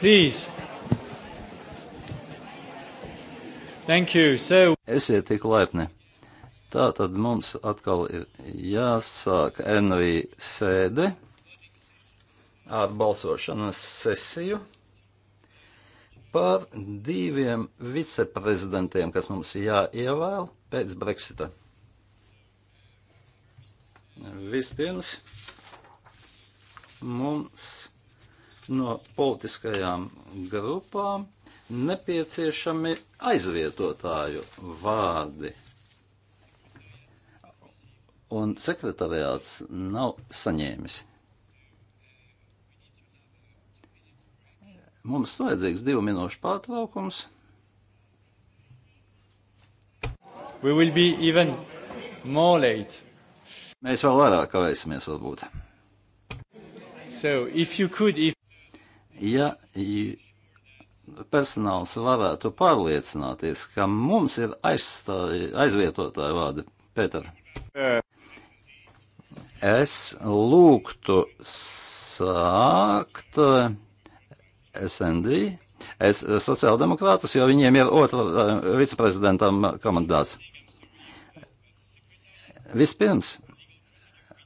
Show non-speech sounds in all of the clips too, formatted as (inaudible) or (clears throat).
Please. Thank you. So... Esiet tik laipni. Tā tad mums atkal ir jāsāk NV sēde ar balsošanas sesiju par diviem viceprezidentiem, kas mums jāievēl pēc Brexita. Vispirms mums no politiskajām grupām nepieciešami aizvietotāju vārdi. Un sekretariāts nav saņēmis. Mums vajadzīgs divu minūšu pārtraukums. We will be even more late. Mēs vēl vairāk kavēsimies varbūt. So, if you could, if ja personāls varētu pārliecināties, ka mums ir aizstāj, aizvietotāji vārdi, Pēter. Es lūgtu sākt eh, SND, es eh, sociāldemokrātus, jo viņiem ir otra eh, viceprezidentam komandāts. Vispirms,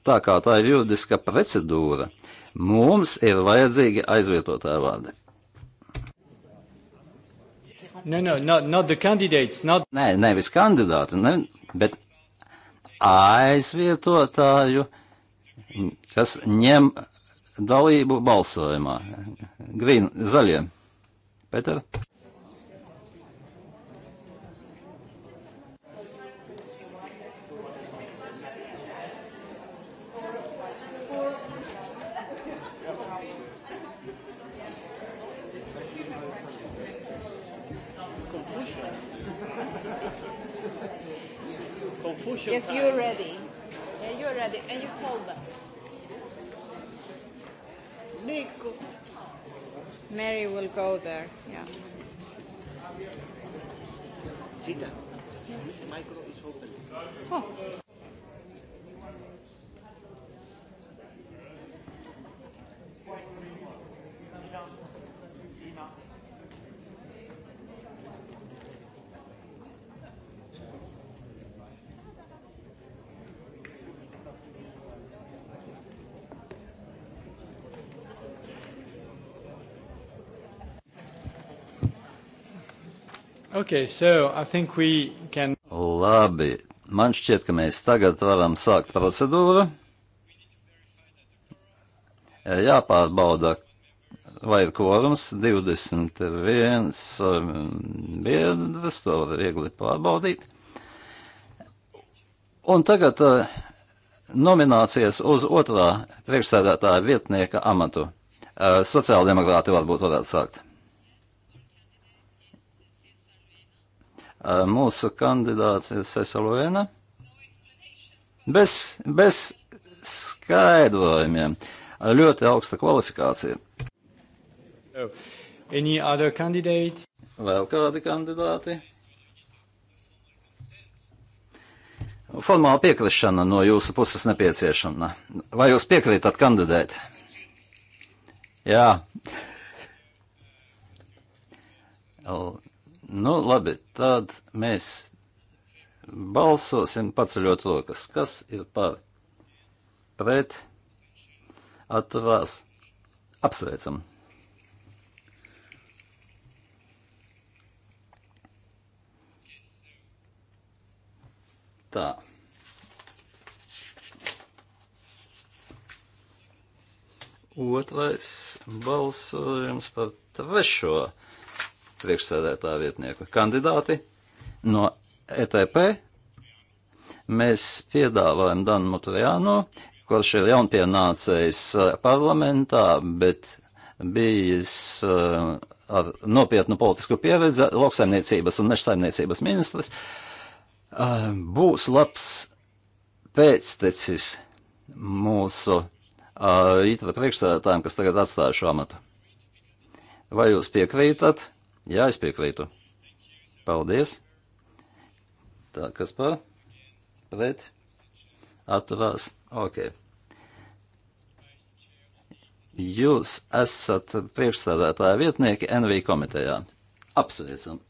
tā kā tā ir juridiska procedūra, Mums ir vajadzīgi aizvietotā vārdi. No, no, not, not the candidates, not... Nē, nevis kandidāti, ne, bet aizvietotāju, kas ņem dalību balsojumā. Grīn, zaļie. Pēter? push your Yes, time. you're ready. Yeah, you're ready. And you told them. Nico. Mary will go there. Yeah. Gita, mm-hmm. micro is open. Oh. Okay, so I think we can... Labi, man šķiet, ka mēs tagad varam sākt procedūru. Jāpārbauda, vai ir kvorums 21 biedrs, to var viegli pārbaudīt. Un tagad eh, nominācijas uz otrā priekšsēdētāja vietnieka amatu. Eh, sociāldemokrāti varbūt varētu sākt. mūsu kandidāts ir Sesalovena. Bez, bez skaidrojumiem. Ļoti augsta kvalifikācija. Oh. Vēl kādi kandidāti? Formāla piekrišana no jūsu puses nepieciešama. Vai jūs piekrītat kandidēt? Jā. L Nu, labi, tad mēs balsosim paceļot rokas. Kas ir par? Pret? Atturās? Apsveicam! Tā. Otrais balsojums par trešo priekšsēdētāja vietnieku kandidāti no ETP. Mēs piedāvājam Danu Mutrajāno, kurš ir jaunpienācējs uh, parlamentā, bet bijis uh, ar nopietnu politisku pieredzi, lauksaimniecības un mežsaimniecības ministrs, uh, būs labs pēctecis mūsu Itva priekšsēdētājiem, kas tagad atstāja šo amatu. Vai jūs piekrītat? Jā, es piekrītu. Paldies. Tā, kas pa? Pret. Atturās. Ok. Jūs esat priekšstādātāja vietnieki NV komitejā. Apsveicam.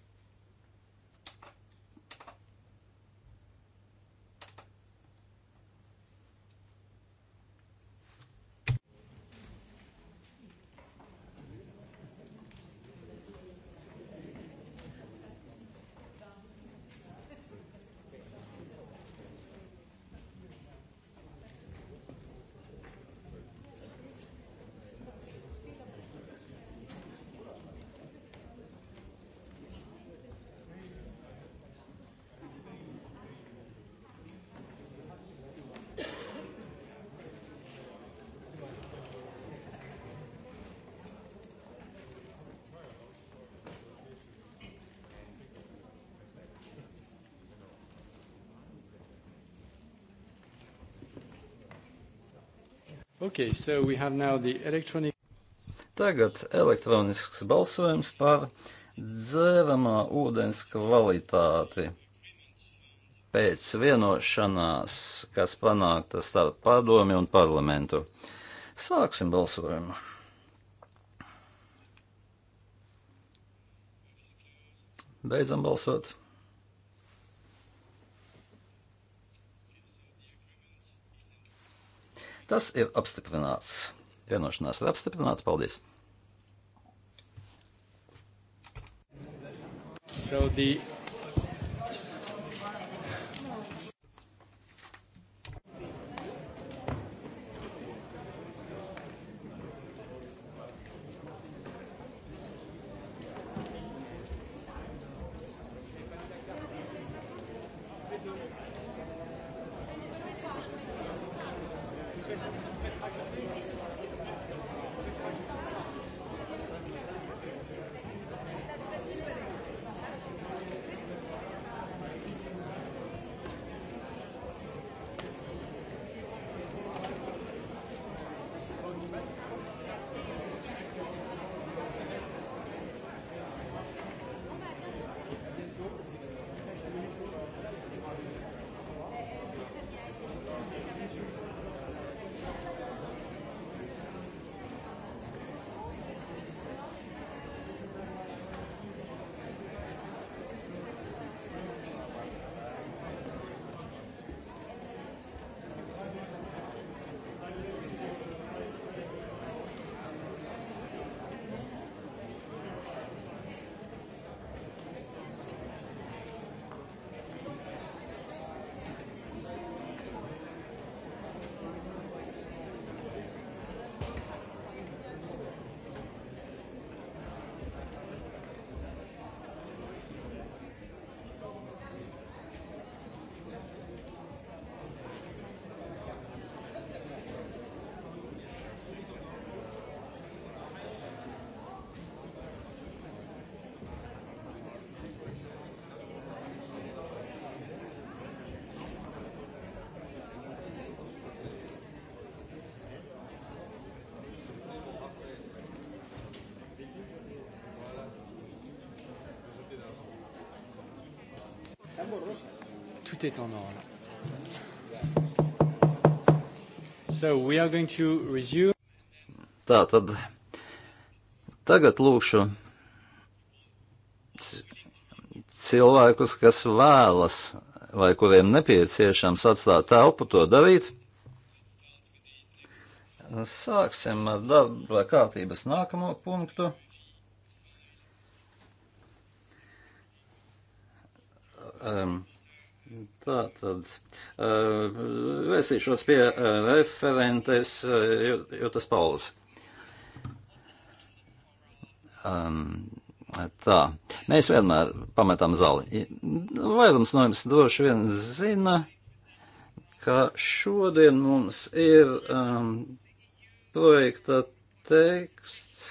Okay, so we have now the electronic... Tagad elektronisks balsojums par dzēramā ūdens kvalitāti pēc vienošanās, kas panākta starp padomi un parlamentu. Sāksim balsojumu. Beidzam balsot. Tas ir apstiprināts. Vienošanās ir apstiprināta. Paldies! So the tout est en ordre. So we are going to resume. Tā tad tagad lūkšu cilvēkus, kas vēlas vai kuriem nepieciešams atstāt telpu, to darīt. Sāksim ar darba kārtības nākamo punktu. Tad uh, vēsīšos pie uh, referentes uh, eh, Jūtas Paulas. Um, tā, mēs vienmēr pametam zāli. Vairums no jums droši vien zina, ka šodien mums ir um, projekta teksts.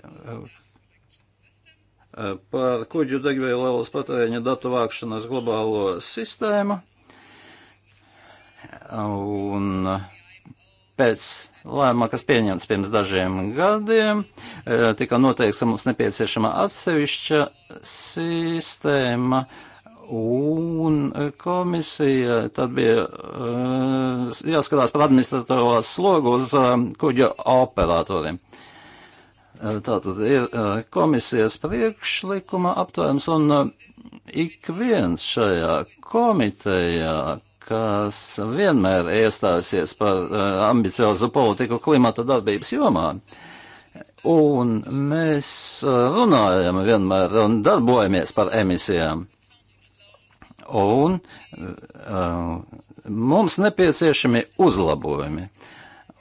Uh, par kuģu degvielas patēriņa datu vākšanas globālo sistēmu. Un pēc lēmuma, kas pieņemts pirms dažiem gadiem, e, tika noteikts, ka mums nepieciešama atsevišķa sistēma. Un komisija tad bija e, jāskatās par administratīvo slogu uz e, kuģa operatoriem. Eh, tātad ir eh, komisijas priekšlikuma aptvērums, un eh, ik viens šajā komitejā, kas vienmēr iestāsies par ambiciozu politiku klimata darbības jomā, un mēs runājam vienmēr un darbojamies par emisijām. Un uh, mums nepieciešami uzlabojumi. Uh,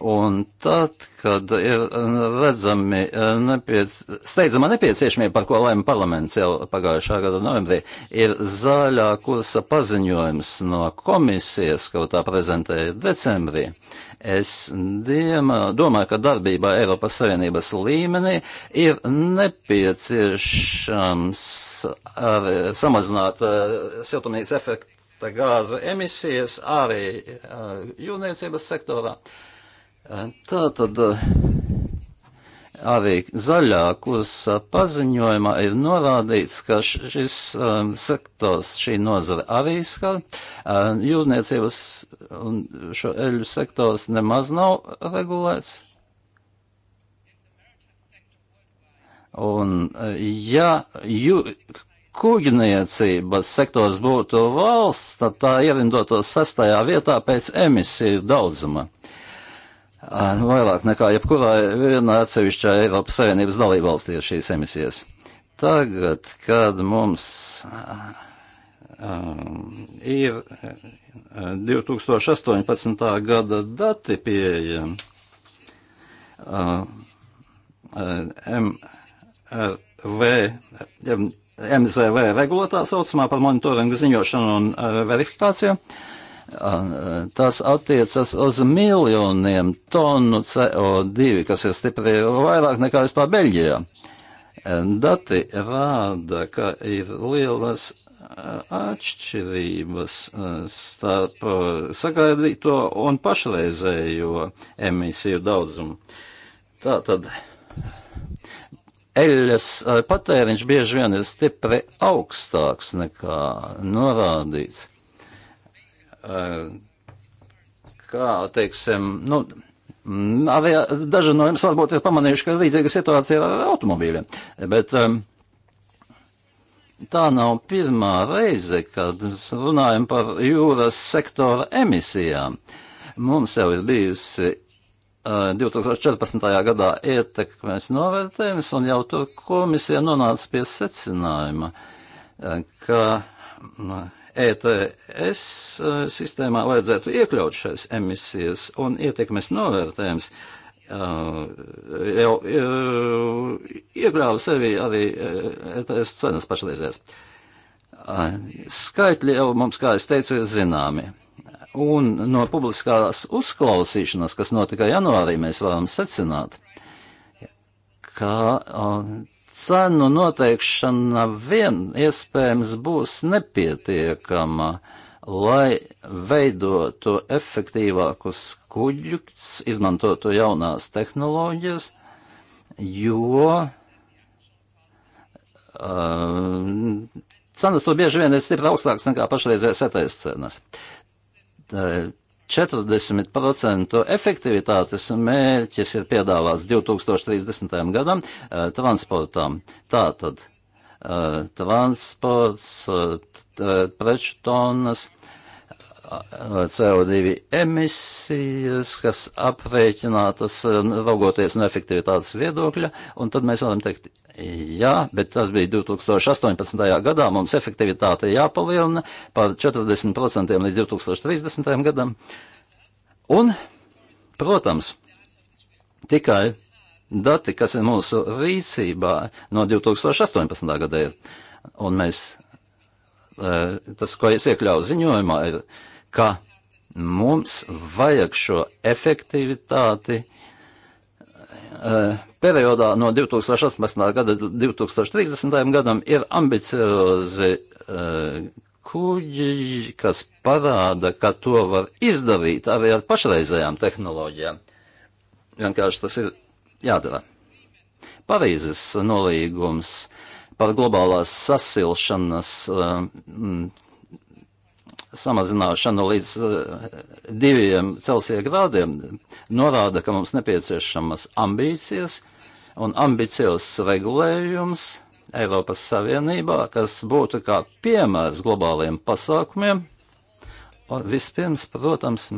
Un tad, kad ir eh, redzami eh, nepiec, steidzamā nepieciešamība, par ko lēma parlaments jau pagājušā gada novembrī, ir zaļā kursa paziņojums no komisijas, ko tā prezentēja decembrī. Es diema, domāju, ka darbībā Eiropas Savienības līmenī ir nepieciešams ar, samazināt uh, eh, siltumnīcas efekta gāzu emisijas arī uh, jūrniecības sektorā. Uh, Tā tad eh, arī zaļā kursa eh, paziņojumā ir norādīts, ka šis um, sektors, šī nozara arī skar. Um, jūrniecības un šo eļu sektors nemaz nav regulēts. Un ja jū, kuģniecības sektors būtu valsts, tad tā ierindotos sastajā vietā pēc emisiju daudzuma vairāk nekā jebkurā vienā atsevišķā Eiropas Savienības dalībvalstī ir šīs emisijas. Tagad, kad mums um, ir 2018. gada dati pieejami, uh, MRV, MZV regulā tā saucamā par monitoringu ziņošanu un uh, verifikāciju, uh, Uh, tas attiecas uz miljoniem tonu CO2, kas ir stipri vairāk nekā vispār Beļģijā. Uh, dati rāda, ka ir lielas uh, atšķirības starp sagaidīto un pašreizējo emisiju daudzumu. Tā tad eļas patēriņš bieži vien ir stipri augstāks nekā norādīts kā, teiksim, nu, avia, daži no jums varbūt ir pamanījuši, ka līdzīga situācija ar automobīļiem, bet um, tā nav pirmā reize, kad runājam par jūras sektora emisijām. Mums jau ir bijusi uh, 2014. gadā ietekmes novērtējums, un jau tur komisija nonāca pie secinājuma, ka. Uh, ETS e, sistēmā vajadzētu iekļaut šais emisijas un ietekmes novērtējums. E, jau e, iekļāva sevi arī ETS cenas pašreizējās. Skaitļi jau mums, kā es teicu, ir zināmi. Un no publiskās uzklausīšanas, kas notika janvārī, mēs varam secināt, ka cenu noteikšana vien iespējams būs nepietiekama, lai veidotu efektīvākus kuģus, izmantotu jaunās tehnoloģijas, jo um, cenas to bieži vien ir stipri augstākas nekā pašreizējās etais cenas. Tā, 40% efektivitātes mērķis ir piedāvāts 2030. gadam eh, transportām. Tātad eh, transports, eh, preču tonas, CO2 emisijas, kas aprēķinātas raugoties no efektivitātes viedokļa, un tad mēs varam teikt Jā, bet tas bija 2018. gadā. Mums efektivitāte jāpalielina par 40% līdz 2030. gadam. Un, protams, tikai dati, kas ir mūsu rīcībā no 2018. gada ir. Un mēs, e, tas, ko es iekļauju ziņojumā, ir, ka mums vajag šo efektivitāti uh, Eh, periodā no 2018. gada 2030. gadam ir ambiciozi eh, kuģi, kas parāda, ka to var izdarīt arī ar pašreizējām tehnoloģijām. Vienkārši tas ir jādara. Parīzes nolīgums par globālās sasilšanas um, samazināšanu līdz eh, diviem Celsija grādiem norāda, ka mums nepieciešamas ambīcijas un ambiciozs regulējums Eiropas Savienībā, kas būtu kā piemērs globāliem pasākumiem. Un vispirms, protams,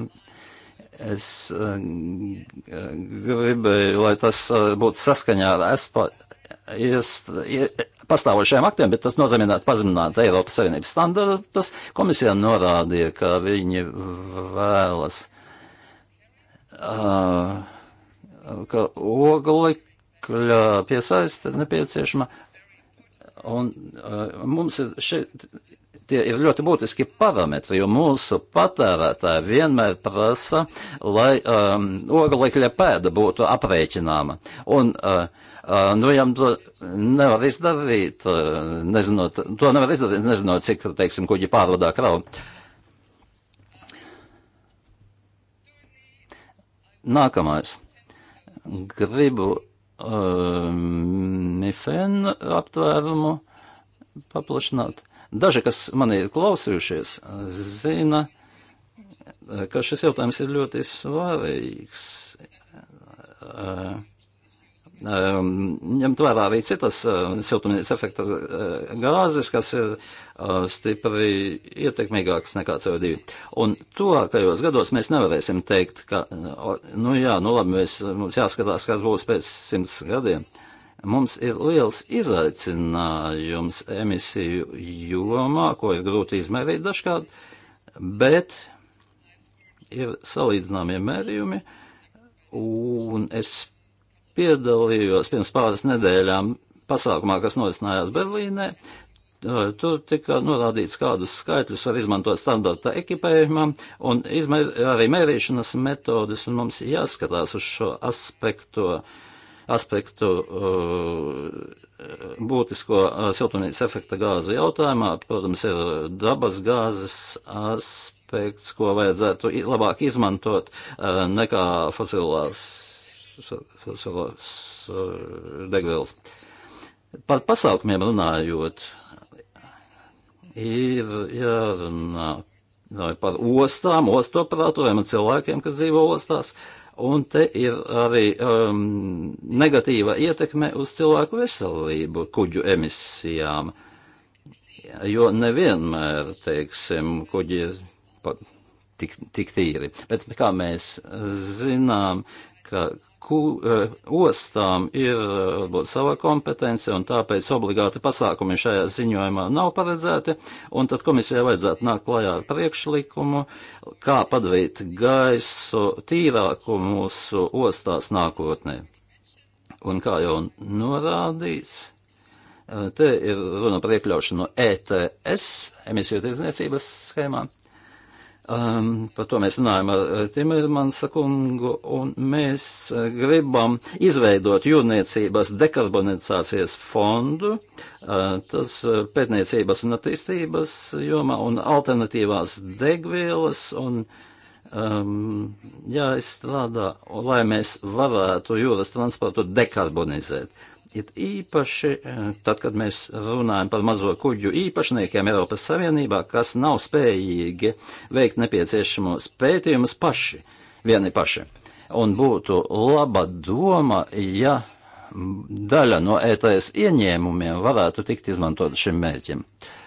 es eh, gribēju, lai tas eh, būtu saskaņā ar ESPA pastāvošajiem aktiem, bet tas nozīmē pazemināt Eiropas Savienības standartus. Komisija norādīja, ka viņi vēlas, uh, ka oglekļa piesaiste nepieciešama. Un uh, mums ir šeit tie ir ļoti būtiski parametri, jo mūsu patērētāji vienmēr prasa, lai um, oglekļa pēda būtu aprēķināma. Un, uh, Nu, jām to nevar izdarīt, nezinot, to nevar izdarīt, nezinot, cik, teiksim, kuģi pārvadā kravu. Nākamais. Gribu uh, mifēnu aptvērumu paplašināt. Daži, kas mani ir klausījušies, zina, ka šis jautājums ir ļoti svarīgs. Uh, um, ehm, ņemt vērā arī citas uh, siltumnīcas efekta uh, gāzes, kas ir uh, stipri ietekmīgākas nekā CO2. Un tuvākajos gados mēs nevarēsim teikt, ka, uh, nu jā, nu labi, mēs, mums jāskatās, kas būs pēc simts gadiem. Mums ir liels izaicinājums emisiju jomā, ko ir grūti izmērīt dažkārt, bet ir salīdzināmie mērījumi, un es piedalījos pirms pāris nedēļām pasākumā, kas norisinājās Berlīnē. Tur tika norādīts, kādus skaitļus var izmantot standarta ekipējumam un izmēr, arī mērīšanas metodas, un mums jāskatās uz šo aspektu, aspektu uh, būtisko siltumnīcas efekta gāzu jautājumā. Protams, ir dabas gāzes aspekts, ko vajadzētu labāk izmantot uh, nekā fosilās savas degvielas. Par pasākumiem runājot, ir jārunā par ostām, ostu operatoriem un cilvēkiem, kas dzīvo ostās. Un te ir arī um, negatīva ietekme uz cilvēku veselību kuģu emisijām. Jo nevienmēr, teiksim, kuģi ir pa, tik, tik tīri. Bet kā mēs zinām, ka ku, uh, ostām ir e, varbūt uh, sava kompetence, un tāpēc obligāti pasākumi šajā ziņojumā nav paredzēti, un tad komisijai vajadzētu nākt klajā ar priekšlikumu, kā padarīt gaisu tīrāku mūsu ostās nākotnē. Un kā jau norādīts, uh, te ir runa par iekļaušanu ETS, emisiju tirdzniecības schēmām Um, par to mēs runājam ar eh, Timermansa kungu, un mēs eh, gribam izveidot jūrniecības dekarbonizācijas fondu, uh, tas pētniecības un attīstības jomā, un alternatīvās degvielas, un um, jāizstrādā, lai mēs varētu jūras transportu dekarbonizēt. It īpaši eh, tad, kad mēs runājam par mazo kuģu īpašniekiem Eiropas Savienībā, kas nav spējīgi veikt nepieciešamos pētījumus paši, vieni paši. Un būtu laba doma, ja daļa no ETS ieņēmumiem varētu tikt izmantot šim mērķim. Uh,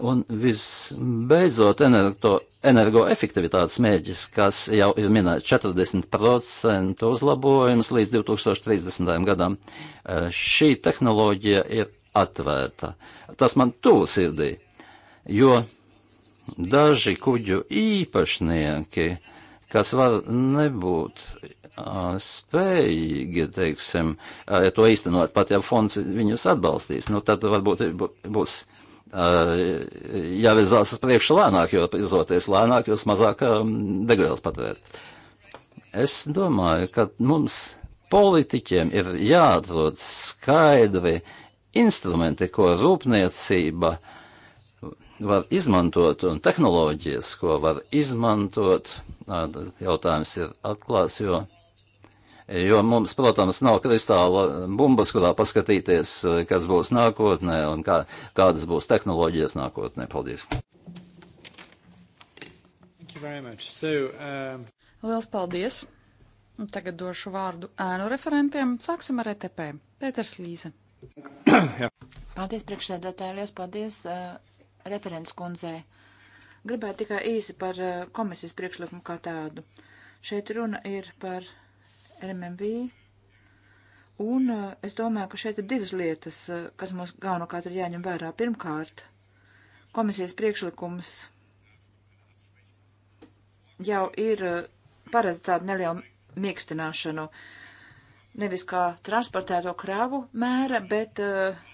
Un visbeidzot, energo, energoefektivitātes mēģis, kas jau ir minēts 40% uzlabojums līdz 2030. gadam, eh, šī tehnoloģija ir atvērta. Tas man tuvu sirdī, jo daži kuģu īpašnieki, kas var nebūt eh, spējīgi, teiksim, eh, to īstenot, pat ja fonds viņus atbalstīs, nu tad varbūt būs jāvirzās uz priekšu lēnāk, jo izvoties lēnāk, jūs mazāk degvielas patvērt. Es domāju, ka mums politiķiem ir jāatrod skaidri instrumenti, ko rūpniecība var izmantot un tehnoloģijas, ko var izmantot. Jautājums ir atklāts, jo jo mums, protams, nav kristāla bumbas, kurā paskatīties, kas būs nākotnē un kā, kādas būs tehnoloģijas nākotnē. Paldies! So, um... Liels paldies! Tagad došu vārdu ēnu referentiem. Sāksim ar ETP. Pēters Līze. (coughs) paldies priekšsēdētāji, liels paldies uh, referents kundzei. Gribētu tikai īsi par uh, komisijas priekšlikumu kā tādu. Šeit runa ir par RMMV. Un eh, es domāju, ka šeit ir divas lietas, eh, kas mums galvenokārt ir jāņem vērā. Pirmkārt, komisijas priekšlikums jau ir eh, paredz tādu nelielu mīkstināšanu, nevis kā transportēto kravu mēra, bet uh,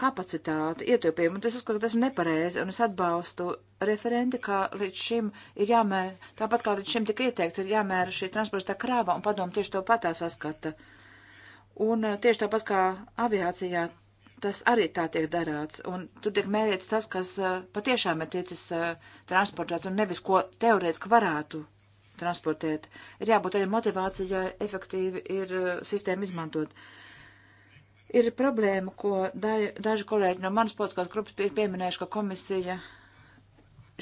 kapacitāti, ietilpību, un tas uzskatu, tas ir nepareizi, un es atbalstu referenti, kā līdz šim ir jāmēra, tāpat kā līdz šim tika ieteikts, ir jāmēra šī transporta krāva, un padomu tieši to patā saskata. Un eh, tieši tāpat kā aviācijā, tas arī tā tiek darāts, un tur tiek mērīts tas, kas eh, patiešām ir ticis eh, transportēts, un nevis ko teorētiski varētu transportēt. Ir jābūt arī motivācijai, efektīvi ir sistēma izmantot. Uh, Ir problēma, ko daži, daži kolēģi no manas politiskās grupas ir pieminējuši, ka komisija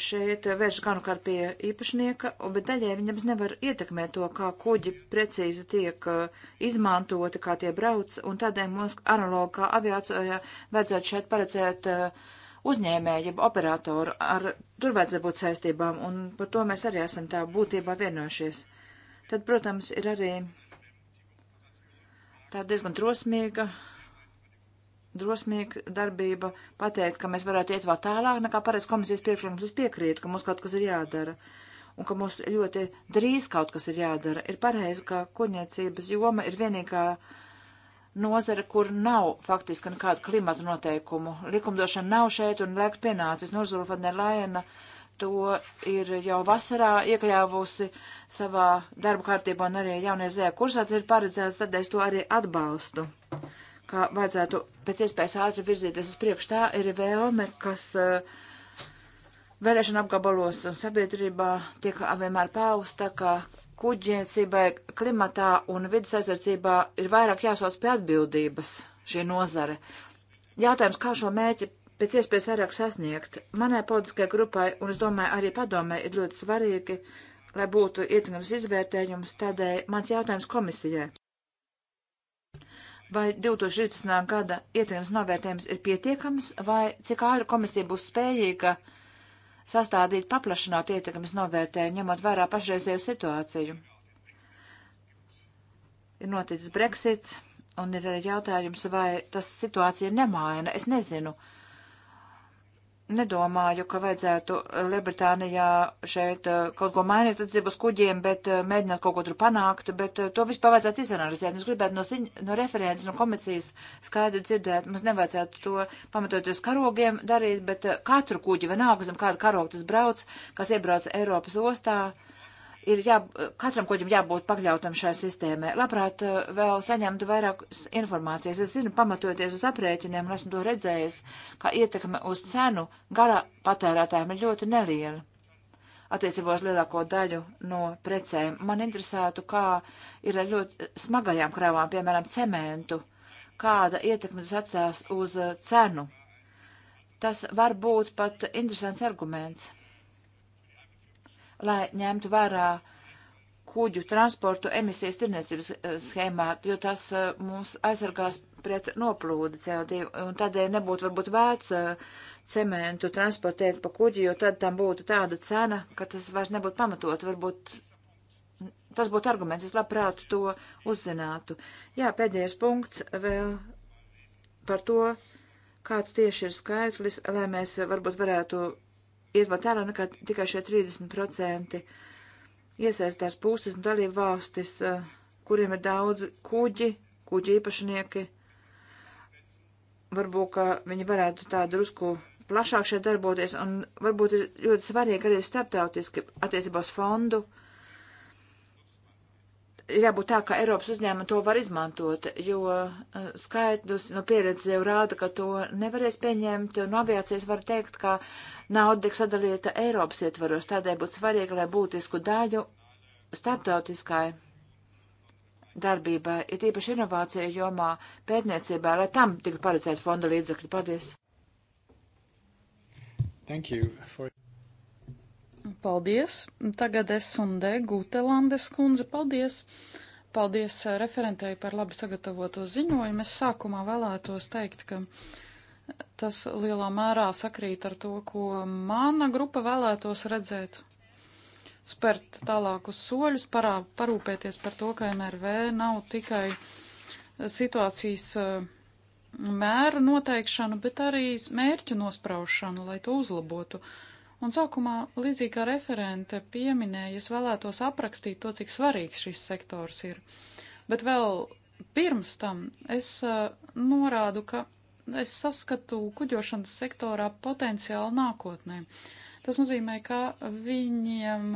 šeit vērš galvenokārt pie īpašnieka, bet daļai viņam nevar ietekmēt to, kā kuģi precīzi tiek uh, izmantoti, kā tie brauc, un tādēļ mums analogi kā aviācijā vajadzētu šeit paredzēt uh, uzņēmēju, operatoru, ar tur vajadzētu būt saistībām, un par to mēs arī esam tā būtībā vienojušies. Tad, protams, ir arī tā diezgan drosmīga drosmīga darbība pateikt, ka mēs varētu iet vēl tālāk nekā pareiz komisijas priekšlikums. Es piekrītu, ka mums kaut kas ir jādara un ka mums ļoti drīz kaut kas ir jādara. Ir pareizi, ka kuģniecības joma ir vienīgā nozara, kur nav faktiski nekādu klimatu noteikumu. Likumdošana nav šeit un laiks pienācis. Nozula Fanerlaina to ir jau vasarā iekļāvusi savā darba kārtībā un arī jaunajā zējā kursā ir paredzēts, tad es to arī atbalstu ka vajadzētu pēc iespējas ātri virzīties uz priekšu. Tā ir vēlme, kas eh, vēlēšana apgabalos un sabiedrībā tiek vienmēr pausta, ka kuģniecībai, klimatā un vidas aizsardzībā ir vairāk jāsauc pie atbildības šī nozare. Jautājums, kā šo mērķi pēc iespējas vairāk sasniegt, manai politiskajai grupai un, es domāju, arī padomē ir ļoti svarīgi, lai būtu ietekmes izvērtējums, tādēļ mans jautājums komisijai vai 2020. gada ietekmes novērtējums ir pietiekams, vai cik ātri komisija būs spējīga sastādīt paplašinātu ietekmes novērtējumu, ņemot vērā pašreizējo situāciju. Ir noticis Brexits, un ir arī jautājums, vai tas situācija nemaina. Es nezinu, uh, nedomāju, ka vajadzētu eh, Lielbritānijā šeit eh, kaut ko mainīt atzību uz kuģiem, bet eh, mēģināt kaut ko tur panākt, bet to vispār vajadzētu izanalizēt. Es gribētu no, ziņ, no referents, no komisijas skaidri dzirdēt, mums nevajadzētu to pamatoties karogiem darīt, bet katru kuģi, vienalga zem kādu karogu tas brauc, kas iebrauc Eiropas ostā, uh, ir jā, katram kuģim jābūt pakļautam šai sistēmai. Labprāt, eh, vēl saņemtu vairāk informācijas. Es zinu, pamatoties uz aprēķiniem, un esmu to redzējis, ka ietekme uz cenu gara patērētājiem ir ļoti neliela. Attiecībā uz lielāko daļu no precēm man interesētu, kā ir ar ļoti eh, smagajām kravām, piemēram, cementu, kāda ietekme tas atstās uz eh, cenu. Tas var būt pat interesants arguments lai ņemtu vērā kuģu transportu emisijas tirniecības eh, schēmā, jo tas eh, mūs aizsargās pret noplūdu CO2, un tādēļ nebūtu varbūt vērts eh, cementu transportēt pa kuģi, jo tad tam būtu tāda cena, ka tas vairs nebūtu pamatot. Varbūt tas būtu arguments, es labprāt to uzzinātu. Jā, pēdējais punkts vēl par to, kāds tieši ir skaitlis, lai mēs varbūt varētu iet vēl tālāk nekā tikai šie 30% iesaistās puses un dalību valstis, eh, kuriem ir daudz kuģi, kuģi īpašnieki. Varbūt, ka viņi varētu tā drusku plašāk šeit darboties, un varbūt ir ļoti svarīgi arī starptautiski attiecībā uz fondu uh, ir jābūt tā, ka Eiropas uzņēmumi to var izmantot, jo uh, skaidrs no pieredzes jau rāda, ka to nevarēs pieņemt. No aviācijas var teikt, ka nauda tiek sadalīta Eiropas ietvaros, tādēļ būtu svarīgi, lai būtisku daļu starptautiskai darbībai, ir īpaši inovācija jomā, pētniecībā, lai tam tiktu paredzēt fonda līdzekļi. Paldies! Thank you for... Paldies! Tagad es un D. Gutelandes kundze, paldies! Paldies eh, referentei par labi sagatavoto ziņojumu. Es sākumā vēlētos teikt, ka eh, tas lielā mērā sakrīt ar to, ko mana grupa vēlētos redzēt. Spērt tālākus soļus, parā, parūpēties par to, ka MRV nav tikai eh, situācijas mēru noteikšana, bet arī mērķu nospraušana, lai to uzlabotu. Uh, Un sākumā, līdzīgi kā referente pieminēja, es vēlētos aprakstīt to, cik svarīgs šis sektors ir. Bet vēl pirms tam es uh, norādu, ka es saskatu kuģošanas sektorā potenciālu nākotnē. Tas nozīmē, ka viņiem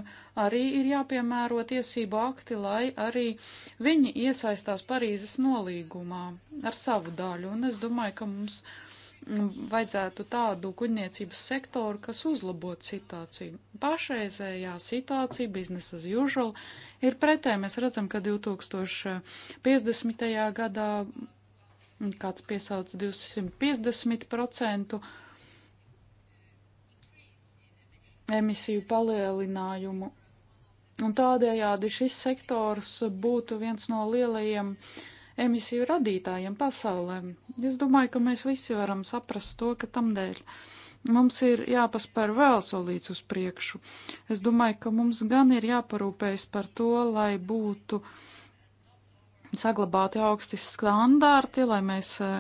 arī ir jāpiemēro tiesību akti, lai arī viņi iesaistās Parīzes nolīgumā ar savu daļu. Un es domāju, ka mums uh, vajadzētu tādu kuģniecības sektoru, kas uzlabot situāciju. Pašreizējā situācija, business as usual, ir pretēji. Mēs redzam, ka 2050. gadā kāds piesauc 250% emisiju palielinājumu. Un tādējādi šis sektors būtu viens no lielajiem uh, emisiju radītājiem pasaulē. Es domāju, ka mēs visi varam saprast to, ka tam dēļ mums ir jāpaspēr vēl solīts uz priekšu. Es domāju, ka mums gan ir jāparūpējas par to, lai būtu saglabāti augsti standārti, lai mēs e,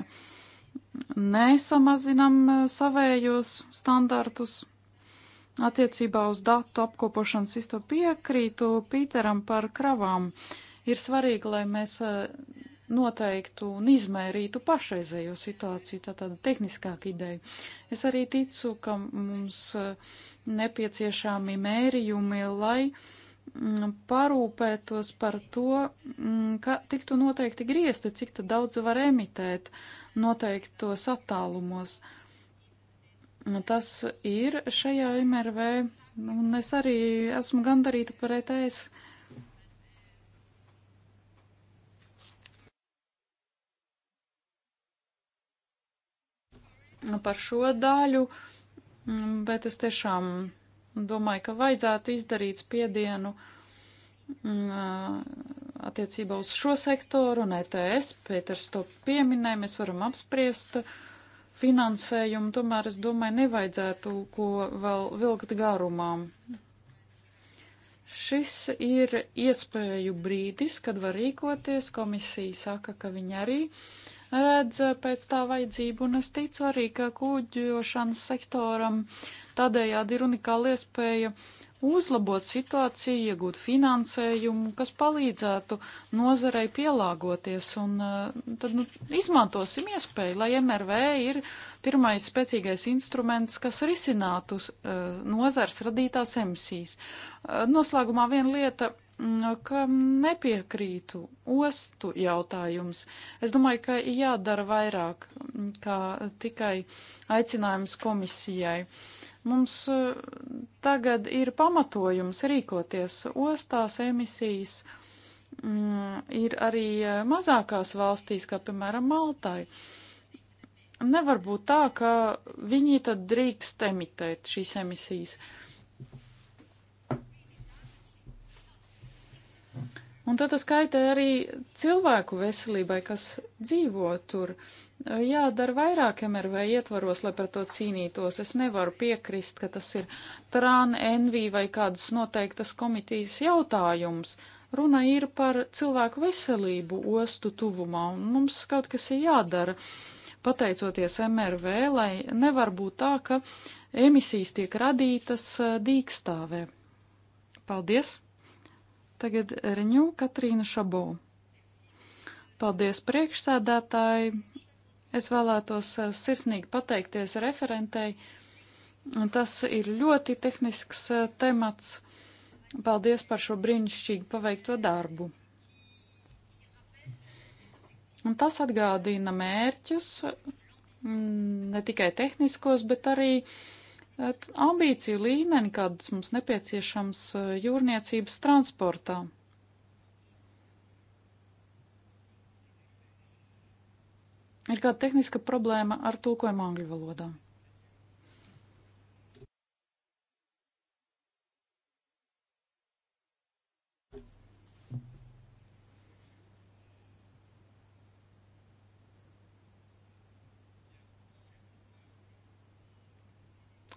nesamazinam e, savējos standārtus. Attiecībā uz datu apkopošanas sistēmu piekrītu Pīteram par kravām. Ir svarīgi, lai mēs e, noteiktu un izmērītu pašreizējo situāciju, tā tāda tehniskāka ideja. Es arī ticu, ka mums eh, nepieciešami mērījumi, lai mm, parūpētos par to, mm, ka tiktu noteikti griezti, cik daudz var emitēt noteiktos attālumos. Tas ir šajā MRV, un es arī esmu gandarīta par ETS par šo daļu, mm, bet es tiešām domāju, ka vajadzētu izdarīt spiedienu mm, attiecībā uz šo sektoru un ETS. Pēters to pieminēja, mēs varam apspriest finansējumu, tomēr es domāju, nevajadzētu ko vēl vilkt garumām. Šis ir iespēju brīdis, kad var rīkoties. Komisija saka, ka viņi arī uh, redz pēc tā vajadzību, un es ticu arī, ka kūģošanas sektoram tādējādi ir unikāla iespēja uzlabot situāciju, iegūt finansējumu, kas palīdzētu nozarei pielāgoties, un eh, tad nu, izmantosim iespēju, lai MRV ir pirmais spēcīgais instruments, kas risinātu eh, nozars radītās emisijas. Eh, noslēgumā viena lieta Nu, kam nepiekrītu ostu jautājums. Es domāju, ka jādara vairāk kā tikai aicinājums komisijai. Mums eh, tagad ir pamatojums rīkoties ostās emisijas. Mm, ir arī eh, mazākās valstīs, kā piemēram Maltai. Nevar būt tā, ka viņi tad drīkst emitēt šīs emisijas. Uh, Un tad tas kaitē arī cilvēku veselībai, kas dzīvo tur. Jādara vairāk MRV ietvaros, lai par to cīnītos. Es nevaru piekrist, ka tas ir trāna, envī vai kādas noteiktas komitīs jautājums. Runa ir par cilvēku veselību ostu tuvumā, un mums kaut kas ir jādara pateicoties MRV, lai nevar būt tā, ka emisijas tiek radītas dīkstāvē. Paldies! Tagad Riņū Katrīna Šabū. Paldies priekšsēdētāji. Es vēlētos eh, sirsnīgi pateikties referentei. Tas ir ļoti tehnisks eh, temats. Paldies par šo brīnišķīgi paveikto darbu. Un tas atgādina mērķus, mm, ne tikai tehniskos, bet arī uh, ambīciju līmeni, kādas mums nepieciešams eh, jūrniecības transportā. Ir kāda tehniska problēma ar tulkojumu angļu valodā.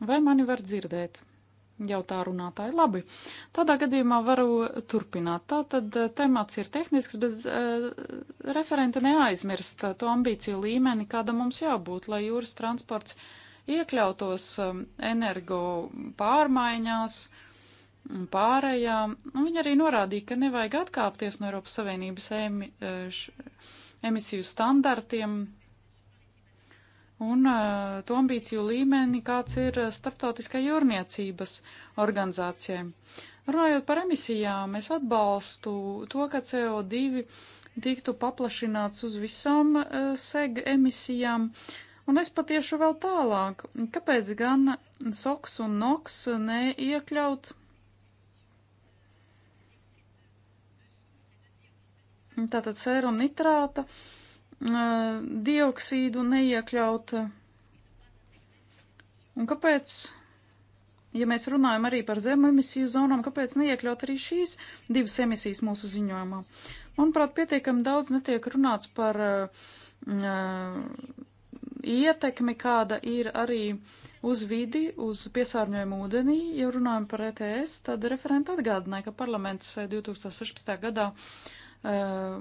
Vai mani var dzirdēt? Jautā runātāji. Labi, tādā gadījumā varu turpināt. Tātad eh, temats ir tehnisks, bet e, eh, referente neaizmirst to ambīciju līmeni, kāda mums jābūt, lai jūras transports iekļautos eh, energo pārmaiņās un pārējā. Un viņa arī norādīja, ka nevajag atkāpties no Eiropas Savienības emi, š, emisiju standartiem un eh, to ambīciju līmeni, kāds ir eh, starptautiskai jūrniecības organizācijai. Runājot par emisijām, es atbalstu to, ka CO2 tiktu paplašināts uz visām eh, seg emisijām, un es patiešu vēl tālāk, kāpēc gan SOX un NOX neiekļaut tātad sēru un nitrāta uh, dioksīdu neiekļaut. Un kāpēc, ja mēs runājam arī par zemu emisiju zonām, kāpēc neiekļaut arī šīs divas emisijas mūsu ziņojumā? Manuprāt, pietiekami daudz netiek runāts par uh, ietekmi, kāda ir arī uz vidi, uz piesārņojumu ūdenī. Ja runājam par ETS, tad referenta atgādināja, ka parlaments 2016. gadā uh,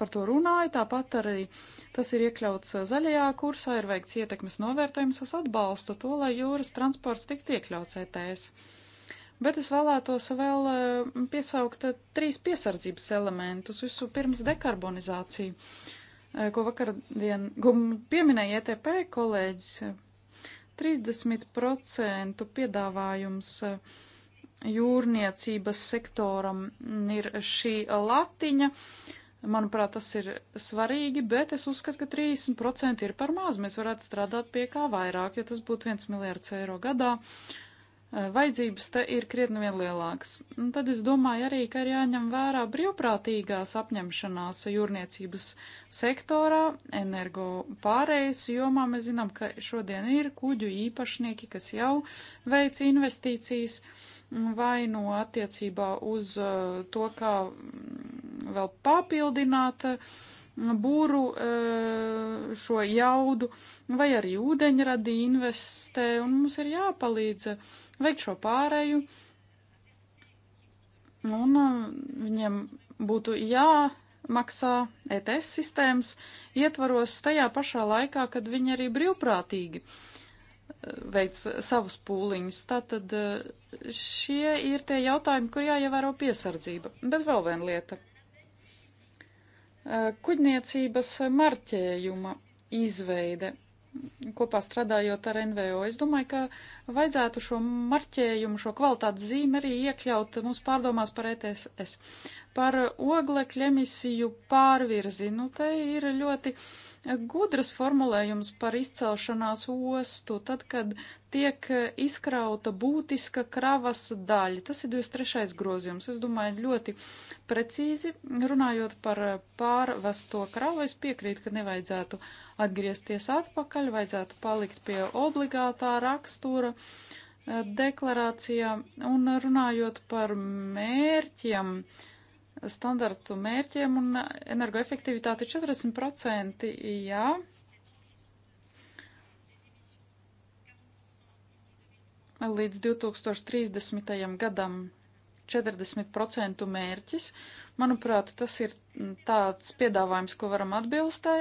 par to runāju, tāpat arī tas ir iekļauts uh, zaļajā kursā, ir veikts ietekmes novērtējums, es atbalstu to, lai jūras transports tiktu iekļauts ETS. Bet es vēlētos vēl uh, piesaukt uh, trīs piesardzības elementus. Visu pirms dekarbonizāciju, ko vakardien ko pieminēja ETP kolēģis. 30% piedāvājums jūrniecības sektoram ir šī latiņa, uh, Manuprāt, tas ir svarīgi, bet es uzskatu, ka 30% ir par maz. Mēs varētu strādāt pie kā vairāk, jo tas būtu 1 miljārds eiro gadā. Eh, vajadzības te ir krietni vien lielākas. Un tad es domāju arī, ka ir jāņem vērā brīvprātīgās apņemšanās jūrniecības sektorā, energo pārējas jomā. Mēs zinām, ka šodien ir kuģu īpašnieki, kas jau veic investīcijas vai no nu attiecībā uz eh, to, kā vēl papildināt eh, būru eh, šo jaudu, vai arī ūdeņradī investē, un mums ir jāpalīdz veikt šo pārēju, un eh, viņiem būtu jāmaksā ETS sistēmas ietvaros tajā pašā laikā, kad viņi arī brīvprātīgi veic savus pūliņus. Tātad šie ir tie jautājumi, kur jāievēro piesardzība. Bet vēl viena lieta kuģniecības marķējuma izveide kopā strādājot ar NVO. Es domāju, ka vajadzētu šo marķējumu, šo kvalitātes zīmi arī iekļaut mūsu pārdomās par ETS. Par oglekļa emisiju pārvirzi, nu te ir ļoti gudras formulējums par izcelšanās ostu, tad, kad tiek izkrauta būtiska kravas daļa. Tas ir 23. grozījums. Es domāju, ļoti precīzi runājot par pārvesto kravu, es piekrītu, ka nevajadzētu atgriezties atpakaļ, vajadzētu palikt pie obligātā rakstura eh, deklarācijā un runājot par mērķiem, standartu mērķiem un energoefektivitāti 40%, jā. Līdz 2030. gadam 40% mērķis. Manuprāt, tas ir mm, tāds piedāvājums, ko varam atbilstē,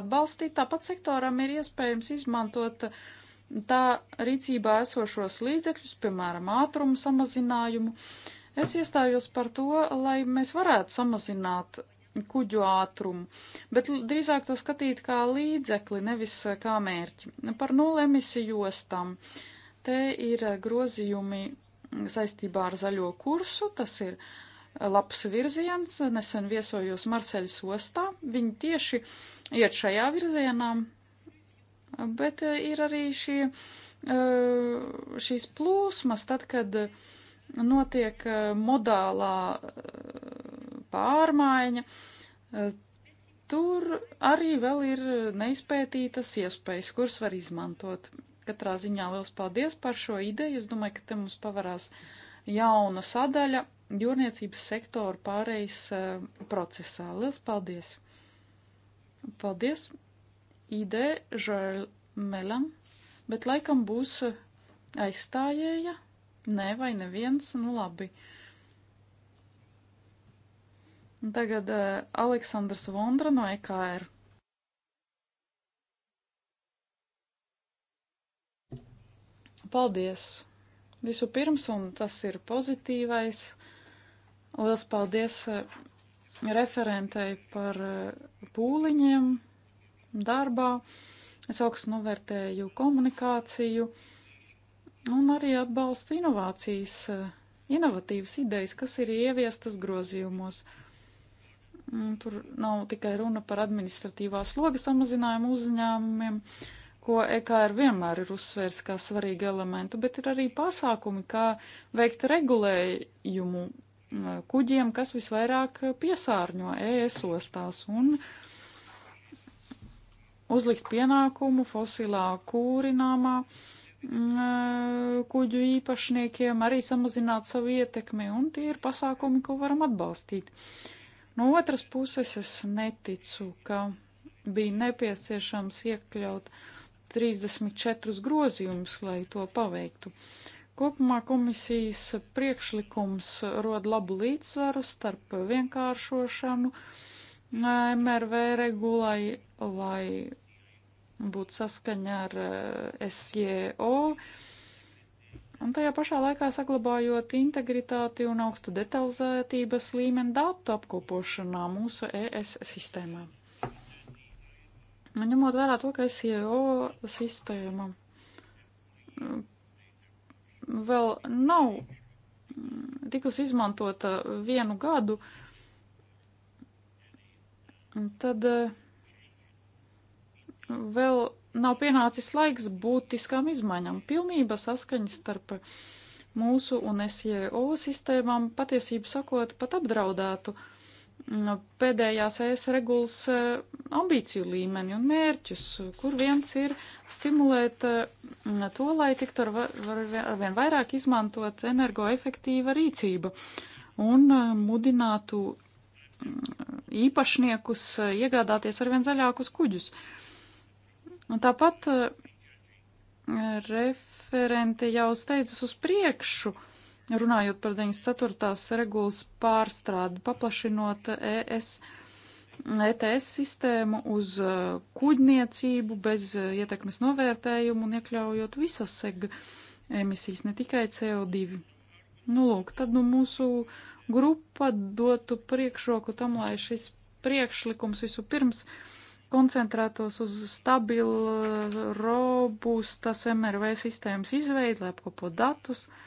atbalstīt. Tāpat sektoram ir iespējams izmantot mm, tā rīcībā esošos līdzekļus, piemēram, ātrumu samazinājumu. Es iestājos par to, lai mēs varētu samazināt kuģu ātrumu, bet drīzāk to skatīt kā līdzekli, nevis eh, kā mērķi. Par nulli emisiju jostām. Te ir eh, grozījumi saistībā ar zaļo kursu. Tas ir labs virziens. Nesen viesojos Marseļas ostā. Viņi tieši iet šajā virzienā, bet ir arī šie, eh, šīs plūsmas, tad, kad notiek eh, modālā eh, pārmaiņa. Tur arī vēl ir neizpētītas iespējas, kuras var izmantot. Katrā ziņā liels paldies par šo ideju. Es domāju, ka te mums pavarās jauna sadaļa jūrniecības sektora pārejas uh, procesā. Liels paldies! Paldies! Ide Žēl Melam, bet laikam būs aizstājēja. Nē, vai neviens, nu labi. Tagad uh, Aleksandrs Vondra no EKR. Paldies! Visu pirms, un tas ir pozitīvais, liels paldies eh, referentei par eh, pūliņiem darbā. Es augstu novērtēju komunikāciju un arī atbalstu inovācijas, eh, inovatīvas idejas, kas ir ieviestas grozījumos. Tur nav tikai runa par administratīvā sloga samazinājumu uzņēmumiem, ko EKR vienmēr ir uzsvērs kā svarīgu elementu, bet ir arī pasākumi, kā veikt regulējumu eh, kuģiem, kas visvairāk eh, piesārņo ES ostās un uzlikt pienākumu fosilā kūrināmā mm, eh, kuģu īpašniekiem arī samazināt savu ietekmi, un tie ir pasākumi, ko varam atbalstīt. No otras puses, es neticu, ka bija nepieciešams iekļaut uh, 34 grozījumus, lai to paveiktu. Kopumā komisijas priekšlikums rod labu līdzsvaru starp vienkāršošanu MRV regulai, lai būtu saskaņa ar eh, SJO, un tajā pašā laikā saglabājot integritāti un augstu detalizētības līmeni datu apkopošanā mūsu ES sistēmā. Ņemot vērā to, ka SEO sistēma mm, vēl nav mm, tikus izmantota vienu gadu, mm, tad vēl nav pienācis laiks būtiskām izmaiņām. Pilnība saskaņa starp mūsu un SEO sistēmām patiesību sakot pat apdraudētu uh, Nu, pēdējās ES regulas e, ambīciju līmeni un mērķus, kur viens ir stimulēt e, to, lai tiktu ar, ar, ar vien vairāk izmantot energoefektīva rīcība un e, mudinātu mm, īpašniekus iegādāties ar vien zaļākus kuģus. Un tāpat referente jau steidzas uz priekšu, uh, runājot par 94. regulas pārstrādi, paplašinot ES. ETS sistēmu uz uh, kuģniecību bez uh, ietekmes novērtējumu un iekļaujot visas seg emisijas, ne tikai CO2. Nu, lūk, tad nu, mūsu grupa dotu priekšroku tam, lai šis priekšlikums vispirms koncentrētos uz stabilu, uh, robustas MRV sistēmas izveidu, lai apkopo datus, uh,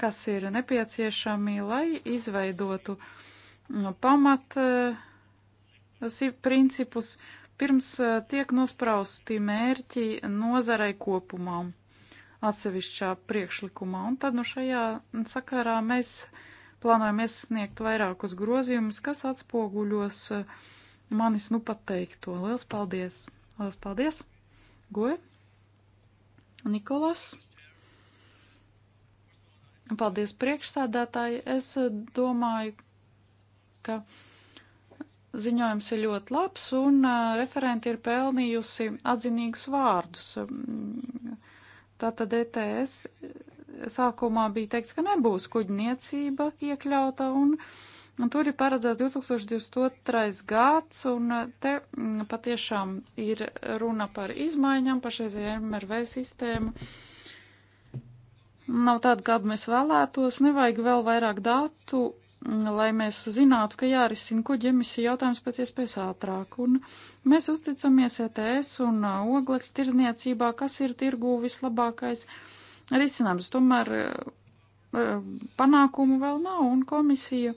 kas ir nepieciešami, lai izveidotu mm, pamat eh, principus, pirms eh, tiek nosprausti mērķi nozarai kopumā atsevišķā priekšlikumā. Un tad nu šajā sakarā mēs plānojam iesniegt vairākus grozījumus, kas atspoguļos eh, manis nu pat teikto. Liels paldies! Liels paldies! Goja! Nikolas! Paldies priekšsēdētāji. Es eh, domāju, ka ziņojums ir ļoti labs un eh, referenti ir pelnījusi atzinīgus vārdus. Mm, tātad ETS eh, sākumā bija teikts, ka nebūs kuģniecība iekļauta un, un tur ir paredzēts 2022. gads un te mm, patiešām ir runa par izmaiņām pašreizējā MRV sistēma. Ja nav tāda, kādu mēs vēlētos, nevajag vēl vairāk datu, mm, lai mēs zinātu, ka jārisina kuģi emisiju jautājums pēc iespējas ātrāk. Un mēs uzticamies ETS un uh, oglekļa tirzniecībā, kas ir tirgū vislabākais risinājums. Tomēr uh, uh, panākumu vēl nav, un komisija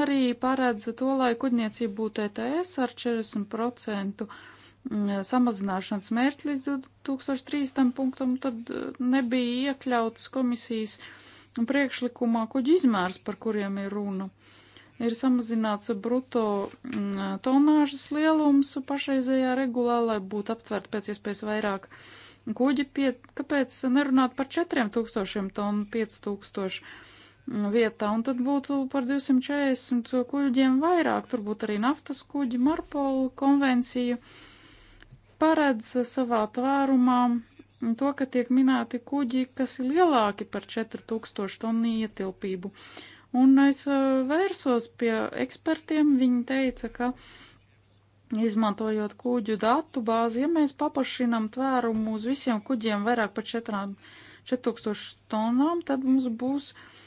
arī paredz to, lai kuģniecība būtu ETS ar 40% Mm, samazināšanas mērķi līdz 2030. punktam, tad eh, nebija iekļauts komisijas priekšlikumā kuģi izmērs, par kuriem ir runa. Ir samazināts bruto mm, tonāžas lielums pašreizējā regulā, lai būtu aptvērt pēc iespējas vairāk kuģi. Pie, kāpēc nerunāt par 4000 tonu, 5000? Mm, vietā, un tad būtu par 240 kuģiem vairāk. Tur būtu arī naftas kuģi, Marpola konvencija, uh, paredz savā tvērumā to, ka tiek minēti kuģi, kas ir lielāki par 4000 tonu ietilpību. Un es uh, vērsos pie ekspertiem, viņi teica, ka izmantojot kuģu datu bāzi, ja mēs paplašinam tvērumu uz visiem kuģiem vairāk par 4000 tonnām, tad mums būs uh,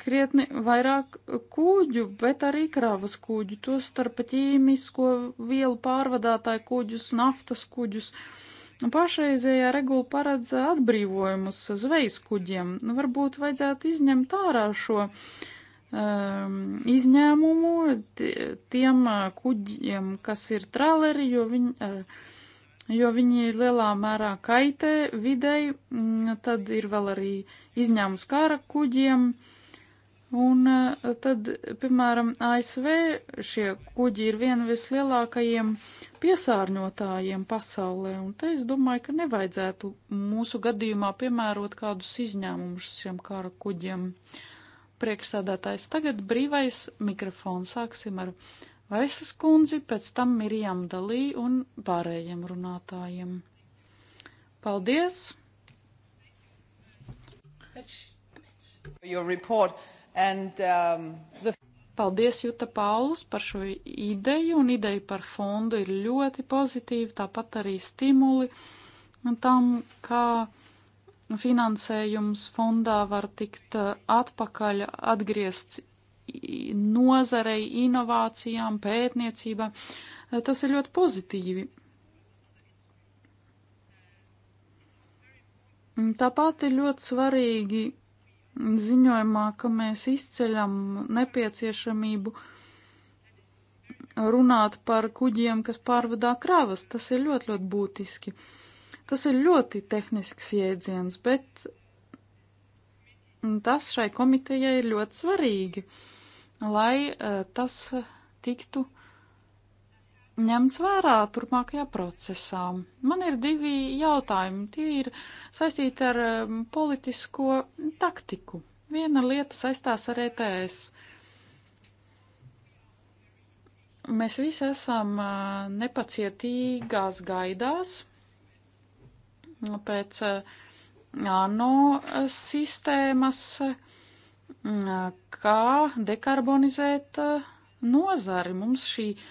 krietni vairāk kūģu, bet arī kravas kūģu, to starp ķīmisko vielu pārvadātāju kuģus, naftas kuģus. Pašreizējā regula paredz atbrīvojumus zvejas kuģiem. Varbūt vajadzētu izņemt ārā šo um, izņēmumu tiem eh, kuģiem, kas ir traleri, jo viņi, eh, jo viņi lielā mērā kaitē videi. Mm, tad ir vēl arī izņēmums kara kuģiem. Uh, Un eh, tad, piemēram, ASV šie kuģi ir viena vislielākajiem piesārņotājiem pasaulē, un te es domāju, ka nevajadzētu mūsu gadījumā piemērot kādus izņēmumus šiem kara kuģiem. Priekšsādātājs tagad brīvais mikrofons sāksim ar Vaisas kundzi, pēc tam Mirjam Dalī un pārējiem runātājiem. Paldies! Your report. And, um, the... Paldies Juta Paulus par šo ideju, un ideja par fondu ir ļoti pozitīva, tāpat arī stimuli tam, kā finansējums fondā var tikt uh, atpakaļ atgriezts nozarei, inovācijām, pētniecībā. Uh, tas ir ļoti pozitīvi. Mm, tāpat ir ļoti svarīgi ziņojumā, ka mēs izceļam nepieciešamību runāt par kuģiem, kas pārvadā kravas. Tas ir ļoti, ļoti būtiski. Tas ir ļoti tehnisks jēdziens, bet tas šai komitejai ir ļoti svarīgi, lai eh, tas tiktu uh, ņemts vērā turpmākajā procesā. Man ir divi jautājumi. Tie ir saistīti ar um, politisko taktiku. Viena lieta saistās ar ETS. Mēs visi esam uh, nepacietīgās gaidās pēc uh, ANO sistēmas, uh, kā dekarbonizēt nozari. Mums šī uh,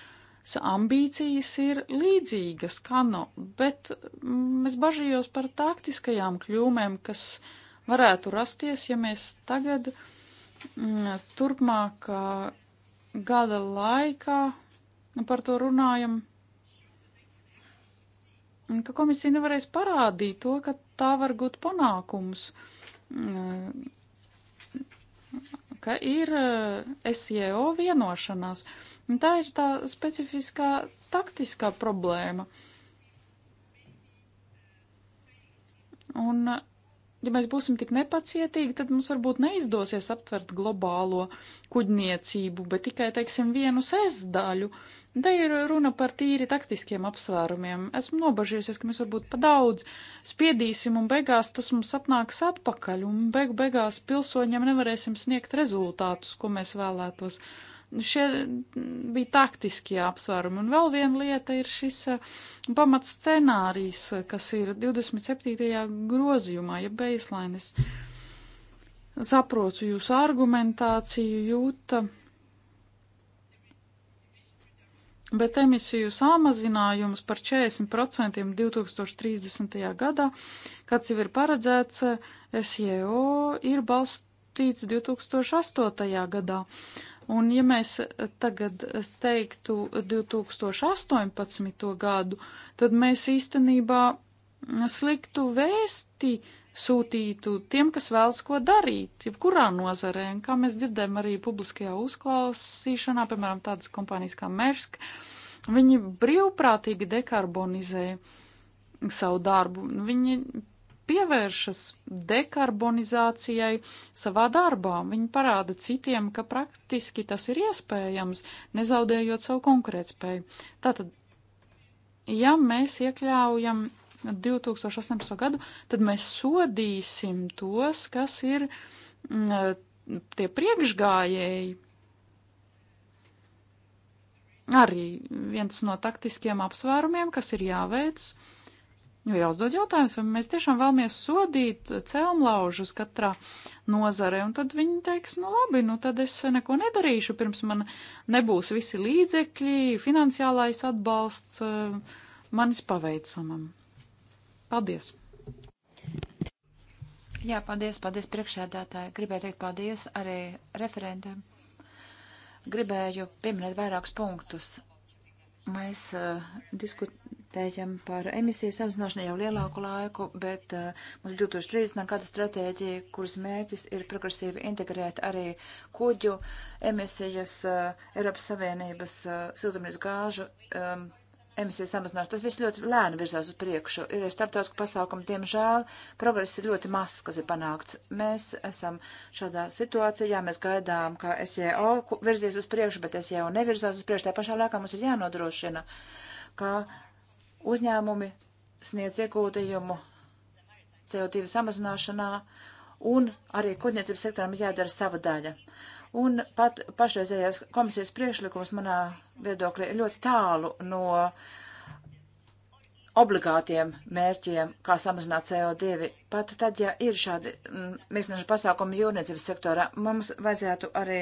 ambīcijas ir līdzīgas kano, nu, bet mm, es bažījos par taktiskajām kļūmēm, kas varētu rasties, ja mēs tagad m, mm, turpmāk gada laikā par to runājam, ka komisija nevarēs parādīt to, ka tā var gūt panākums, mm, ka ir SEO vienošanās. Un tā ir tā specifiskā taktiskā problēma. Un, ja mēs būsim tik nepacietīgi, tad mums varbūt neizdosies aptvert globālo kuģniecību, bet tikai, teiksim, vienu sēsdaļu. Te ir runa par tīri taktiskiem apsvērumiem. Esmu nobažījusies, ka mēs varbūt pa daudz spiedīsim, un beigās tas mums atnāks atpakaļ, un beigu beigās pilsoņiem nevarēsim sniegt rezultātus, ko mēs vēlētos. Uh, Šie bija taktiskie apsvērumi. Un vēl viena lieta ir šis eh, pamats scenārijs, kas ir 27. grozījumā, ja beislainis. Saprotu jūsu argumentāciju, jūta bet emisiju samazinājums par 40% 2030. gadā, kāds jau ir paredzēts SEO, ir balstīts 2008. gadā. Un ja mēs tagad teiktu 2018. gadu, tad mēs īstenībā sliktu vēsti sūtītu tiem, kas vēlas ko darīt, jebkurā nozarē. Un kā mēs dzirdējam arī publiskajā uzklausīšanā, piemēram, tādas kompānijas kā Mersk, viņi brīvprātīgi dekarbonizē savu darbu. Viņi pievēršas dekarbonizācijai savā darbā. Viņi parāda citiem, ka praktiski tas ir iespējams, nezaudējot savu konkurētspēju. Tātad, ja mēs iekļaujam 2018. gadu, tad mēs sodīsim tos, kas ir m, mm, tie priekšgājēji. Arī viens no taktiskiem apsvērumiem, kas ir jāveic, ir Jo jāuzdod jautājums, vai mēs tiešām vēlamies sodīt cēlmlaužus katrā nozare, un tad viņi teiks, nu labi, nu tad es neko nedarīšu, pirms man nebūs visi līdzekļi, finansiālais atbalsts eh, manis paveicamam. Paldies! Jā, paldies, paldies priekšsēdētāji. Gribēju teikt paldies arī referentiem. Gribēju pieminēt vairākus punktus. Mēs uh, eh, diskutējam tēķam par emisiju samazināšanu jau lielāku laiku, bet uh, mums 2030. gada stratēģija, kuras mērķis ir progresīvi integrēt arī kuģu emisijas uh, Eiropas Savienības uh, siltumnīcas gāžu um, emisiju samazināšanu. Tas viss ļoti lēni virzās uz priekšu. Ir arī starptautiski pasākumi, diemžēl progress ir ļoti mazs, kas ir panākts. Mēs esam šādā situācijā, mēs gaidām, ka SEO virzies uz priekšu, bet SEO nevirzās uz priekšu. Tā pašā laikā mums ir jānodrošina, ka uh, uzņēmumi sniedz iegūtījumu CO2 samazināšanā, un arī kuģniecības sektoram jādara sava daļa. Un pat pašreizējās komisijas priekšlikums manā viedoklī ir ļoti tālu no uh, obligātiem mērķiem, kā samazināt CO2. Pat tad, ja ir šādi mm, mīkstināšanas pasākumi jūrniecības sektorā, mums vajadzētu arī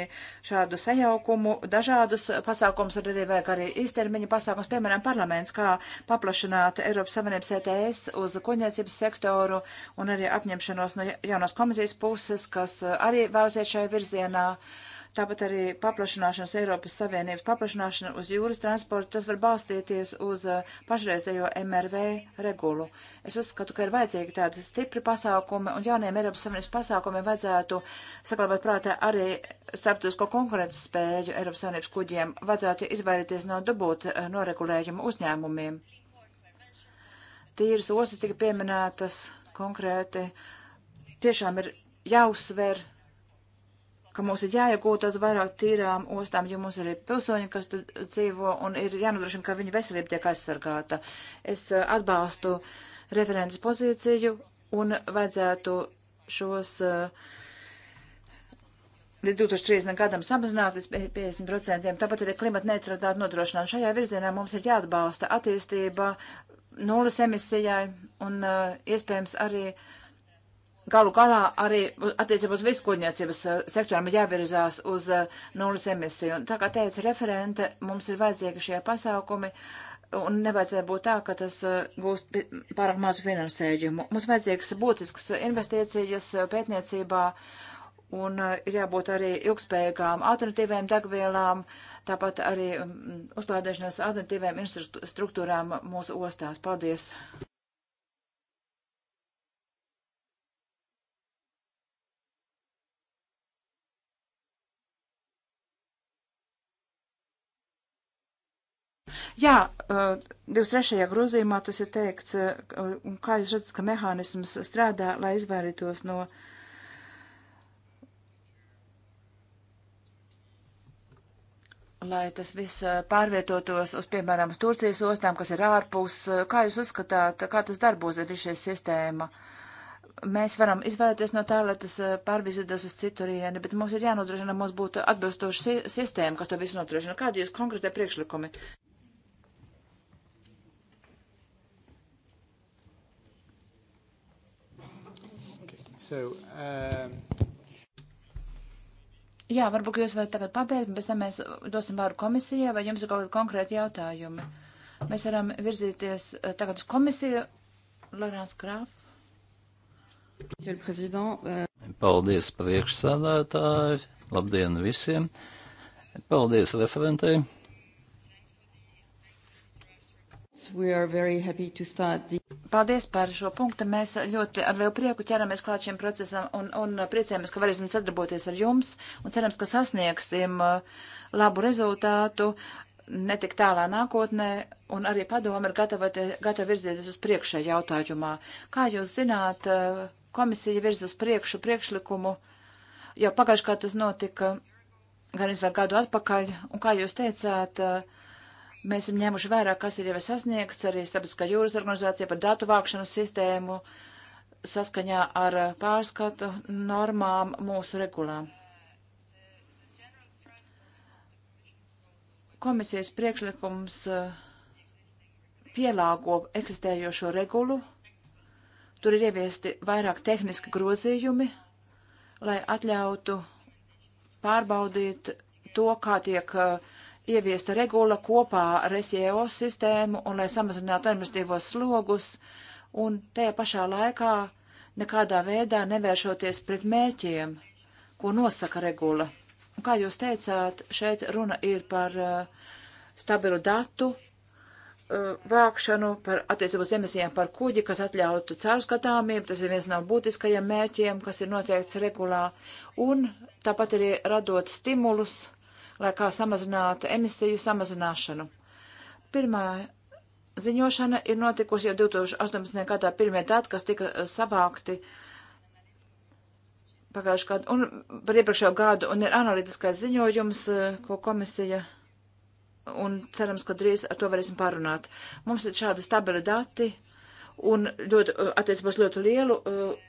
šādu sajaukumu, dažādus pasākumus, arī vajag arī īstermiņa pasākumus, piemēram, parlaments, kā paplašināt Eiropas Savienības ETS uz kuģniecības sektoru un arī apņemšanos no jaunās komisijas puses, kas arī vēlasies šajā virzienā. Uh, Tāpat arī paplašināšanas Eiropas Savienības paplašināšana uz jūras transportu, tas var balstīties uz uh, pašreizējo MRV regulu. Es uzskatu, ka ir vajadzīgi tādi stipri pasākumi, un jauniem Eiropas Savienības pasākumiem vajadzētu saklabāt prātā arī starptautisko konkurences spēju Eiropas Savienības kuģiem, vajadzētu izvairīties no dubult uh, noregulējumu uzņēmumiem. Tīras osas tika pieminētas konkrēti. Tiešām ir jāuzsver ka mums ir jāiegūt uz vairāk tīrām ostām, jo mums ir arī pilsoņi, kas tur dzīvo, un ir jānodrošina, ka viņu veselība tiek aizsargāta. Es eh, atbalstu referents pozīciju un vajadzētu šos eh, līdz 2030. gadam samazināt līdz 50%. Tāpat arī klimata neutralitāte nodrošināšana. Šajā virzienā mums ir jāatbalsta attīstība nulles emisijai un eh, iespējams arī uh, galu galā arī attiecībā uz viskuģniecības eh, sektoram jāvirzās uz eh, nulles emisiju. Un tā kā teica referente, mums ir vajadzīgi šie pasākumi. Un nevajadzētu būt tā, ka tas eh, gūst pārāk mazu finansējumu. Mums vajadzīgs būtisks investīcijas pētniecībā un ir jābūt arī ilgspējīgām alternatīvām degvielām, tāpat arī mm, uzstādīšanas alternatīvām infrastruktūrām mūsu ostās. Paldies! Jā, 23. Eh, grozījumā tas ir teikts, eh, un kā jūs redzat, ka mehānisms strādā, lai izvairītos no. Lai tas viss eh, pārvietotos uz, piemēram, uz Turcijas ostām, kas ir ārpus, kā jūs uzskatāt, kā tas darbosies, ir šī sistēma? Mēs varam izvairīties no tā, lai tas pārvizītos uz citurieni, bet mums ir jānodrošina, mums būtu atbilstoša sistēma, kas to visu nodrošina. Kādi jūs konkrētie priekšlikumi? So, um... Jā, varbūt jūs varat tagad pabeigt, bet tad mēs dosim vārdu komisijai, vai jums ir kaut kādi konkrēti jautājumi. Mēs varam virzīties eh, tagad uz komisiju. Lorāns Krāf. Euh, Paldies priekšsādātāji. Labdien visiem. Paldies referentei. Paldies par šo punktu. Mēs ļoti ar lielu prieku ķeramies klāt šiem procesam un, un priecājamies, ka varēsim sadarboties ar jums un cerams, ka sasniegsim uh, labu rezultātu netik tālā nākotnē un arī padomu ir gatava, gatava virzīties uz priekšē jautājumā. Kā jūs zināt, uh, komisija virz uz priekšu priekšlikumu jau pagājušajā gadā tas notika gan izvēr gadu atpakaļ un kā jūs teicāt, uh, Mēs esam ņēmuši vērā, kas ir jau sasniegts, arī Sabiedriskā jūras organizācija par datu vākšanas sistēmu saskaņā ar pārskatu normām mūsu regulā. Komisijas priekšlikums eh, pielāgo eksistējošo regulu. Tur ir ieviesti vairāk tehniski grozījumi, lai atļautu pārbaudīt to, kā tiek uh, ieviesta regula kopā ar SEO sistēmu un lai samazinātu administratīvos slogus un tajā pašā laikā nekādā veidā nevēršoties pret mērķiem, ko nosaka regula. Un kā jūs teicāt, šeit runa ir par uh, stabilu datu uh, vākšanu, par attiecībos emisijām par kuģi, kas atļautu caurskatāmību, tas ir viens no būtiskajiem mērķiem, kas ir noteikts regulā, un tāpat arī radot stimulus lai kā samazinātu emisiju samazināšanu. Pirmā ziņošana ir notikusi jau 2018. gadā pirmie dati, kas tika eh, savākti pagājušajā gadā un par iepriekšējo gadu, un ir analītiskais ziņojums, eh, ko komisija, un cerams, ka drīz ar to varēsim pārunāt. Mums ir šādi stabili dati, un ļoti, eh, attiecībās ļoti lielu uh,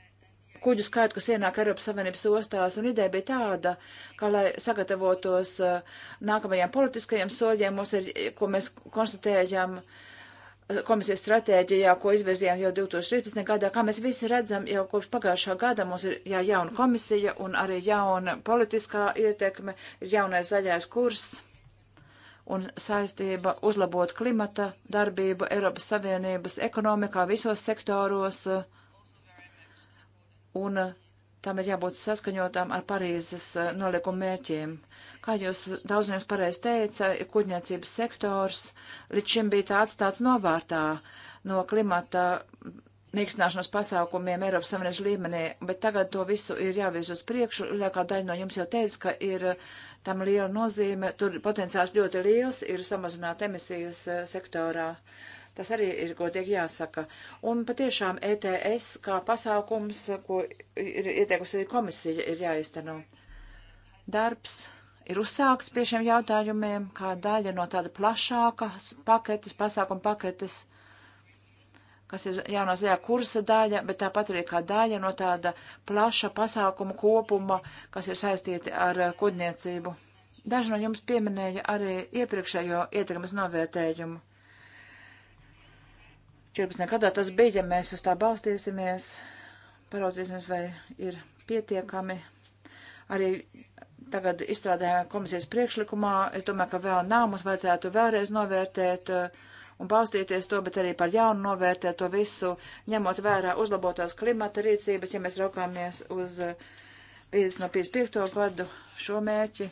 kuģu skaitu, kas ienāk Eiropas Savienības ostās, un ideja bija tāda, ka, lai sagatavotos uh, nākamajiem politiskajiem soļiem, mums ir, ko mēs konstatējam uh, komisijas stratēģijā, ko izvirzījām jau 2013. gadā, kā mēs visi redzam, jau kopš pagājušā gada mums ir jā, jauna komisija un arī jauna politiskā ietekme, ir jaunais zaļais kurs un saistība uzlabot klimata darbību Eiropas Savienības ekonomikā visos sektoros. Uh, un eh, tam ir jābūt saskaņotām ar Parīzes eh, noliekuma mērķiem. Kā jūs daudz no jums pareizi teica, kuģniecības sektors līdz šim bija tāds tāds novārtā no klimata mīkstināšanas pasākumiem Eiropas Savienības līmenī, bet tagad to visu ir jāvirz uz priekšu. Lielākā daļa no jums jau teica, ka ir eh, tam liela nozīme, tur potenciāls ļoti liels ir samazināt emisijas sektorā. Uh, Tas arī ir godīgi jāsaka. Un patiešām ETS kā pasākums, ko ir ieteikusi arī komisija, ir jāizteno. Darbs ir uzsākts pie šiem jautājumiem kā daļa no tāda plašākas paketes, pasākuma paketes kas ir jaunā zaļā kursa daļa, bet tāpat arī kā daļa no tāda plaša pasākuma kopuma, kas ir saistīti ar eh, kodniecību. Daži no jums pieminēja arī iepriekšējo ietekmes novērtējumu. 14. gadā tas bija, ja mēs uz tā balstīsimies, paraudzīsimies, vai ir pietiekami. Arī tagad izstrādājām komisijas priekšlikumā, es domāju, ka vēl nav, mums vajadzētu vēlreiz novērtēt uh, un balstīties to, bet arī par jaunu novērtēt to visu, ņemot vērā uzlabotās klimata rīcības, ja mēs raukāmies uz 50 uh, no 55. gadu šo mērķi.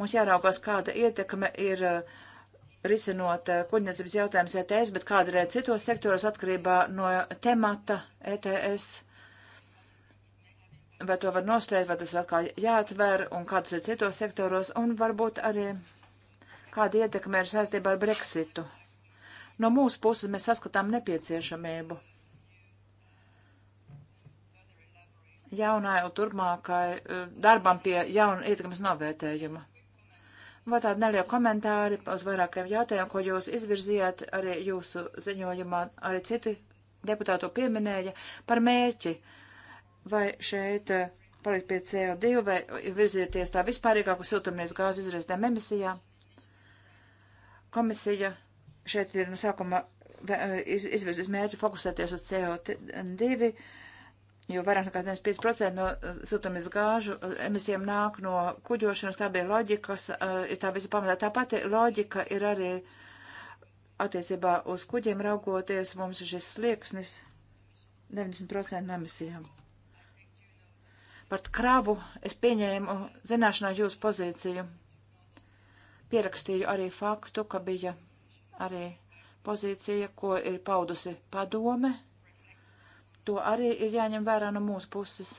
Mums jāraukās, kāda ietekme ir uh, risinot eh, kuģniecības jautājumus ETS, bet kādreiz eh, citos sektoros atkarībā no temata ETS. Vai to var noslēgt, vai tas ir atkal jāatver, un kāds ir citos sektoros, un varbūt arī kāda ietekme ir saistībā ar Brexitu. No mūsu puses mēs saskatām nepieciešamību. Jaunai un turpmākai eh, darbam pie jauna ietekmes novērtējuma. Vēl tādi nelieli komentāri uz vairākiem jautājumiem, ko jūs izvirzījāt arī jūsu ziņojumā, arī citi deputāti to pieminēja par mērķi. Vai šeit eh, palikt pie CO2 vai virzieties tā vispārīgāk uz siltumnīcas gāzu izraisnēm emisijām? Komisija šeit ir no sākuma eh, izvirzījis mērķi fokusēties uz CO2 jo vairāk nekā 95% no uh, siltumies gāžu uh, emisijām nāk no kuģošanas, tā bija loģika, kas uh, ir tā visu pamatā. Tā pati loģika ir arī attiecībā uz kuģiem raugoties, mums ir šis slieksnis 90% no emisijām. Par kravu es pieņēmu zināšanā jūsu pozīciju. Pierakstīju arī faktu, ka bija arī pozīcija, ko ir paudusi padome To arī ir jāņem vērā no mūsu puses.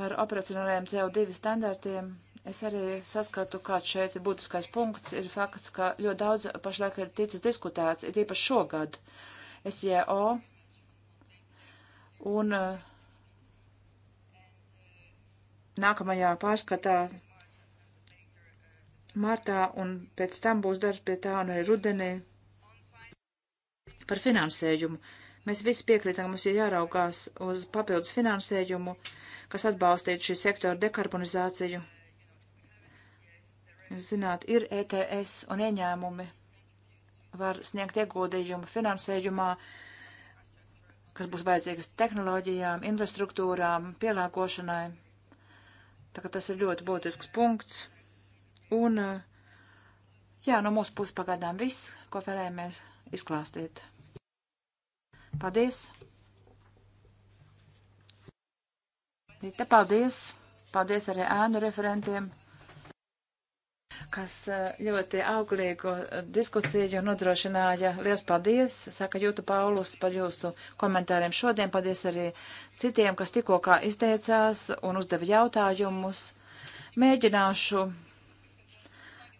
Par operacionālajiem CO2 standartiem es arī saskatu, kāds šeit ir būtiskais punkts, ir fakts, ka ļoti daudz pašlaik ir ticis diskutēts, ir īpaši šogad SJO un uh, nākamajā pārskatā martā, un pēc tam būs darbs pie tā un arī rudenī par finansējumu. Mēs visi piekrītam, ka mums ir jāraugās uz papildus finansējumu, kas atbalstītu šī sektora dekarbonizāciju. Jūs zināt, ir ETS un ieņēmumi var sniegt ieguldījumu finansējumā, kas būs vajadzīgas tehnoloģijām, infrastruktūrām, pielāgošanai. Tā kā tas ir ļoti būtisks punkts. Un, jā, no mūsu puses pagaidām viss, ko vēlējāmies izklāstīt. Paldies! Rita, paldies! Paldies arī ēnu referentiem, kas eh, ļoti auglīgu eh, diskusiju nodrošināja. Lielas paldies! Saka Jūta Paulus par jūsu komentāriem šodien. Paldies arī citiem, kas tikko kā izteicās un uzdeva jautājumus. Mēģināšu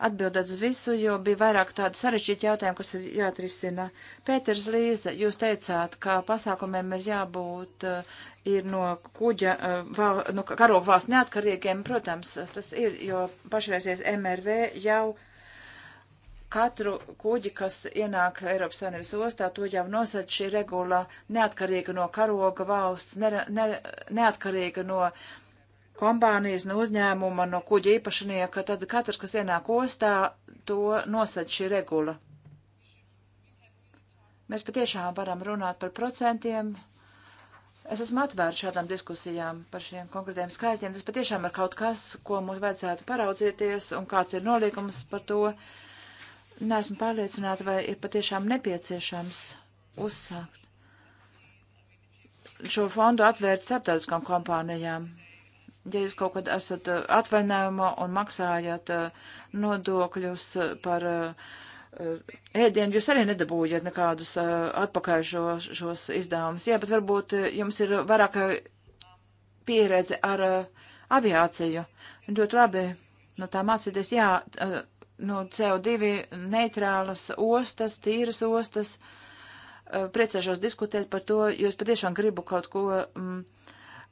atbildēt uz visu, jo bija vairāk tādu sarežģītu jautājumu, kas ir jāatrisina. Pēters Līze, jūs teicāt, ka pasākumiem ir jābūt eh, ir no kuģa, eh, val, no karoga valsts neatkarīgiem. Protams, tas ir, jo pašreizies MRV jau katru kuģi, kas ienāk Eiropas Savienības ostā, to jau nosaka šī regula neatkarīga no karoga valsts, ne, ne, neatkarīga no uh, kompānijas, no uzņēmuma, no kuģa īpašnieka, tad katrs, kas ienāk ostā, to nosaļ šī regula. Mēs patiešām varam runāt par procentiem. Es esmu atvērta šādām diskusijām par šiem konkrētiem skaitļiem. Tas patiešām ir kaut kas, ko mums vajadzētu paraudzīties un kāds ir nolīgums par to. Nesmu pārliecināta, vai ir patiešām nepieciešams uzsākt šo fondu atvērt starptautiskām kompānijām ja jūs kaut kad esat uh, atvainājumā un maksājat uh, nodokļus uh, par ēdienu, jūs arī nedabūjat nekādus atpakaļ šo, šos izdevumus. Jā, bet varbūt jums ir vairāk pieredze ar aviāciju. Ļoti labi no tā mācīties, jā, no CO2 neitrālas ostas, tīras ostas. Priecēšos diskutēt par to, jo es patiešām gribu kaut ko. Mm,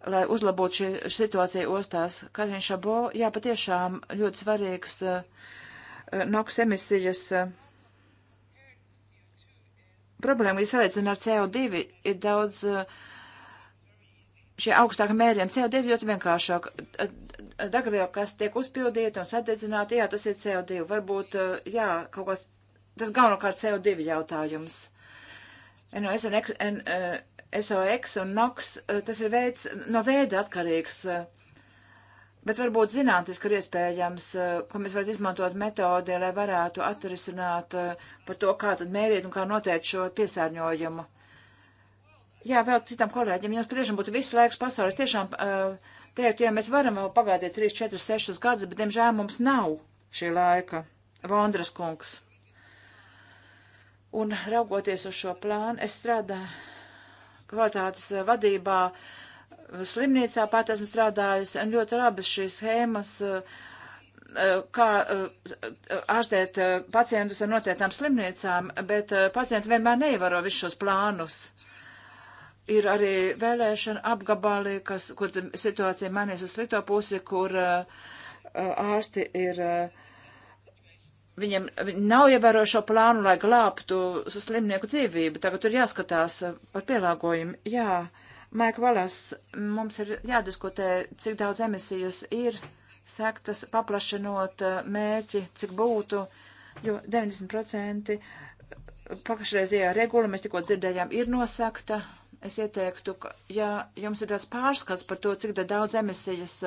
lai uzlabotu šī situācija ostās. Kariņš Šabo, jā, patiešām ļoti svarīgs uh, NOX emisijas uh, problēma, ja salīdzina ar CO2, ir daudz uh, šie augstāki mērījumi. CO2 ļoti vienkāršāk. Dagviela, kas tiek uzpildīta un sadedzināta, jā, tas ir CO2. Varbūt, jā, kaut kas, tas galvenokārt CO2 jautājums. NOS un, un, un SOX un NOX, eh, tas ir veids no veida atkarīgs. Eh, bet varbūt zinātniski ir iespējams, eh, ka mēs varam izmantot metodi, lai varētu atrisināt par to, kā tad mērīt un kā noteikt šo piesārņojumu. Jā, vēl citam kolēģim, jums patiešām būtu viss laiks pasaules. Tiešām teikt, jā, mēs varam vēl pagaidīt 3, 4, 6 gadus, bet, diemžēl, mums nav šī laika. Vondras kungs. Un raugoties uz šo plānu, es strādāju kvalitātes vadībā uh, slimnīcā pat esmu strādājusi un ļoti labas šīs schēmas, uh, uh, kā ārstēt pacientus ar noteiktām slimnīcām, bet pacienti vienmēr neievaro visus šos plānus ir arī vēlēšana apgabali, kas, kur situācija mainīs uz slikto pusi, kur uh, ārsti ir uh, viņiem nav ievēro šo plānu, lai glābtu slimnieku dzīvību. Tagad tur jāskatās eh, par pielāgojumu. Jā, Maik Valas, mums ir jādiskutē, cik daudz emisijas ir sektas, paplašinot eh, mērķi, cik būtu, jo 90% pakašreizajā eh, regula, mēs tikko dzirdējām, ir nosakta. Es ieteiktu, ka, ja jums ir tāds pārskats par to, cik daudz emisijas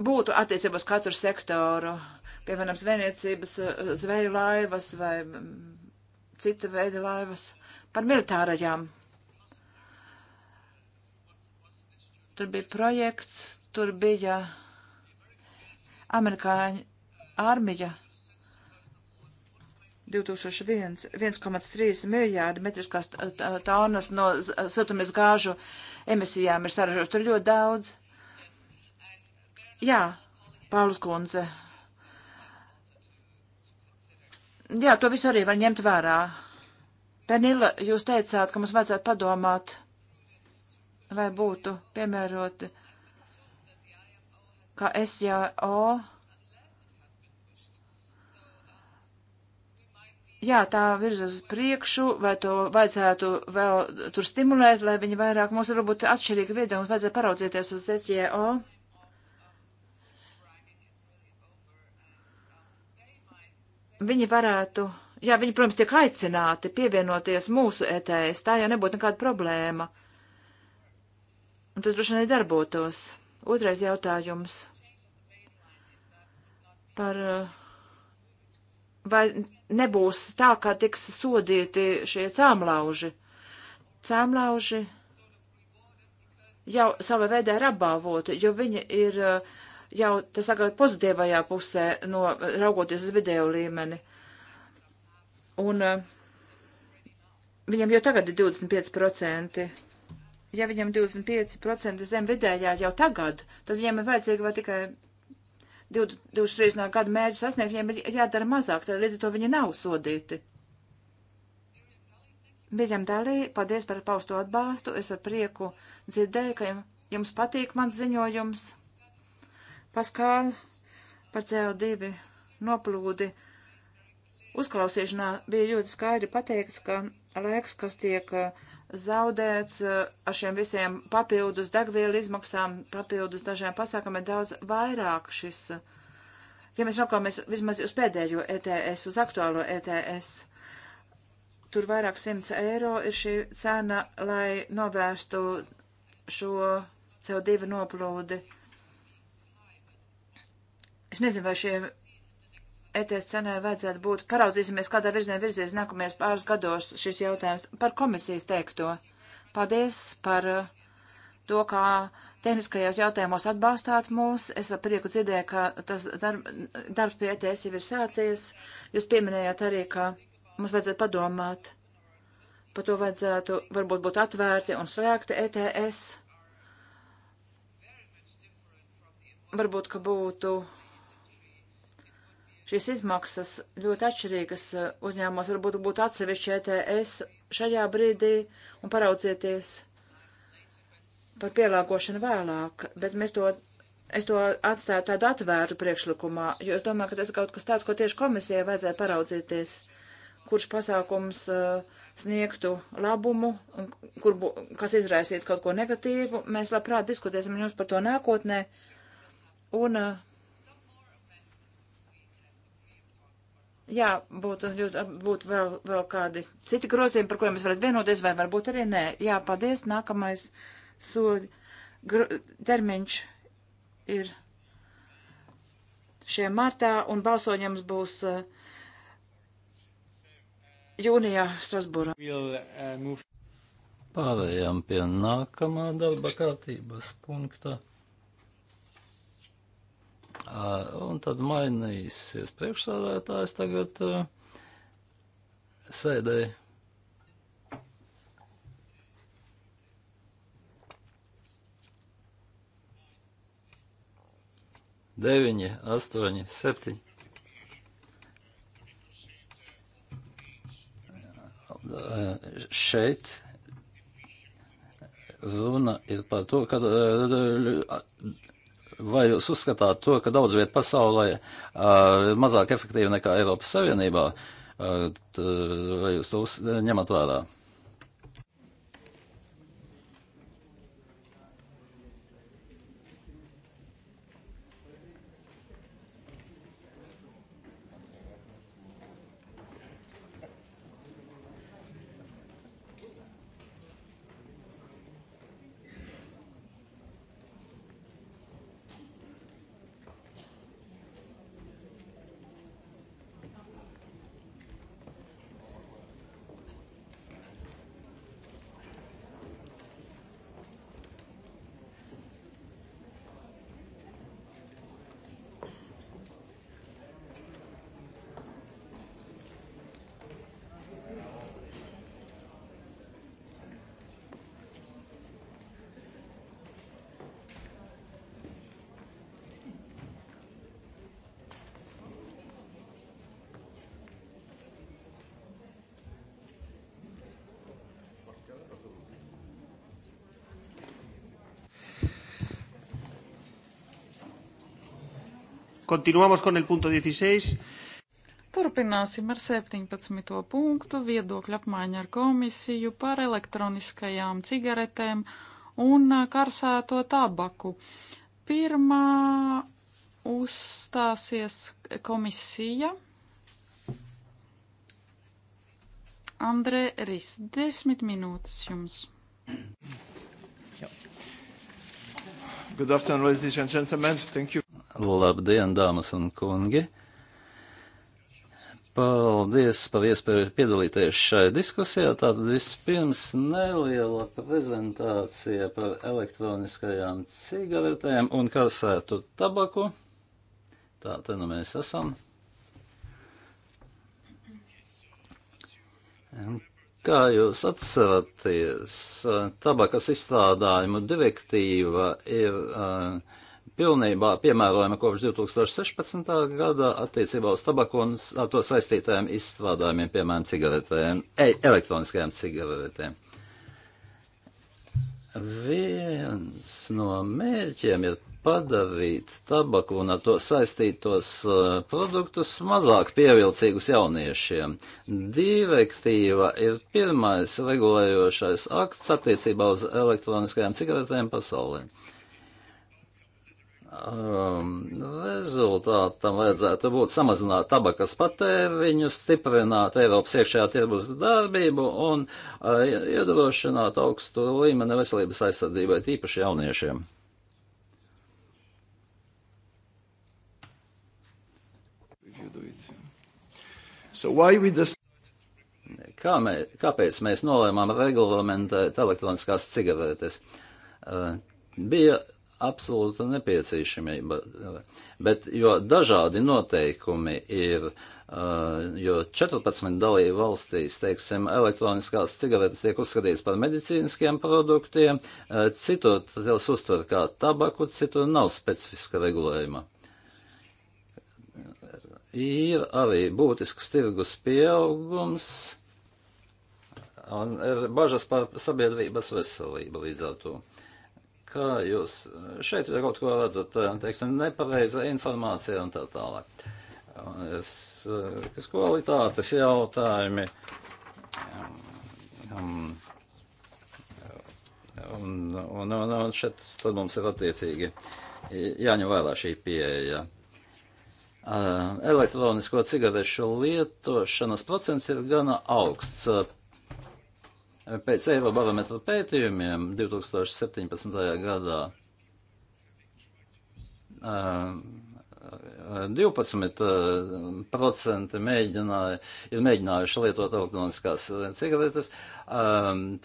būtu attiecībā uz katru sektoru, piemēram, zvejniecības eh, zveju laivas vai mm, cita veida laivas, par militārajām. Tur bija projekts, tur bija amerikāņu armija 2001, 1,3 miljārdi metriskās tonnas no siltumies gāžu emisijām ir saražojuši. Tur ļoti daudz. Jā, Paulus Kunze, jā, to visu arī var ņemt vērā. Penila, jūs teicāt, ka mums vajadzētu padomāt, vai būtu piemēroti, ka SJO. Jā, tā virzās uz priekšu, vai to vajadzētu vēl tur stimulēt, lai viņi vairāk mums varbūt atšķirīgi viedokļi, vajadzētu paraudzīties uz SJO. viņi varētu, jā, viņi, protams, tiek aicināti pievienoties mūsu ETS, tā jau nebūtu nekāda problēma. Un tas droši vien darbotos. Otrais jautājums par eh, vai nebūs tā, kā tiks sodīti šie cēmlauži. Cēmlauži jau sava veidā ir apbalvoti, jo viņi ir uh, jau tas agrāk pozitīvajā pusē, no raugoties uz video līmeni. Un uh, viņam jau tagad ir 25%. Ja viņam 25% zem vidējā jau tagad, tad viņam ir vajadzīga vai tikai 23. gada mērķi sasniegt, viņiem ir jādara mazāk, tad līdz ar to viņi nav sodīti. Mirjam Dalī, paldies par pausto atbalstu. Es ar prieku dzirdēju, ka jums patīk mans ziņojums. Paskāla par CO2 noplūdi. Uzklausīšanā bija ļoti skaidri pateikts, ka laiks, kas tiek uh, zaudēts uh, ar šiem visiem papildus degvielu izmaksām, papildus dažiem pasākumiem, ir daudz vairāk šis. Uh, ja mēs raukāmies vismaz uz pēdējo ETS, uz aktuālo ETS, tur vairāk simts eiro ir šī cena, lai novērstu šo CO2 noplūdi. Es nezinu, vai šiem ETS cenai vajadzētu būt. Paraudzīsimies, kādā virzienā virzies nākamajos pāris gados šis jautājums par komisijas teikto. Paldies par uh, to, kā tehniskajos jautājumos atbalstāt mūs. Es ar prieku dzirdēju, ka tas darb, darbs pie ETS jau ir sācies. Jūs pieminējāt arī, ka mums vajadzētu padomāt. Par to vajadzētu varbūt būt atvērti un slēgti ETS. Varbūt, ka būtu Šīs izmaksas ļoti atšķirīgas eh, uzņēmumos varbūt būtu atsevišķi ETS šajā brīdī un paraudzieties par pielāgošanu vēlāk, bet mēs to, es to atstāju tādu atvērtu priekšlikumā, jo es domāju, ka tas kaut kas tāds, ko tieši komisijai vajadzēja paraudzīties, kurš pasākums uh, sniegtu labumu, un kur, bu, kas izraisītu kaut ko negatīvu. Mēs labprāt diskutēsim jums par to nākotnē. Un uh, jā, būtu, būtu vēl, vēl kādi citi grozījumi, par kuriem mēs varētu vienoties, vai varbūt arī nē. Jā, paldies, nākamais soļi. Termiņš ir šie martā, un balsoņams būs eh, jūnijā Strasbūrā. Eh, Pārējām pie nākamā darba kārtības punkta. Un tad mainīsies priekšsādātājs tagad sēdēji. Deviņi, astoņi, septiņi. Šeit runa ir par to, ka Vai jūs uzskatāt to, ka daudz viet pasaulē uh, mazāk efektīvi nekā Eiropas Savienībā? Uh, t, vai jūs to uz, ņemat vērā? Uh, Continuamos con el punto 16. Turpināsim ar 17. punktu viedokļu apmaiņu ar komisiju par elektroniskajām cigaretēm un karsēto tabaku. Pirmā uzstāsies komisija. Andrē Ris, desmit minūtes jums. Good afternoon, ladies and gentlemen. Thank you. Labdien, dāmas un kungi! Paldies par iespēju piedalīties šai diskusijā. Tātad vispirms neliela prezentācija par elektroniskajām cigaretēm un karsētu tabaku. Tā, te nu mēs esam. Kā jūs atceraties, tabakas izstrādājumu direktīva ir. Uh, pilnībā piemērojama kopš 2016. gada attiecībā uz tabaku un ar to saistītajiem izstrādājumiem, piemēram, cigaretēm, e elektroniskajām cigaretēm. Viens no mērķiem ir padarīt tabaku un ar to saistītos e, produktus mazāk pievilcīgus jauniešiem. Direktīva ir pirmais regulējošais akts attiecībā uz elektroniskajām cigaretēm pasaulē. Um, rezultātam vajadzētu būt samazināt tabakas patēriņu, stiprināt Eiropas iekšējā tirgus darbību un uh, iedrošināt augstu līmeni veselības aizsardzībai, tīpaši jauniešiem. So this... Kā mē, kāpēc mēs nolēmām reglamentēt elektroniskās cigaretes? Uh, bija absolūta nepieciešamība, bet jo dažādi noteikumi ir, jo 14 dalību valstīs, teiksim, elektroniskās cigaretes tiek uzskatītas par medicīniskiem produktiem, citur tos uztver kā tabaku, citur nav specifiska regulējuma. Ir arī būtisks tirgus pieaugums un ir bažas par sabiedrības veselību līdz ar to ka jūs šeit kaut ko redzat, eh, teiksim, nepareiza informācija un tā tālāk. Es, eh, kas kvalitātes jautājumi. Um, un, un, un, un šeit tad mums ir attiecīgi jāņem vērā šī pieeja. Eh, elektronisko cigarešu lietošanas procents ir gana augsts Pēc Eirobarometra pētījumiem 2017. gadā 12% mēģināja, ir mēģinājuši lietot elektroniskās cigaretes.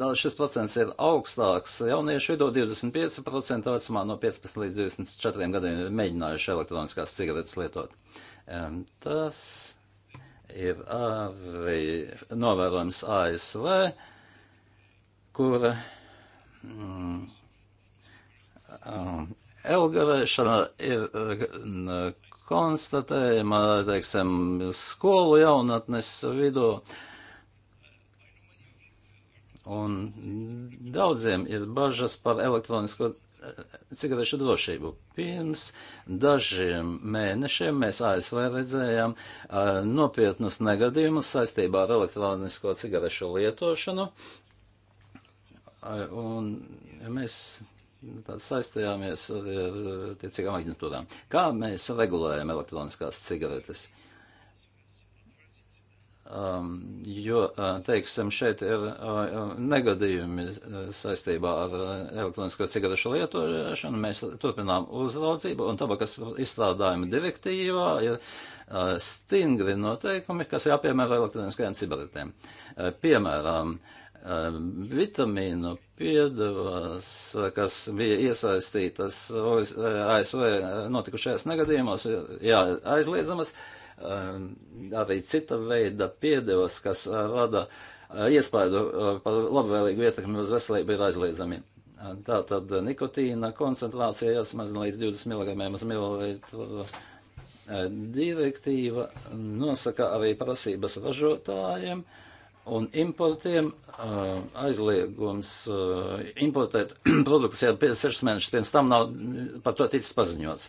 Tā šis procents ir augstāks jauniešu vidū 25% vecumā no 15 līdz 24 gadiem ir mēģinājuši elektroniskās cigaretes lietot. Tas ir arī novērojams ASV kur mm, um, elgarēšana ir mm, konstatējama, teiksim, skolu jaunatnes vidū. Un daudziem ir bažas par elektronisko eh, cigarešu drošību. Pirms dažiem mēnešiem mēs ASV redzējām uh, nopietnus negadījumus saistībā ar elektronisko cigarešu lietošanu, un mēs tāds saistījāmies ar tiecīgām aģentūrām. Kā mēs regulējam elektroniskās cigaretes? Um, jo, uh, teiksim, šeit ir uh, negadījumi saistībā ar uh, elektronisko cigarešu lietošanu. Mēs turpinām uzraudzību, un tabakas izstrādājuma direktīvā ir uh, stingri noteikumi, kas jāpiemēro elektroniskajām cigaretēm. Uh, piemēram, uh, vitamīnu piedevās, kas bija iesaistītas eh, ASV eh, notikušajās negadījumos, jā, aizliedzamas, arī cita veida piedevas, kas eh, rada iespēju par labvēlīgu ietekmi uz veselību ir aizliedzami. Tātad nikotīna koncentrācija jāsamazina līdz 20 mg uz mililitru. Direktīva nosaka arī prasības ražotājiem. Uh, un importiem aizliegums importēt (clears throat) produktus jau 56 mēnešus pirms tam nav par to ticis paziņots.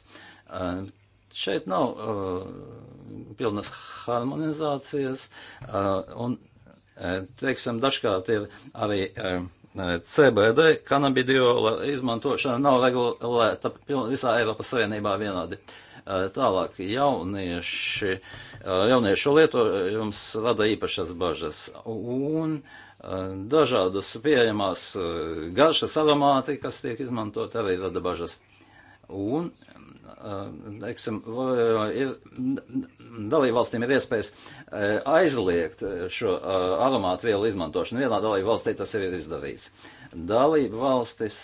Šeit nav pilnas harmonizācijas, un, teiksim, dažkārt ir arī CBD, kanabidiola izmantošana nav regulēta visā Eiropas Savienībā vienādi. Uh, Tālāk jaunieši, jauniešu lietojums rada īpašas bažas. Un dažādas pieejamās garšas aromāti, kas tiek izmantot, arī rada bažas. Un teiksim, ir, dalībvalstīm ir iespējas aizliegt šo aromātu vielu izmantošanu. Vienā dalībvalstī tas ir izdarīts. Dalībvalstis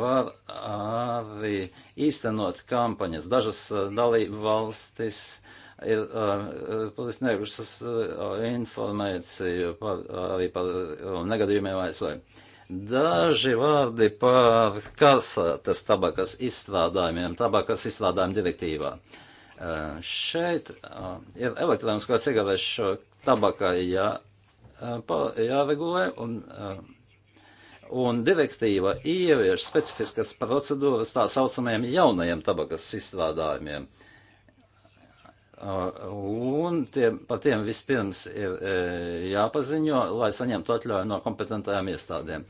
var arī īstenot kampaņas. Dažas uh, dalību valstis ir uh, uh, sniegušas informāciju par, arī par negadījumiem ASV. Daži vārdi par kasētas tabakas izstrādājumiem, tabakas izstrādājumu direktīvā. Šeit ir elektroniskā cigarešu tabaka jā, jāregulē un un direktīva ievieš specifiskas procedūras tā saucamajiem jaunajiem tabakas izstrādājumiem. Un tiem, par tiem vispirms ir e, jāpaziņo, lai saņemtu atļauju no kompetentajām iestādēm.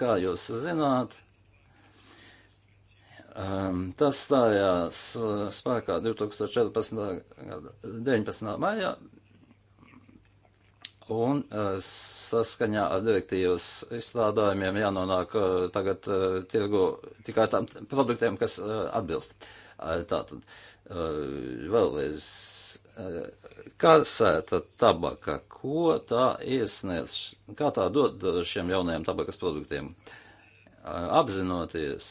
Kā jūs zināt, Um, tas stājās uh, spēkā 2014. gada 19. maijā, Un eh, saskaņā ar direktīvas izstrādājumiem jānonāk eh, tagad eh, tirgu tikai tām produktiem, kas atbilst. Tātad vēlreiz kasēta tabaka, ko tā iesniedz, kā tā dod šiem jaunajiem tabakas produktiem, apzinoties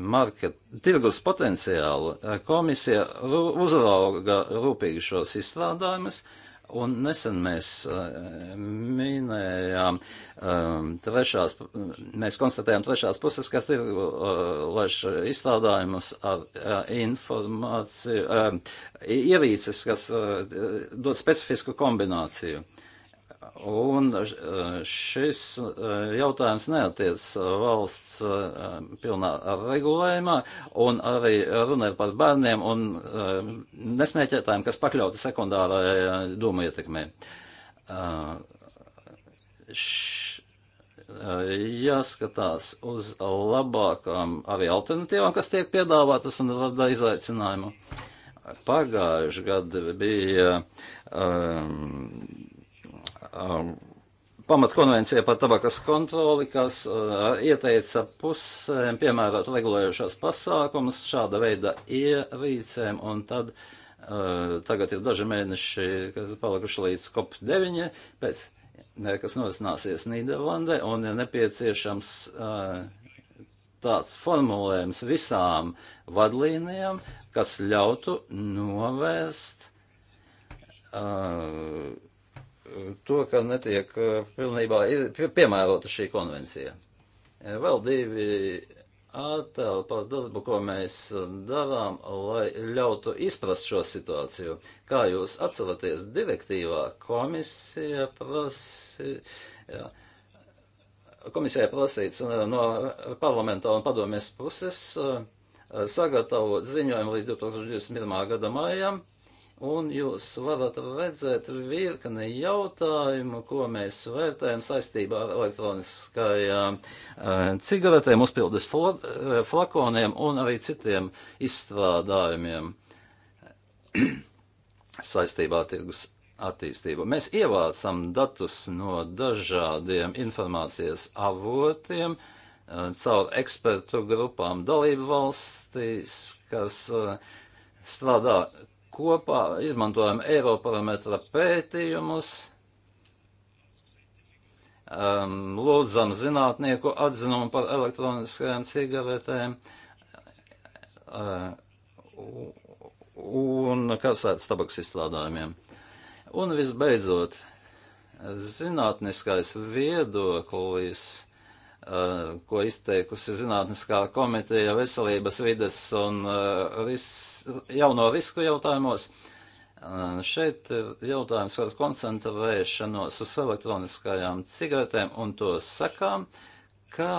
market, tirgus potenciālu, komisija uzrauga rūpīgi šos izstrādājumus, uh, Un nesen mēs eh, minējām, eh, trešās, mēs konstatējām trešās puses, kas ir eh, laiš izstrādājumus ar informāciju, ierīces, kas dod specifisku kombināciju. Un uh, šis uh, jautājums neatiec uh, valsts pilnā regulējumā, un arī runa ir par bērniem un nesmēķētājiem, kas pakļauti sekundārai domu ietekmē. Š, jāskatās uz labākām arī alternatīvām, kas tiek piedāvātas un rada izaicinājumu. Pagājuši gadi bija. Um, um, pamatkonvencija par tabakas kontroli, kas uh, ieteica pusēm piemērot regulējušās pasākumus šāda veida ierīcēm, un tad uh, tagad ir daži mēneši, kas palikuši līdz COP9, pēc, ne, kas norisināsies Nīderlandē, un ir nepieciešams uh, tāds formulējums visām vadlīnijām, kas ļautu novērst uh, to, ka netiek e, pilnībā piemērota šī konvencija. E, vēl divi attēli par darbu, ko mēs darām, lai ļautu izprast šo situāciju. Kā jūs atceraties, direktīvā komisija prasīja. Jā komisijai prasīts e, no parlamenta un padomjas puses sagatavot ziņojumu līdz 2021. gada maijam Un jūs varat redzēt virkni jautājumu, ko mēs vērtējam saistībā ar elektroniskajām eh, cigaretēm, uzpildes eh, flakoniem un arī citiem izstrādājumiem (clears throat) saistībā ar tirgus attīstību. Mēs ievācam datus no dažādiem informācijas avotiem eh, caur ekspertu grupām dalību valstīs, kas strādā kopā izmantojam Eiroparametra pētījumus, um, lūdzam zinātnieku atzinumu par elektroniskajām cigaretēm, uh, un kasētas tabaks izstrādājumiem. Un visbeidzot, zinātniskais viedoklis Eh, ko izteikusi Zinātniskā komiteja veselības vides un eh, ris, jauno risku jautājumos. Eh, šeit ir jautājums par koncentrēšanos uz elektroniskajām cigaretēm un to sakām, kā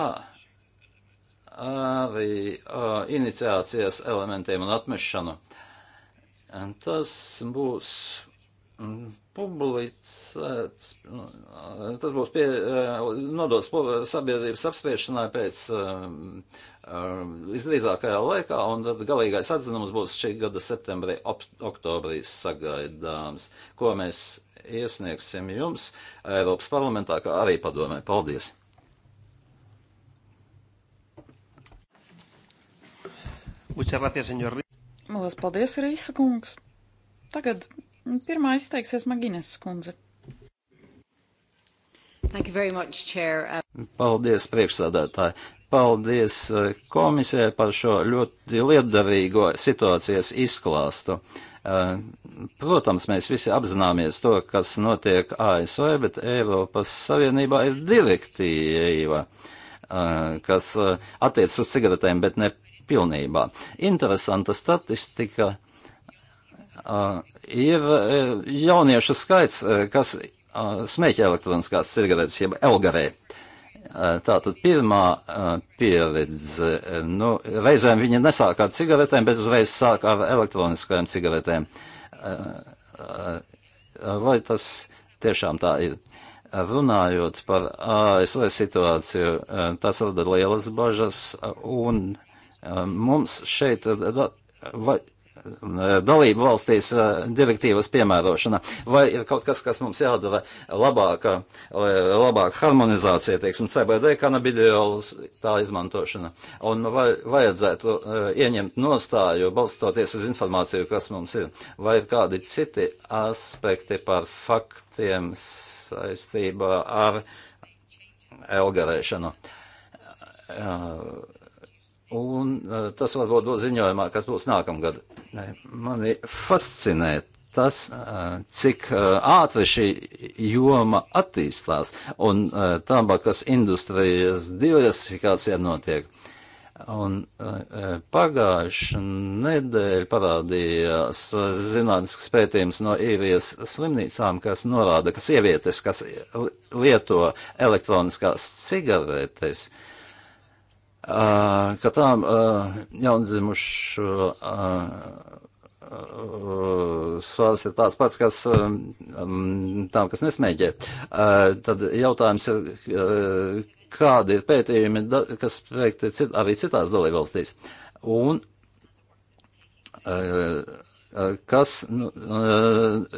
arī iniciācijas elementiem un atmešanu. Tas būs mm, publicēts, nu, tas būs pie, eh, nodots sabiedrības apspiešanai pēc visdrīzākajā eh, eh, laikā, un tad galīgais atzinums būs šī gada septembrī, oktobrī sagaidāms, ko mēs iesniegsim jums Eiropas parlamentā, kā arī padomē. Paldies! Muchas gracias, señor. Lielas paldies, Rīsa kungs. Tagad Pirmā izteiksies Magines skundze. Much, Chair. Uh, Paldies, priekšsādātāji. Paldies uh, komisijai par šo ļoti lietderīgo situācijas izklāstu. Uh, protams, mēs visi apzināmies to, kas notiek ASV, bet Eiropas Savienībā ir direktīva, kas attiec uz cigaretēm, bet ne pilnībā. Interesanta statistika ir eh, jauniešu skaits, eh, kas eh, smēķē elektroniskās cigaretes, jeb elgarē. Tātad pirmā pieredze, nu, reizēm viņi nesāk ar cigaretēm, bet uzreiz sāk ar elektroniskajām cigaretēm. Vai tas tiešām tā ir? Runājot par ASV situāciju, tas rada lielas bažas, un mums šeit, vai, dalību valstīs direktīvas piemērošana. Vai ir kaut kas, kas mums jādara labāka, labāka harmonizācija, teiksim, CBD kanabidiols tā izmantošana? Un vai vajadzētu ieņemt nostāju, balstoties uz informāciju, kas mums ir? Vai ir kādi citi aspekti par faktiem saistībā ar elgarēšanu? Uh, Un uh, tas varbūt būs ziņojumā, kas būs nākamgad. Mani fascinē tas, uh, cik uh, ātri šī joma attīstās un tabakas industrijas diversifikācija notiek. Un pagājušā nedēļa parādījās zinātnisks pētījums no īrijas slimnīcām, kas norāda, ka sievietes, kas lieto elektroniskās cigaretes, uh, katām jaundzimušu svārs ir tāds pats, kas tām, kas nesmēķē. Tad jautājums ir, kādi ir pētījumi, kas veikti cit, arī citās dalībvalstīs. Un Eh, kas nu,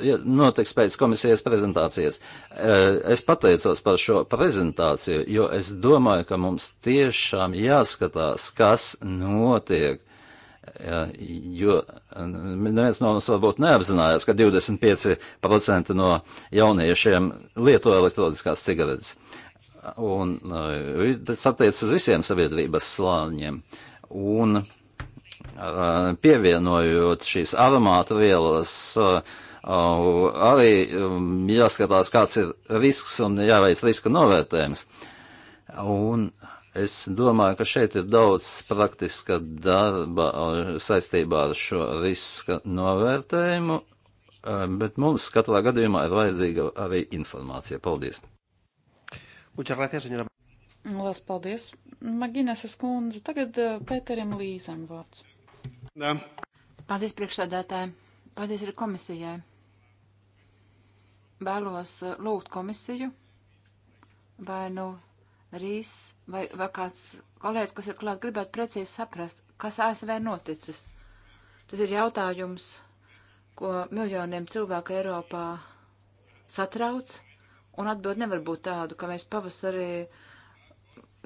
eh, notiks pēc komisijas prezentācijas. Eh, es pateicos par šo prezentāciju, jo es domāju, ka mums tiešām jāskatās, kas notiek. Jo neviens no mums varbūt neapzinājās, ka 25% no jauniešiem lieto elektroniskās cigaretes. Un tas attiecas uz visiem sabiedrības slāņiem. Un, uh, Eh, pievienojot šīs aromātu vielas, eh, eh, arī um, jāskatās, kāds ir risks un jāveic riska novērtējums. Un es domāju, ka šeit ir daudz praktiska darba saistībā ar šo riska novērtējumu, bet mums katrā gadījumā ir vajadzīga arī informācija. Paldies! Muchas gracias, señora. Lielas paldies, Magineses kundze. Tagad Pēterim Līzam vārds. Nē. Paldies priekšsādātājiem. Paldies arī komisijai. Vēlos eh, lūgt komisiju vai nu Rīs vai, vai kāds kolēģis, kas ir klāt, gribētu precīzi saprast, kas ASV noticis. Tas ir jautājums, ko miljoniem cilvēku Eiropā satrauc, un atbild nevar būt tādu, ka mēs pavasarī uh,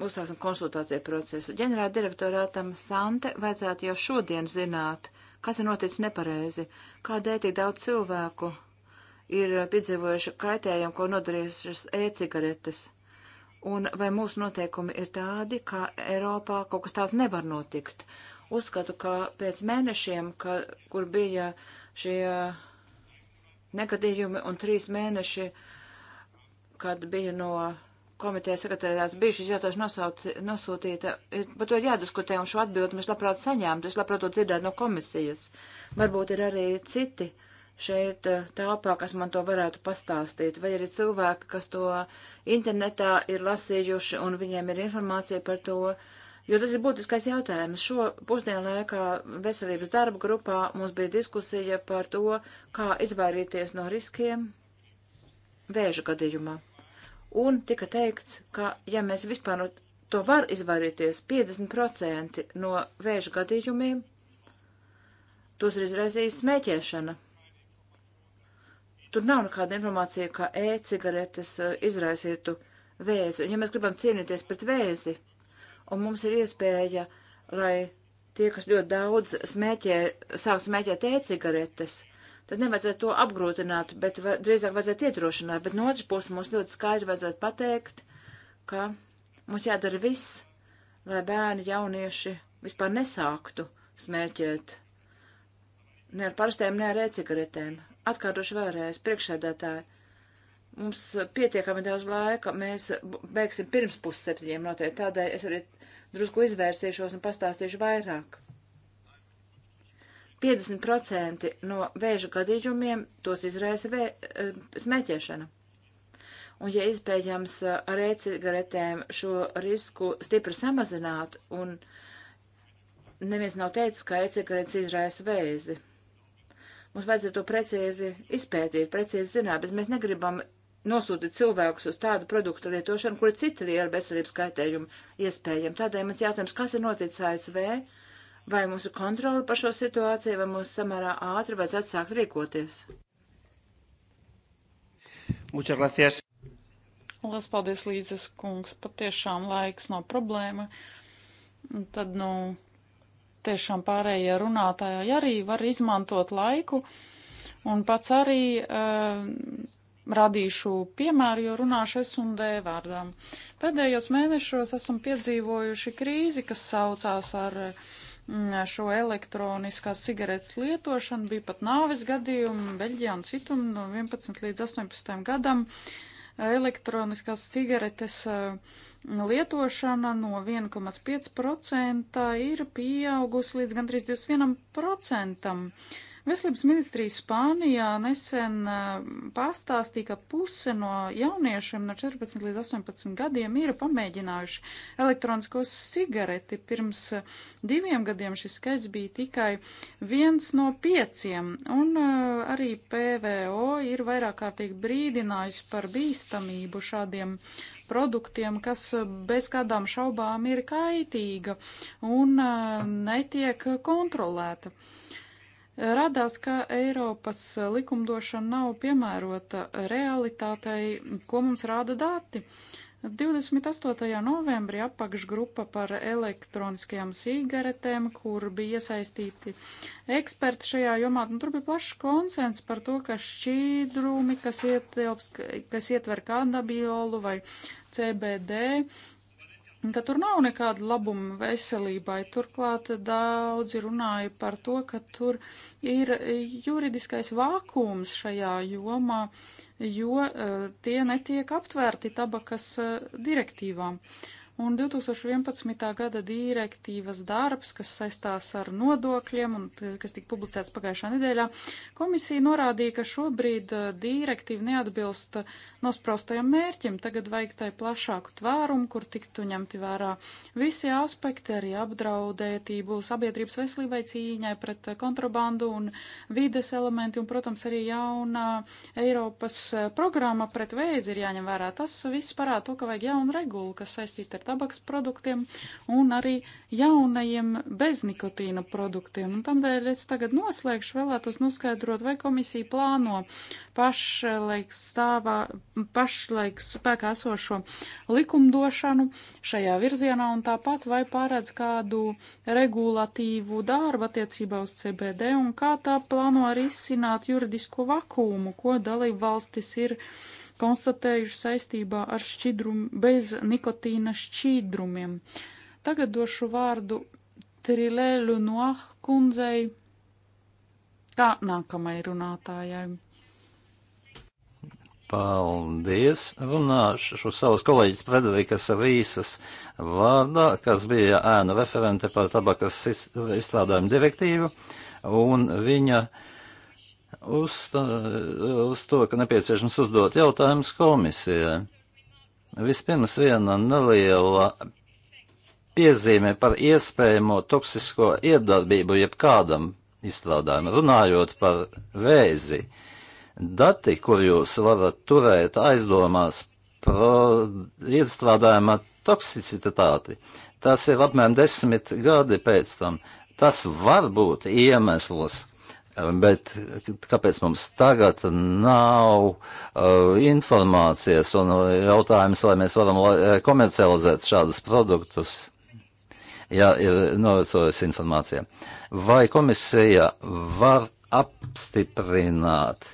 uzsāksim konsultāciju procesu. Ģenerāla direktorātam Sante vajadzētu jau šodien zināt, kas ir noticis nepareizi, kādēļ tik daudz cilvēku ir piedzīvojuši kaitējumu, ko nodarījušas e-cigaretes, un vai mūsu noteikumi ir tādi, ka Eiropā kaut kas tāds nevar notikt. Uzskatu, ka pēc mēnešiem, ka, kur bija šie negadījumi un trīs mēneši, kad bija no komitejas sekretariāts bija šis jautājums nosūtīta, par to ir jādiskutē, un šo atbildi mēs labprāt saņēmtu, es labprāt to dzirdētu no komisijas. Varbūt ir arī citi šeit eh, telpā, kas man to varētu pastāstīt, vai arī cilvēki, kas to internetā ir lasījuši un viņiem ir informācija par to, jo tas ir būtiskais jautājums. Šo pusdienu laikā veselības darba grupā mums bija diskusija par to, kā izvairīties no riskiem vēža gadījumā. Un tika teikts, ka ja mēs vispār no to var izvairīties 50% no vēža gadījumiem, tos ir izraisījis smēķēšana. Tur nav nekāda informācija, ka e-cigaretes uh, izraisītu vēzi. Un ja mēs gribam cīnīties pret vēzi, un mums ir iespēja, lai tie, kas ļoti daudz smēķē, sāk smēķēt e-cigaretes, tad nevajadzētu to apgrūtināt, bet va, drīzāk vajadzētu iedrošināt. Bet no otras puses mums ļoti skaidri vajadzētu pateikt, ka mums jādara viss, lai bērni, jaunieši vispār nesāktu smēķēt ne ar parastēm, ne ar e-cigaretēm. Atkārtošu vēlreiz, priekšsēdētāji, mums pietiekami daudz laika, mēs beigsim pirms pusseptiņiem noteikti, tādēļ es arī drusku izvērsīšos un pastāstīšu vairāk. 50% no vēža gadījumiem tos izraisa vē, eh, smēķēšana. Un, ja iespējams eh, ar e-cigaretēm šo risku stipri samazināt, un neviens nav teicis, ka e-cigaretes izraisa vēzi. Mums vajadzētu to precīzi izpētīt, precīzi zināt, bet mēs negribam nosūtīt cilvēkus uz tādu produktu lietošanu, kur ir citi lieli veselības kaitējumi iespējami. Tādēļ mans jautājums, kas ir noticis ASV? Vai mums ir kontroli par šo situāciju, vai mums samērā ātri vajadzētu sākt rīkoties? Muchas gracias. Lielas paldies, Līdzes kungs. Patiešām laiks nav problēma. Un tad, nu, tiešām pārējie runātāji arī var izmantot laiku. Un pats arī uh, radīšu piemēru, jo runāšu es un D vārdām. Pēdējos mēnešos esam piedzīvojuši krīzi, kas saucās ar uh, Mm, šo elektroniskās cigaretes lietošanu. Bija pat nāves gadījumi Beļģijā un citur no 11 līdz 18 gadam. Elektroniskās cigaretes eh, lietošana no 1,5% ir pieaugusi līdz gandrīz 21%. Veselības ministrija Spānijā nesen eh, pastāstīja, ka puse no jauniešiem no 14 līdz 18 gadiem ir pamēģinājuši elektroniskos cigareti. Pirms eh, diviem gadiem šis skaits bija tikai viens no pieciem, un eh, arī PVO ir vairāk kārtīgi brīdinājusi par bīstamību šādiem produktiem, kas bez kādām šaubām ir kaitīga un netiek kontrolēta. Uh, Radās, ka Eiropas likumdošana nav piemērota realitātei, ko mums rāda dati. 28. novembrī apakšgrupa par elektroniskajām sīgaretēm, kur bija iesaistīti eksperti šajā jomā, nu, tur bija plašs konsens par to, ka šķīdrumi, kas, ietilps, kas ietver kandabiolu vai CBD, ka tur nav nekāda labuma veselībai. Turklāt daudzi runāja par to, ka tur ir juridiskais vākums šajā jomā, jo eh, tie netiek aptvērti tabakas eh, direktīvām. Uh, un 2011. gada direktīvas darbs, kas saistās ar nodokļiem un kas tika publicēts pagājušā nedēļā, komisija norādīja, ka šobrīd uh, direktīva neatbilst nospraustajam mērķim. Tagad vajag tai plašāku tvērumu, kur tiktu ņemti vērā visi aspekti, arī apdraudētību sabiedrības veselībai cīņai pret uh, kontrabandu un vides elementi un, protams, arī jaunā Eiropas uh, programma pret vēzi ir jāņem vērā. Tas viss parāda to, ka vajag jaunu regulu, kas saistīta ar tabaks produktiem un arī jaunajiem beznikotīna produktiem. Un tamdēļ es tagad noslēgšu, vēlētos noskaidrot, vai komisija plāno pašlaik stāvā, pašlaik spēkā esošo likumdošanu šajā virzienā un tāpat vai pārēdz kādu regulatīvu darbu attiecībā uz CBD un kā tā plāno arī izsināt juridisko vakumu, ko dalību valstis ir konstatējuši saistībā ar šķidrumu, bez nikotīna šķīdrumiem. Tagad došu vārdu Trilēlu Noah kundzei, kā nākamai runātājai. Paldies! Runāšu savas kolēģis Frederikas Rīsas vārdā, kas bija ēna referente par tabakas izstrādājumu direktīvu, un viņa uh, uz, uz to, ka nepieciešams uzdot jautājumus komisijai. Vispirms viena neliela piezīme par iespējamo toksisko iedarbību jebkādam izstrādājumam. Runājot par vēzi, dati, kur jūs varat turēt aizdomās par iestrādājuma toksicitāti, tas ir apmēram desmit gadi pēc tam. Tas var būt iemesls Bet kāpēc mums tagad nav uh, informācijas un jautājums, vai mēs varam eh, komercializēt šādus produktus, ja ir novecojusi informācija? Vai komisija var apstiprināt,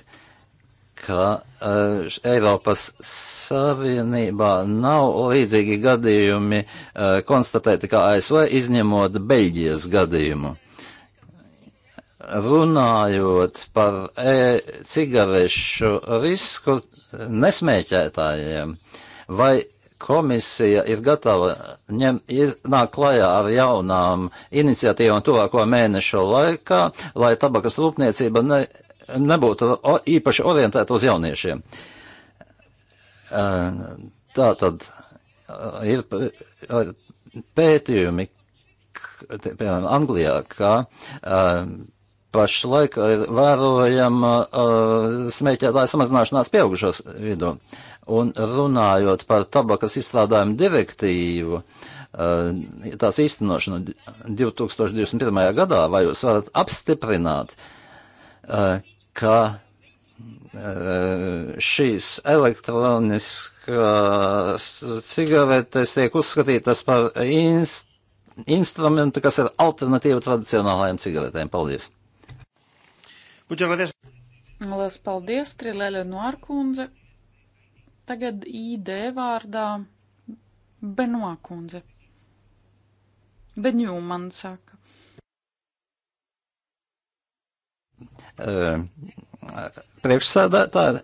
ka uh, Eiropas Savienībā nav līdzīgi gadījumi uh, konstatēti kā ASV, izņemot Beļģijas gadījumu? Uh, runājot par e-cigarešu risku nesmēķētājiem, vai komisija ir gatava ņem, ir, nāk klajā ar jaunām iniciatīvām tuvāko mēnešu laikā, lai tabakas rūpniecība ne, nebūtu o, īpaši orientēta uz jauniešiem. E, tā tad e, ir e, pētījumi, piemēram, Anglijā, ka pašlaik ir eh, vērojama uh, eh, smēķētāja samazināšanās pieaugušos vidū. Un runājot par tabakas izstrādājumu direktīvu, uh, tās īstenošanu 2021. gadā, vai jūs varat apstiprināt, uh, ka šīs elektroniskās cigaretes tiek uzskatītas par inst instrumentu, kas ir alternatīva tradicionālajām cigaretēm. Paldies! Lielas paldies, Trilēļa Noārkundze. Tagad ID vārdā Benoā kundze. Benjū man saka. Uh, Priekšsēdētāji,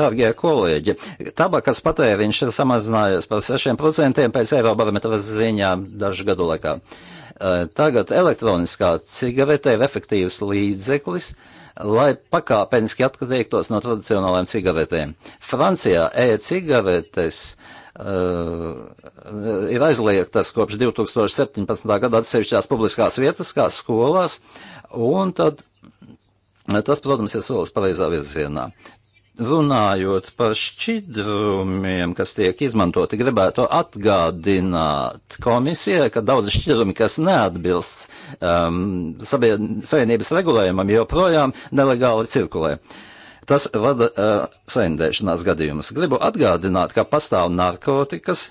darbie kolēģi, tabakas patēriņš ir samazinājies par 6% pēc Eirobarometra ziņām dažu gadu laikā. Uh, tagad elektroniskā cigarete ir efektīvs līdzeklis, uh, lai pakāpeniski atteiktos no tradicionālajām cigaretēm. Francijā e-cigaretes uh, ir aizliegtas kopš 2017. gada atsevišķās publiskās vietas, kā skolās, un tad Tas, protams, ir solis pareizā virzienā. Runājot par šķidrumiem, kas tiek izmantoti, gribētu atgādināt komisijai, ka daudzi šķidrumi, kas neatbilst um, savienības regulējumam, joprojām nelegāli cirkulē. Tas rada uh, saindēšanās gadījumus. Gribu atgādināt, ka pastāv narkotikas,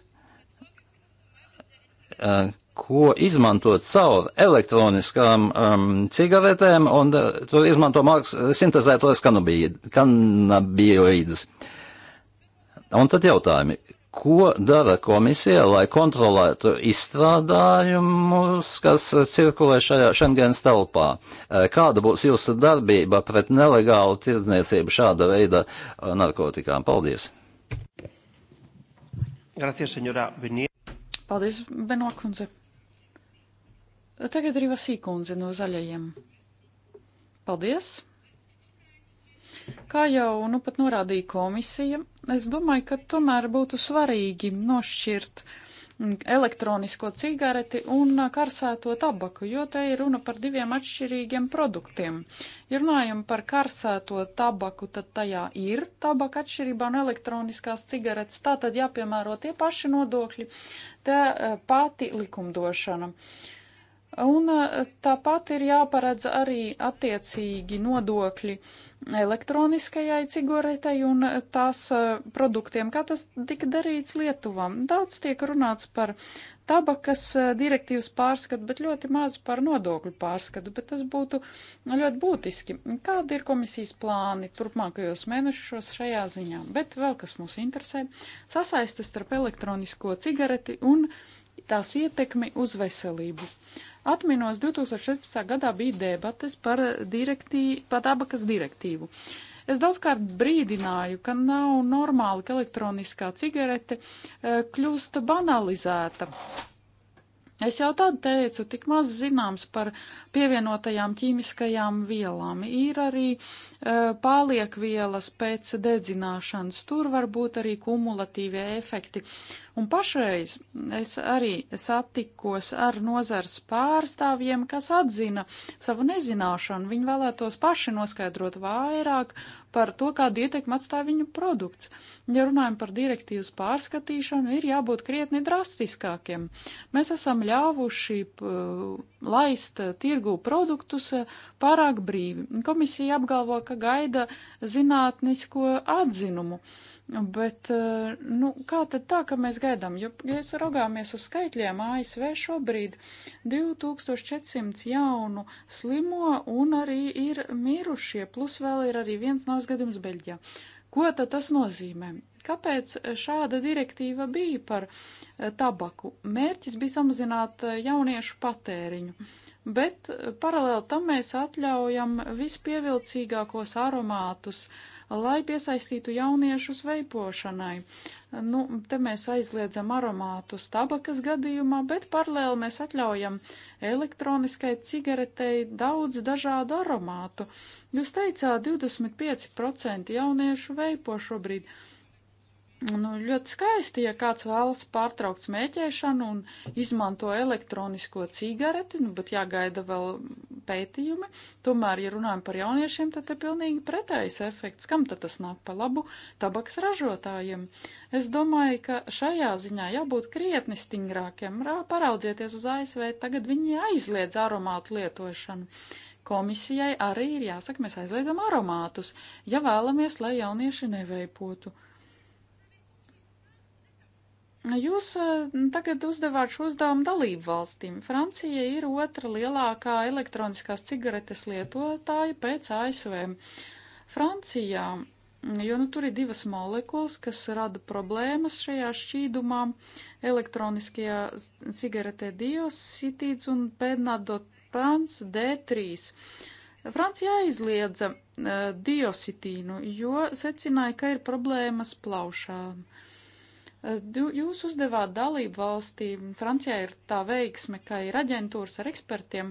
uh, ko izmantot caur elektroniskām um, cigaretēm, un uh, tur izmanto māks, sintezētos kanabioīdus. Un tad jautājumi, ko dara komisija, lai kontrolētu izstrādājumus, kas cirkulē šajā Schengens telpā? Uh, kāda būs jūsu darbība pret nelegālu tirdzniecību šāda veida uh, narkotikām? Paldies! Gracias, Paldies, Benokundze! Tagad arī Vasīkundze no zaļajiem. Paldies! Kā jau nu pat norādīja komisija, es domāju, ka tomēr būtu svarīgi nošķirt elektronisko cigareti un karsēto tabaku, jo te ir runa par diviem atšķirīgiem produktiem. Ja runājam par karsēto tabaku, tad tajā ir tabaka atšķirībā un elektroniskās cigaretes. Tā tad jāpiemēro tie paši nodokļi, tā eh, pati likumdošana. Uh, Un eh, tāpat ir jāparedz arī attiecīgi nodokļi elektroniskajai cigaretei un eh, tās eh, produktiem, kā tas tika darīts Lietuvam. Daudz tiek runāts par tabakas direktīvas pārskatu, bet ļoti maz par nodokļu pārskatu, bet tas būtu ļoti būtiski. Kādi ir komisijas plāni turpmākajos mēnešos šajā ziņā? Bet vēl kas mūs interesē - sasaistes starp elektronisko cigareti un tās ietekmi uz veselību. Uh, Atminos, 2016. gadā bija debates par, par tabakas direktīvu. Es daudzkārt brīdināju, ka nav normāli, ka elektroniskā cigarete eh, kļūst banalizēta. Es jau tad teicu, tik maz zināms par pievienotajām ķīmiskajām vielām. Ir arī e, eh, pāliekvielas pēc dedzināšanas, tur var būt arī kumulatīvie efekti. Un pašreiz es arī satikos ar nozars pārstāvjiem, kas atzina savu nezināšanu. Viņi vēlētos paši noskaidrot vairāk par to, kādu ietekmi atstāja viņu produkts. Ja runājam par direktīvas pārskatīšanu, ir jābūt krietni drastiskākiem. Mēs esam ļāvuši uh, laist tirgu produktus uh, pārāk brīvi. Komisija apgalvo, ka gaida zinātnisko atzinumu. Bet, eh, nu, kā tad tā, ka mēs gaidām, jo, ja mēs raugāmies uz skaitļiem, ASV šobrīd 2400 jaunu slimo un arī ir mirušie, plus vēl ir arī viens nāves gadījums Beļģijā. Ko tad tas nozīmē? Kāpēc šāda direktīva bija par eh, tabaku? Mērķis bija samazināt eh, jauniešu patēriņu, bet paralēli tam mēs atļaujam vispievilcīgākos aromātus, uh, lai piesaistītu jauniešus veipošanai. Nu, te mēs aizliedzam aromātus tabakas gadījumā, bet paralēli mēs atļaujam elektroniskai cigaretei daudz dažādu aromātu. Jūs teicāt, 25% jauniešu veipo šobrīd. Nu, ļoti skaisti, ja kāds vēlas pārtraukt smēķēšanu un izmanto elektronisko cigareti, nu, bet jāgaida vēl pētījumi. Tomēr, ja runājam par jauniešiem, tad te pilnīgi pretējs efekts. Kam tad tas nāk pa labu? Tabaks ražotājiem. Es domāju, ka šajā ziņā jābūt krietni stingrākiem. Rā, paraudzieties uz ASV, tagad viņi aizliedz aromātu lietošanu. Komisijai arī ir jāsaka, mēs aizliedzam aromātus, ja vēlamies, lai jaunieši neveipotu. Nu, jūs e, nu, tagad uzdevāt šo uzdevumu dalību valstīm. Francija ir otra lielākā elektroniskās cigaretes lietotāja pēc ASV. Francijā, jo nu tur ir divas molekulas, kas rada problēmas šajā šķīdumā, elektroniskajā cigaretē diosītīts un pēdnadotrans D3. Francijā aizliedza uh, e, diositīnu, jo secināja, ka ir problēmas plaušām. Eh, jūs uzdevāt dalību valstīm, Francijai ir tā veiksme, ka ir aģentūras ar ekspertiem,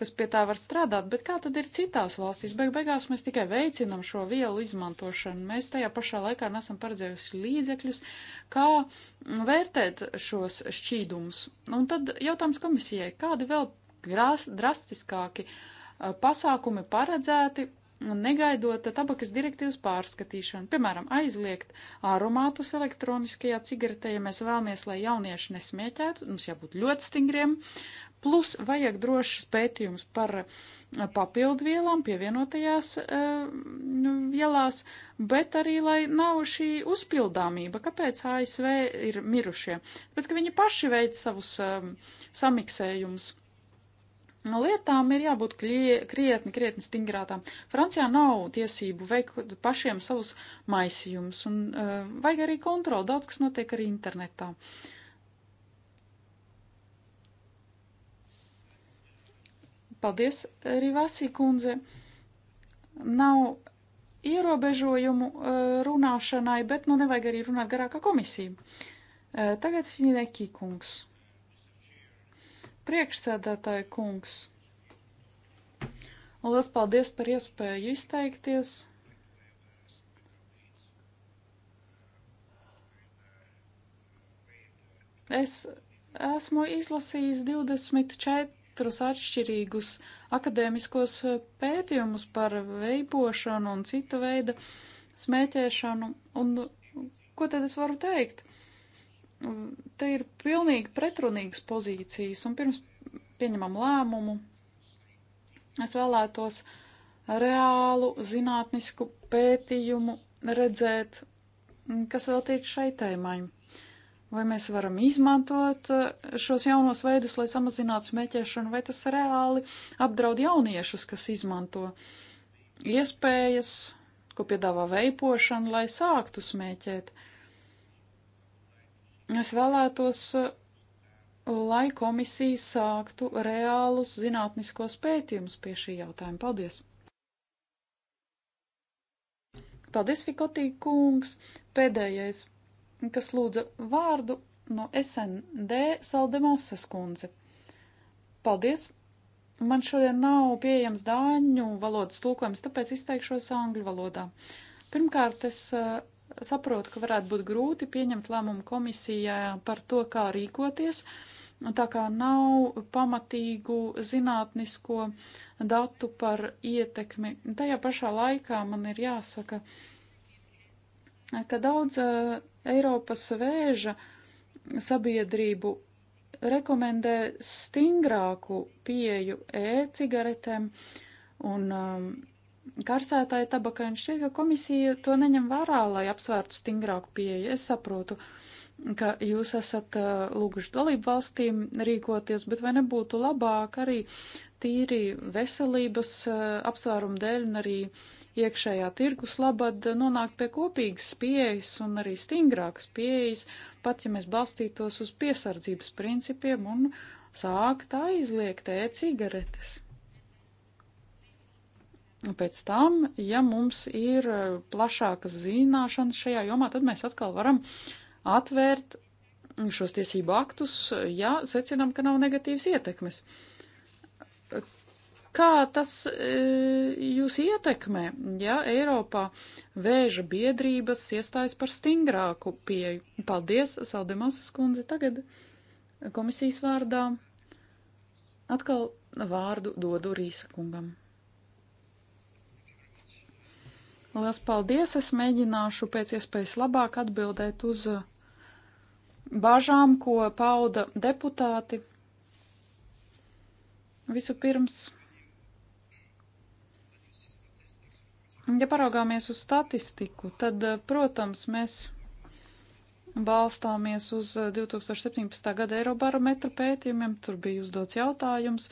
kas pie tā var strādāt, bet kā tad ir citās valstīs? Beig beigās mēs tikai veicinam šo vielu izmantošanu. Mēs tajā pašā laikā nesam paredzējuši līdzekļus, kā vērtēt šos šķīdumus. Un tad jautājums komisijai, kādi vēl drastiskāki eh, pasākumi paredzēti, negaidot tabakas direktīvas pārskatīšanu. Piemēram, aizliegt aromātus elektroniskajā cigaretē, ja mēs vēlamies, lai jaunieši nesmieķētu, mums jābūt ļoti stingriem. Plus vajag drošs pētījums par eh, papildvielām, pievienotajās e, vielās, bet arī, lai nav šī uzpildāmība, kāpēc ASV ir mirušie. Tāpēc, ka viņi paši veic savus e, samiksējumus Nu, lietām ir jābūt krietni, krietni stingrātām. Francijā nav tiesību veikt pašiem savus maisījumus, un uh, vajag arī kontroli. Daudz kas notiek arī internetā. Paldies, Rivasī kundze. Nav ierobežojumu uh, runāšanai, bet nu nevajag arī runāt garākā komisija. Uh, tagad Finekī kungs. Priekšsēdētāja kungs, liels paldies par iespēju izteikties. Es esmu izlasījis 24 atšķirīgus akadēmiskos pētījumus par veipošanu un cita veida smēķēšanu. Un ko tad es varu teikt? te ir pilnīgi pretrunīgas pozīcijas, un pirms pieņemam lēmumu, es vēlētos reālu zinātnisku pētījumu redzēt, kas veltīts šai tēmai. Vai mēs varam izmantot eh, šos jaunos veidus, lai samazinātu smēķēšanu, vai tas reāli apdraud jauniešus, kas izmanto iespējas, ko piedāvā veipošana, lai sāktu smēķēt? Uh, Es vēlētos, uh, lai komisija sāktu reālus zinātniskos pētījumus pie šī jautājuma. Paldies! Paldies, Fikotī kungs! Pēdējais, kas lūdza vārdu no SND Saldemoses kundze. Paldies! Man šodien nav pieejams dāņu valodas tulkojums, tāpēc izteikšos angļu valodā. Pirmkārt, es uh, saprotu, ka varētu būt grūti pieņemt lēmumu komisijā par to, kā rīkoties, tā kā nav pamatīgu zinātnisko datu par ietekmi. Tajā pašā laikā man ir jāsaka, ka daudz Eiropas vēža sabiedrību rekomendē stingrāku pieju e-cigaretēm un um, karsētāja tabakai, un šķiet, ka komisija to neņem vērā, lai apsvērtu stingrāku pieeju. Es saprotu, ka jūs esat uh, lūguši dalību valstīm rīkoties, bet vai nebūtu labāk arī tīri veselības uh, apsvērumu dēļ un arī iekšējā tirgus labad nonākt pie kopīgas pieejas un arī stingrākas pieejas, pat ja mēs balstītos uz piesardzības principiem un sākt aizliegt e-cigaretes? Pēc tam, ja mums ir plašākas zināšanas šajā jomā, tad mēs atkal varam atvērt šos tiesību aktus, ja secinām, ka nav negatīvas ietekmes. Kā tas e, jūs ietekmē, ja Eiropā vēža biedrības iestājas par stingrāku pieeju? Paldies, Saldemasas kundze, tagad komisijas vārdā. Atkal vārdu dodu Rīsa kungam. Lielas paldies! Es mēģināšu pēc iespējas labāk atbildēt uz uh, bažām, ko pauda deputāti. Vispirms, ja paraugāmies uz statistiku, tad, uh, protams, mēs balstāmies uz 2017. Uh, gada Eirobarometra pētījumiem. Tur bija uzdots jautājums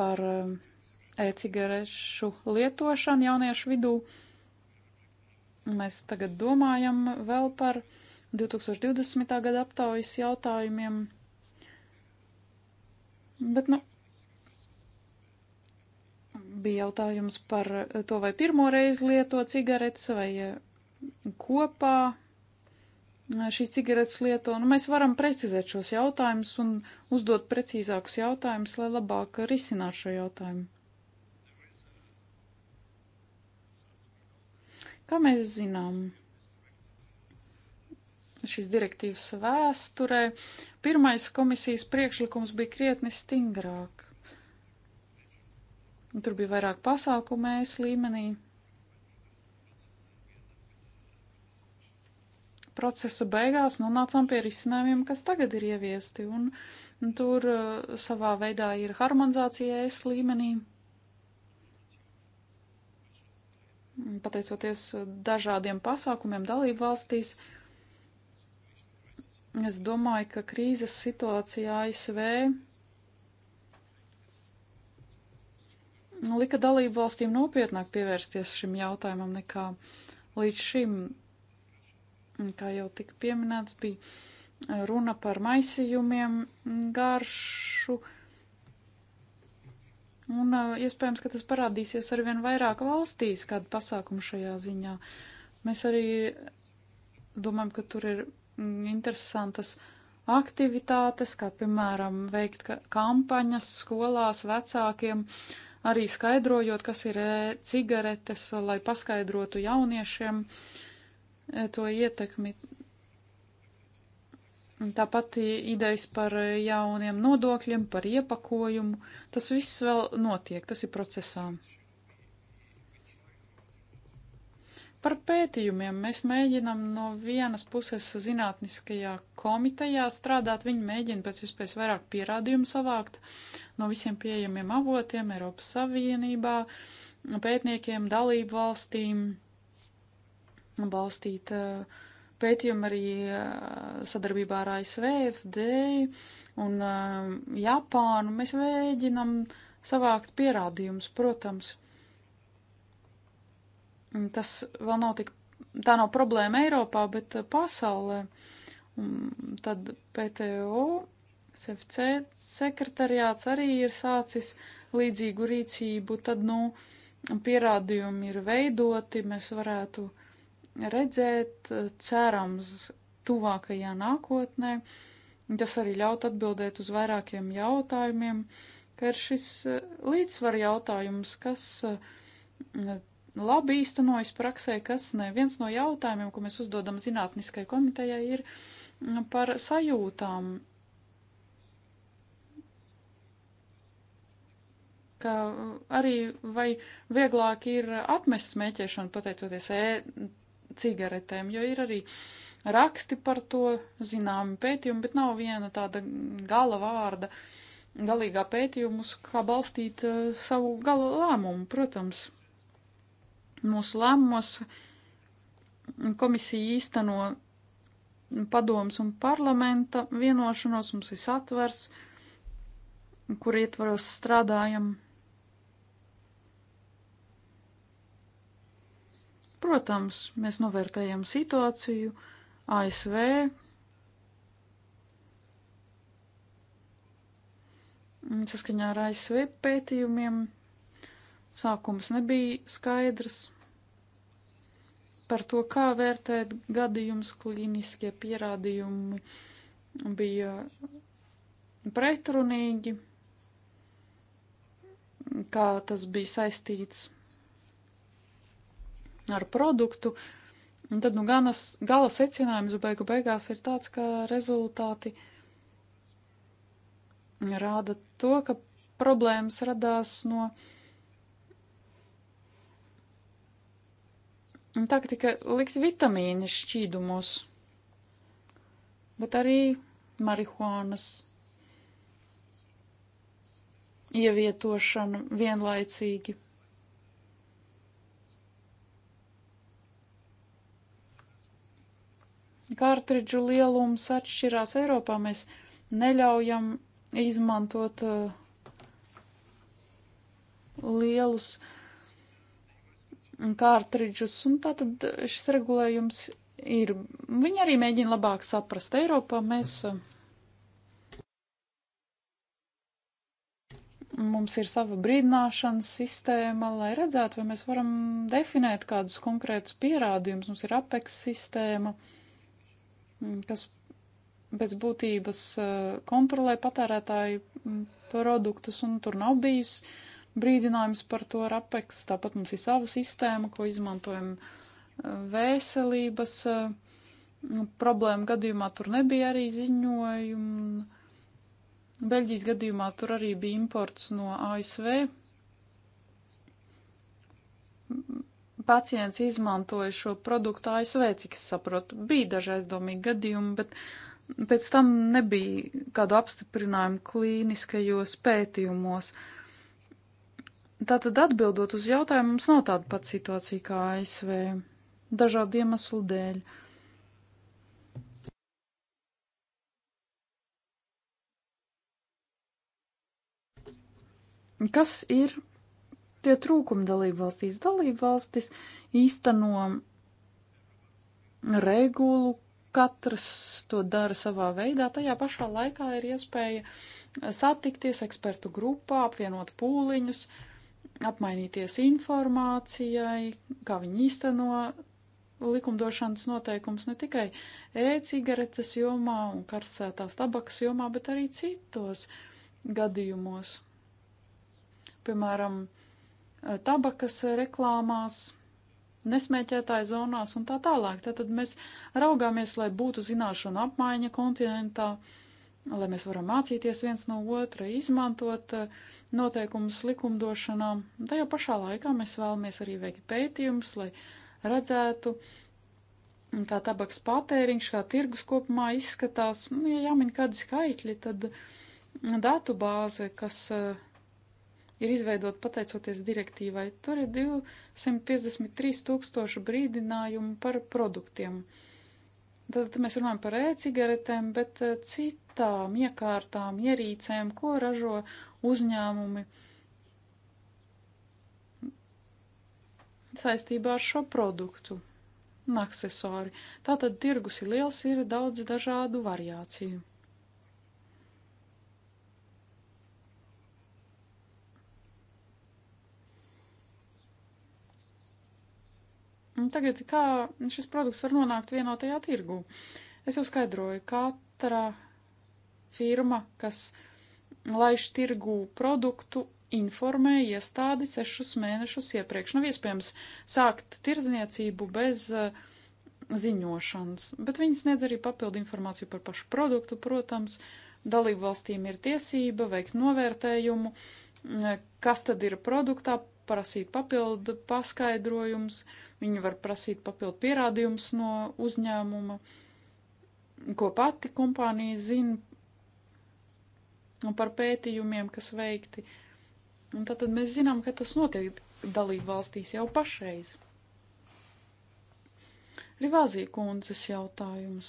par uh, e-cigarešu lietošanu jauniešu vidū. Mēs tagad domājam vēl par 2020. gada aptaujas jautājumiem. Bet, nu, bija jautājums par to, vai pirmo reizi lieto cigaretes vai e, kopā šīs cigaretes lieto. Nu, mēs varam precizēt šos jautājumus un uzdot precīzākus jautājumus, lai labāk risinātu šo jautājumu. Kā mēs zinām, šīs direktīvas vēsturē pirmais komisijas priekšlikums bija krietni stingrāk. Tur bija vairāk pasākumu mēs līmenī, procesa beigās nonācām pie risinājumiem, kas tagad ir ieviesti. Un, un tur uh, savā veidā ir harmonizācija es līmenī. Mm, pateicoties uh, dažādiem pasākumiem dalību valstīs. Es domāju, ka krīzes situācija ASV lika dalību valstīm nopietnāk pievērsties šim jautājumam nekā līdz šim. Kā jau tika pieminēts, bija uh, runa par maisījumiem, garšu, uh, Un iespējams, ka tas parādīsies arvien vairāk valstīs, kāda pasākuma šajā ziņā. Mēs arī domājam, ka tur ir mm, interesantas aktivitātes, kā piemēram veikt kampaņas skolās vecākiem, arī skaidrojot, kas ir cigaretes, lai paskaidrotu jauniešiem to ietekmi Tāpat idejas par e, jauniem nodokļiem, par iepakojumu. Tas viss vēl notiek, tas ir procesā. Par pētījumiem mēs mēģinam no vienas puses zinātniskajā komitejā strādāt. Viņi mēģina pēc iespējas vairāk pierādījumu savākt no visiem pieejamiem avotiem Eiropas Savienībā, pētniekiem, dalību valstīm, balstīt uh, pētījumu arī sadarbībā ar ASV, FD un Japānu. Mēs mēģinam savākt pierādījumus, protams. Tas vēl nav tik, tā nav problēma Eiropā, bet pasaulē. Un tad PTO SFC sekretariāts arī ir sācis līdzīgu rīcību, tad, nu, pierādījumi ir veidoti, mēs varētu uh, redzēt, eh, cerams, tuvākajā nākotnē. Tas arī ļaut atbildēt uz vairākiem jautājumiem, ka ir šis eh, līdzsvar jautājums, kas eh, labi īstenojas praksē, kas ne. Viens no jautājumiem, ko mēs uzdodam zinātniskai komitejai, ir mm, par sajūtām. Ka arī vai vieglāk ir atmest smēķēšanu pateicoties e cigaretēm, jo ir arī raksti par to, zināmi pētījumi, bet nav viena tāda gala vārda, galīgā pētījuma, uz kā balstīt uh, savu gala lēmumu. Protams, mūsu lēmumos komisija īsteno padomus un parlamenta vienošanos, mums ir satvers, kur ietvaros strādājam Protams, mēs novērtējam situāciju ASV. Saskaņā ar ASV pētījumiem sākums nebija skaidrs par to, kā vērtēt gadījumus, klīniskie pierādījumi bija pretrunīgi, kā tas bija saistīts ar produktu. Un tad nu, ganas, gala secinājums beigu beigās ir tāds, ka rezultāti rāda to, ka problēmas radās no tā, ka tika likt vitamīni šķīdumos, bet arī marihuānas ievietošana vienlaicīgi. Kartridžu lielums atšķirās Eiropā. Mēs neļaujam izmantot uh, lielus mm, kārtridžus, un tātad šis regulējums ir. Viņi arī mēģina labāk saprast Eiropā. Mēs uh, mums ir sava brīdināšanas sistēma, lai redzētu, vai mēs varam definēt kādus konkrētus pierādījumus. Mums ir apeks sistēma. Uh, Mm, kas pēc būtības eh, kontrolē patērētāju mm, produktus, un tur nav bijis brīdinājums par to ar apeks. Tāpat mums ir sava sistēma, ko izmantojam eh, veselības eh, nu, problēmu gadījumā, tur nebija arī ziņojumu. Beļģijas gadījumā tur arī bija imports no ASV, pacients izmantoja šo produktu ASV, cik es saprotu. Bija daži aizdomīgi gadījumi, bet pēc tam nebija kādu apstiprinājumu klīniskajos pētījumos. Tātad atbildot uz jautājumu, mums nav tāda pati situācija kā ASV, dažādu iemeslu dēļ. Kas ir tie trūkumi dalību valstīs. Dalību valstis īsteno regulu, katrs to dara savā veidā. Tajā pašā laikā ir iespēja satikties ekspertu grupā, apvienot pūliņus, apmainīties informācijai, kā viņi īsteno likumdošanas noteikums ne tikai e-cigaretes jomā un karsētās tabakas jomā, bet arī citos gadījumos. Piemēram, uh, Eh, tabakas reklāmās, nesmēķētāju zonās un tā tālāk. Tātad mēs raugāmies, lai būtu zināšana apmaiņa kontinentā, lai mēs varam mācīties viens no otra, izmantot eh, noteikumus likumdošanā. Tajā pašā laikā mēs vēlamies arī veikt pētījumus, lai redzētu, kā tabaks patēriņš, kā tirgus kopumā izskatās. Nu, ja jāmin kādi skaitļi, tad datu bāze, kas eh, ir izveidot pateicoties direktīvai. Tur ir 253 tūkstoši brīdinājumu par produktiem. Tad mēs runājam par e-cigaretēm, bet eh, citām iekārtām, ierīcēm, ko ražo uzņēmumi saistībā ar šo produktu un aksesuāri. Tātad tirgus ir liels, ir daudz dažādu variāciju. Un tagad, kā šis produkts var nonākt vienotajā tirgū? Es jau skaidroju, katra firma, kas laiž tirgū produktu, informē iestādi sešus mēnešus iepriekš. Nav iespējams sākt tirdzniecību bez uh, ziņošanas, bet viņi sniedz arī papildu informāciju par pašu produktu, protams. Dalību valstīm ir tiesība veikt novērtējumu, uh, kas tad ir produktā, prasīt papildu paskaidrojums, uh, Viņi var prasīt papildu pierādījumus no uzņēmuma, ko pati kompānija zina par pētījumiem, kas veikti. Un tad mēs zinām, ka tas notiek dalību valstīs jau pašreiz. Rivāzija kundzes jautājums.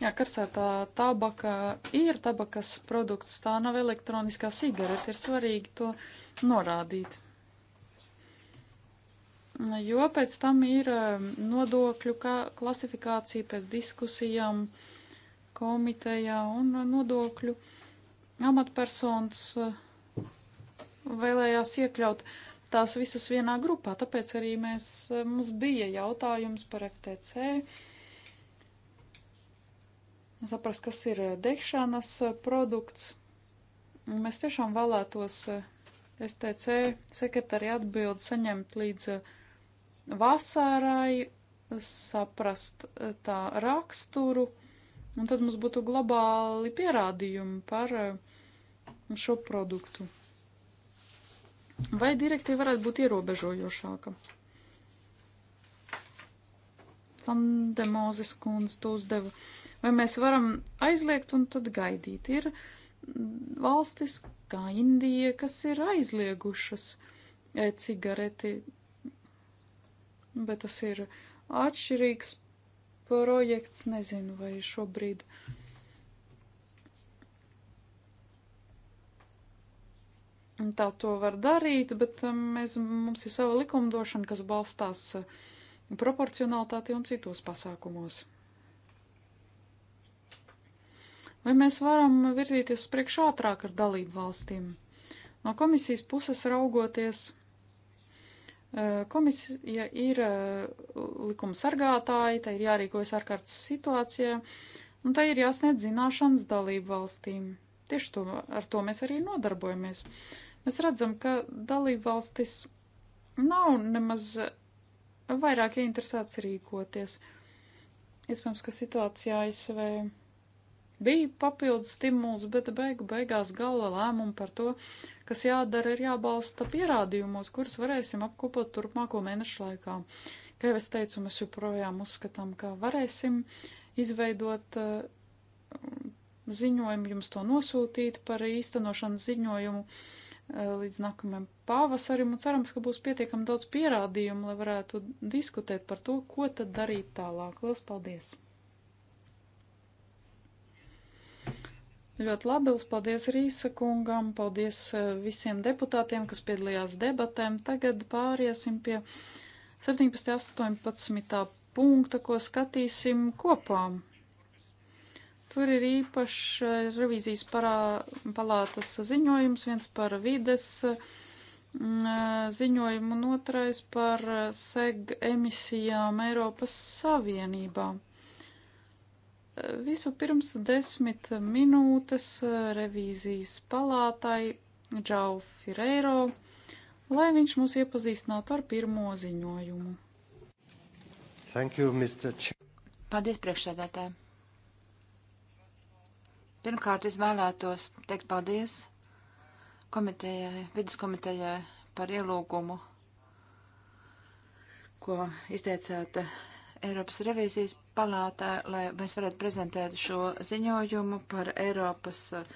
Jā, karsētā tabaka ir tabakas produkts, tā nav elektroniskā cigarete, ir svarīgi to norādīt jo pēc tam ir eh, nodokļu klasifikācija pēc diskusijām komitejā un nodokļu amatpersonas eh, vēlējās iekļaut tās visas vienā grupā, tāpēc arī mēs, eh, mums bija jautājums par FTC. Saprast, kas ir degšanas produkts. Mēs tiešām vēlētos STC sekretari atbildi saņemt līdz uh, vasarai, saprast eh, tā raksturu, un tad mums būtu globāli pierādījumi par eh, šo produktu. Vai direktīva varētu būt ierobežojošāka? Sandemozes kundze to uzdeva. Vai mēs varam aizliegt un tad gaidīt? Ir mm, valstis kā Indija, kas ir aizliegušas e cigareti bet tas ir atšķirīgs projekts. Nezinu, vai šobrīd. Tā to var darīt, bet um, mēs, mums ir sava likumdošana, kas balstās uh, proporcionalitāti un citos pasākumos. Vai mēs varam virzīties uz priekšu ātrāk ar dalību valstīm? No komisijas puses raugoties, Eh, komisija ir eh, likuma sargātāji, tai ir jārīkojas ārkārtas situācijā, un tai ir jāsniedz zināšanas dalību valstīm. Tieši to, ar to mēs arī nodarbojamies. Mēs redzam, ka dalību valstis nav nemaz vairāk ieinteresēts rīkoties. Iespējams, ka situācija ASV bija papildus stimuls, bet beigu beigās gala lēmumu par to, kas jādara, ir jābalsta pierādījumos, kurus varēsim apkopot turpmāko mēnešu laikā. Kā jau es teicu, mēs joprojām uzskatām, ka varēsim izveidot eh, ziņojumu, jums to nosūtīt par īstenošanas ziņojumu eh, līdz nākamajam pavasarim, un cerams, ka būs pietiekami daudz pierādījumu, lai varētu diskutēt par to, ko tad darīt tālāk. Lielas paldies! Ļoti labi, liels paldies Rīsa kungam, paldies e, visiem deputātiem, kas piedalījās debatēm. Tagad pāriesim pie 17. 18. punkta, ko skatīsim kopā. Tur ir īpašs e, revīzijas parā, palātas ziņojums, viens par vides e, ziņojumu un otrais par seg emisijām Eiropas Savienībā. Visu pirms desmit minūtes revīzijas palātai Džau Fireiro, lai viņš mūs iepazīstinātu ar pirmo ziņojumu. Thank you, Mr. Ch Paldies, priekšsēdētāji. Pirmkārt, es vēlētos teikt paldies komitejai, vidas komitejai par ielūgumu, ko izteicāt Eiropas revīzijas palātā, lai mēs varētu prezentēt šo ziņojumu par Eiropas eh,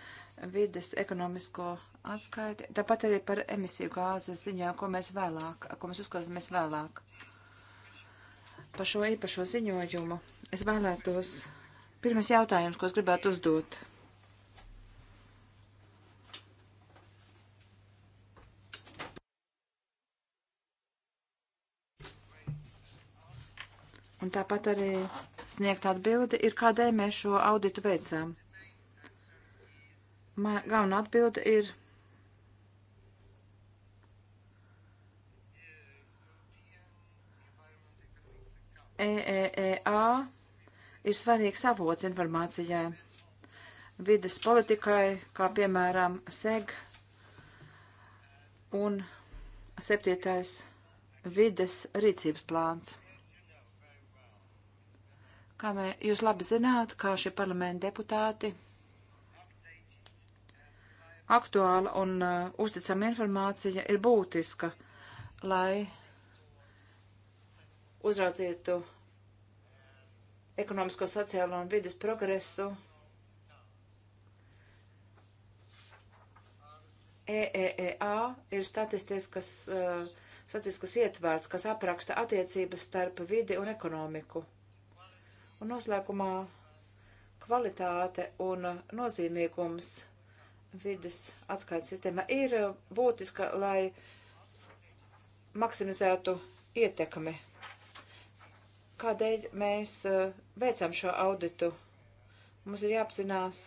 vides ekonomisko atskaiti, tāpat arī par emisiju gāzes ziņā, ko mēs vēlāk, ko mēs uzskatāmies vēlāk. Par šo īpašo ziņojumu es vēlētos, pirmais jautājums, ko es gribētu uzdot Un tāpat arī sniegt atbildi ir, kādēļ mēs šo auditu veicām. Man galvenā atbilde ir. EEA e ir svarīgs avots informācijai, vidas politikai, kā piemēram SEG un septītais vides rīcības plāns. Kā mē, jūs labi zināt, kā šie parlamenta deputāti aktuāla un uh, uzticama informācija ir būtiska, lai uzraudzītu ekonomisko, sociālo un vidas progresu. EEEA ir statistiskas, uh, statistiskas ietvērts, kas apraksta attiecības starp vidi un ekonomiku. Un noslēgumā kvalitāte un nozīmīgums vides atskaites sistēmā ir būtiska, lai maksimizētu ietekmi. Kādēļ mēs e, veicam šo auditu? Mums ir jāapzinās,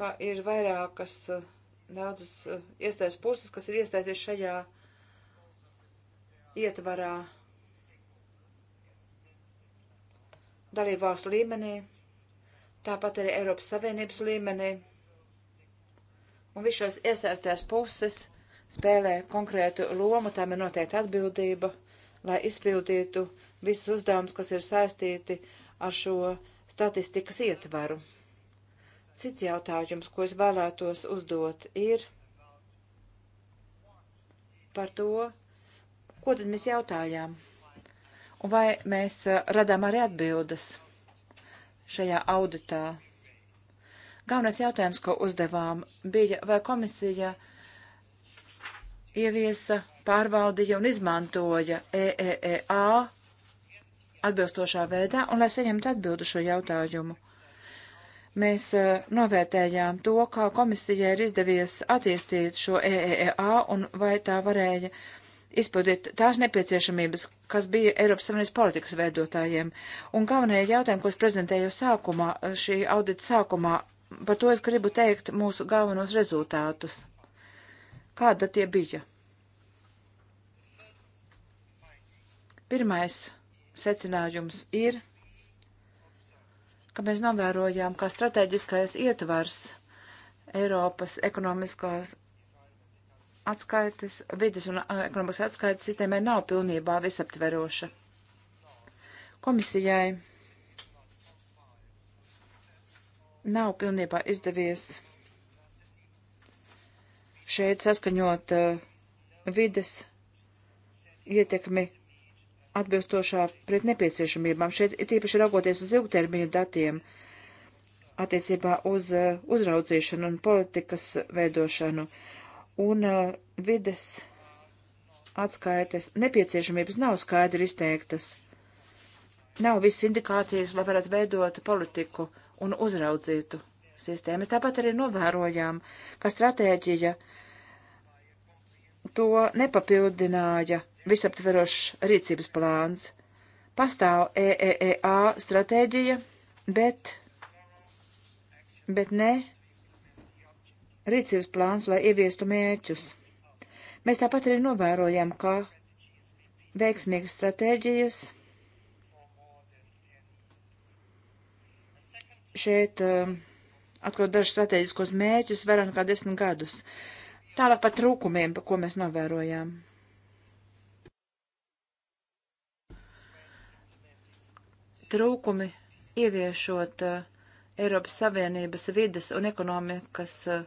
ka ir vairākas e, daudzas e, iestājas puses, kas ir iestājusies šajā ietvarā dalību valstu līmenī, tāpat arī Eiropas Savienības līmenī. Un visos šos iesaistās puses spēlē konkrētu lomu, tām ir noteikti atbildība, lai izpildītu visus uzdevumus, kas ir saistīti ar šo statistikas ietvaru. Cits jautājums, ko es vēlētos uzdot, ir par to, ko tad mēs jautājām vai mēs eh, radām arī atbildes šajā auditā? Galvenais jautājums, ko uzdevām, bija, vai komisija ieviesa, pārvaldīja un izmantoja EEEA atbilstošā veidā, un lai saņemtu atbildu šo jautājumu. Mēs uh, novērtējām to, kā komisijai ir izdevies attīstīt šo EEA e un vai tā varēja uh, izpildīt tās nepieciešamības, kas bija Eiropas Savienības politikas veidotājiem. Un galvenie jautājumi, ko es prezentēju sākumā, šī audita sākumā, par to es gribu teikt mūsu galvenos rezultātus. Kāda tie bija? Pirmais secinājums ir, ka mēs novērojām, kā strateģiskais ietvars Eiropas ekonomiskās atskaites, vidas un ekonomikas atskaites sistēmai nav pilnībā visaptveroša. Komisijai nav pilnībā izdevies šeit saskaņot uh, vides ietekmi atbilstošā pret nepieciešamībām. Šeit ir tīpaši raugoties uz ilgtermiņu datiem attiecībā uz uh, uzraudzīšanu un politikas veidošanu. Uh, un uh, vides atskaites nepieciešamības nav skaidri izteiktas. Nav visas indikācijas, lai varētu veidot politiku un uzraudzītu sistēmas. Tāpat arī novērojām, ka stratēģija to nepapildināja visaptverošs rīcības plāns. Pastāv EEEA stratēģija, bet, bet ne rīcības plāns, lai ieviestu mērķus. Mēs tāpat arī novērojam, ka veiksmīgas stratēģijas šeit um, atklāt dažus strateģiskos mērķus vairāk nekā desmit gadus. Tālāk par trūkumiem, par ko mēs novērojām. Trūkumi ieviešot uh, Eiropas Savienības vides un ekonomikas uh,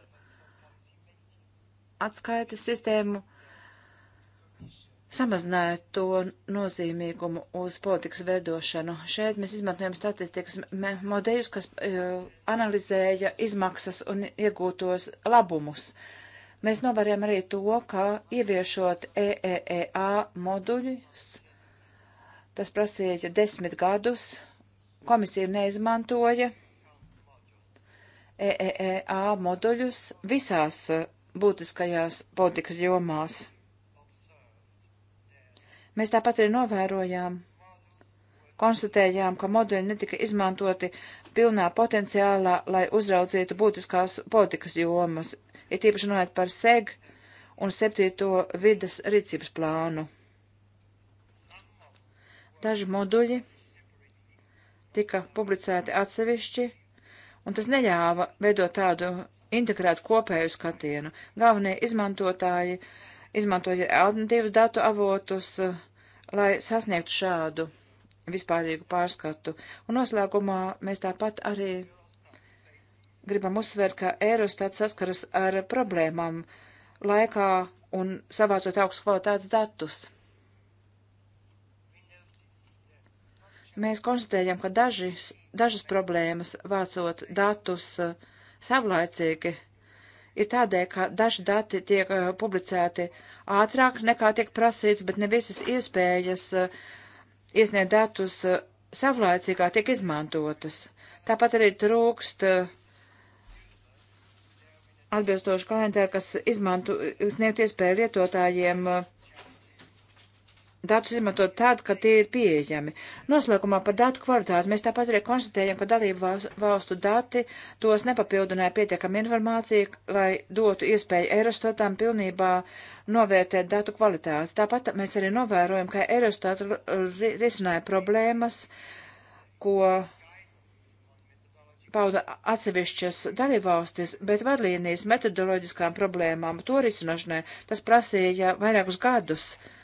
atskaites sistēmu samazināja to nozīmīgumu uz politikas veidošanu. Šeit mēs izmantojam statistikas modeļus, kas uh, analizēja izmaksas un iegūtos labumus. Mēs novērējam arī to, ka ieviešot EEEA moduļus, tas prasīja desmit gadus, komisija neizmantoja EEEA moduļus visās būtiskajās politikas jomās. Mēs tāpat arī novērojām, konstatējām, ka modeļi netika izmantoti pilnā potenciālā, lai uzraudzītu būtiskās politikas jomas, ir tīpaši runājot par SEG un septīto vidas rīcības plānu. Daži moduļi tika publicēti atsevišķi, un tas neļāva veidot tādu integrētu kopēju skatienu. Galvenie izmantotāji izmantoja alternatīvas datu avotus, eh, lai sasniegtu šādu vispārīgu pārskatu. Un noslēgumā mēs tāpat arī gribam uzsvērt, ka Eirostats saskaras ar problēmām laikā un savācot augstu kvalitātes datus. Mēs konstatējam, ka dažis, dažas problēmas vācot datus uh, savlaicīgi ir tādēļ, ka daži dati tiek uh, publicēti ātrāk nekā tiek prasīts, bet ne visas iespējas uh, iesniegt datus uh, savlaicīgā tiek izmantotas. Tāpat arī trūkst uh, atbilstošu kalendāru, kas izmanto, sniegt iespēju lietotājiem uh, datus izmantot tad, kad tie ir pieejami. Noslēgumā par datu kvalitāti mēs tāpat arī konstatējam, ka dalību valstu dati tos nepapildināja pietiekama informācija, lai dotu iespēju Eurostatām pilnībā novērtēt datu kvalitāti. Tāpat mēs arī novērojam, ka Eurostat risināja problēmas, ko pauda atsevišķas dalībvalstis, bet vadlīnijas metodoloģiskām problēmām to risināšanai tas prasīja vairākus gadus. Uh,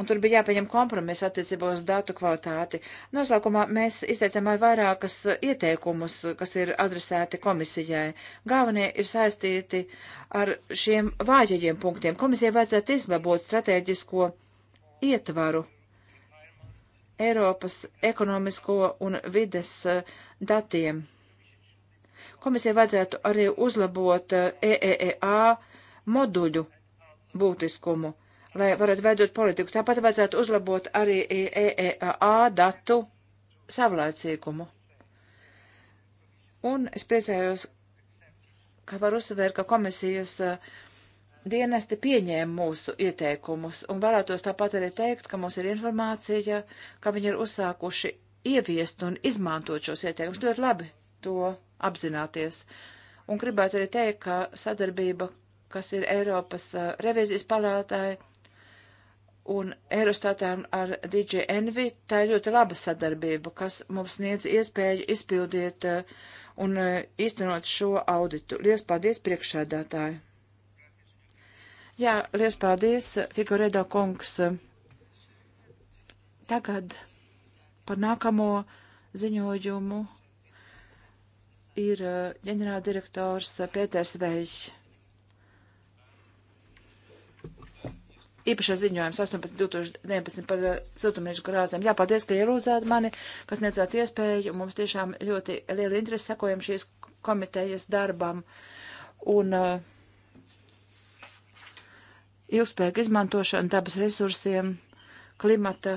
un tur bija jāpieņem kompromis attiecībā uz datu kvalitāti. Noslēgumā mēs izteicām arī vairākas ieteikumus, kas ir adresēti komisijai. Galvenie ir saistīti ar šiem vājajiem punktiem. Komisijai vajadzētu izlabot strateģisko ietvaru Eiropas ekonomisko un vides eh, datiem. Komisijai vajadzētu arī uzlabot EEA eh, e e moduļu būtiskumu lai varētu veidot politiku. Tāpat vajadzētu uzlabot arī EEA datu savlaicīgumu. Un es priecājos, ka var uzsvērt, ka komisijas eh, dienesti pieņēma mūsu ieteikumus un vēlētos tāpat arī teikt, ka mums ir informācija, ka viņi ir uzsākuši ieviest un izmantot šos ieteikumus. Ļoti labi to apzināties. Un gribētu arī teikt, ka sadarbība, kas ir Eiropas eh, revizijas palātāja, un Eurostatēm ar DJ Envy, tā ir ļoti laba sadarbība, kas mums sniedz iespēju izpildīt eh, un eh, īstenot šo auditu. Lies paldies priekšsēdētāji! Jā, lies paldies, Figuredo kungs. Tagad par nākamo ziņojumu ir eh, ģenerāldirektors Pēters Vējs. īpašais ziņojums 18.2019 par eh, siltumnīcu krāsēm. Jā, paldies, ka ierūdzāt mani, kas necēt iespēju. Mums tiešām ļoti liela interese sekojam šīs komitejas darbam. Un uh, ilgspējīga izmantošana dabas resursiem, klimata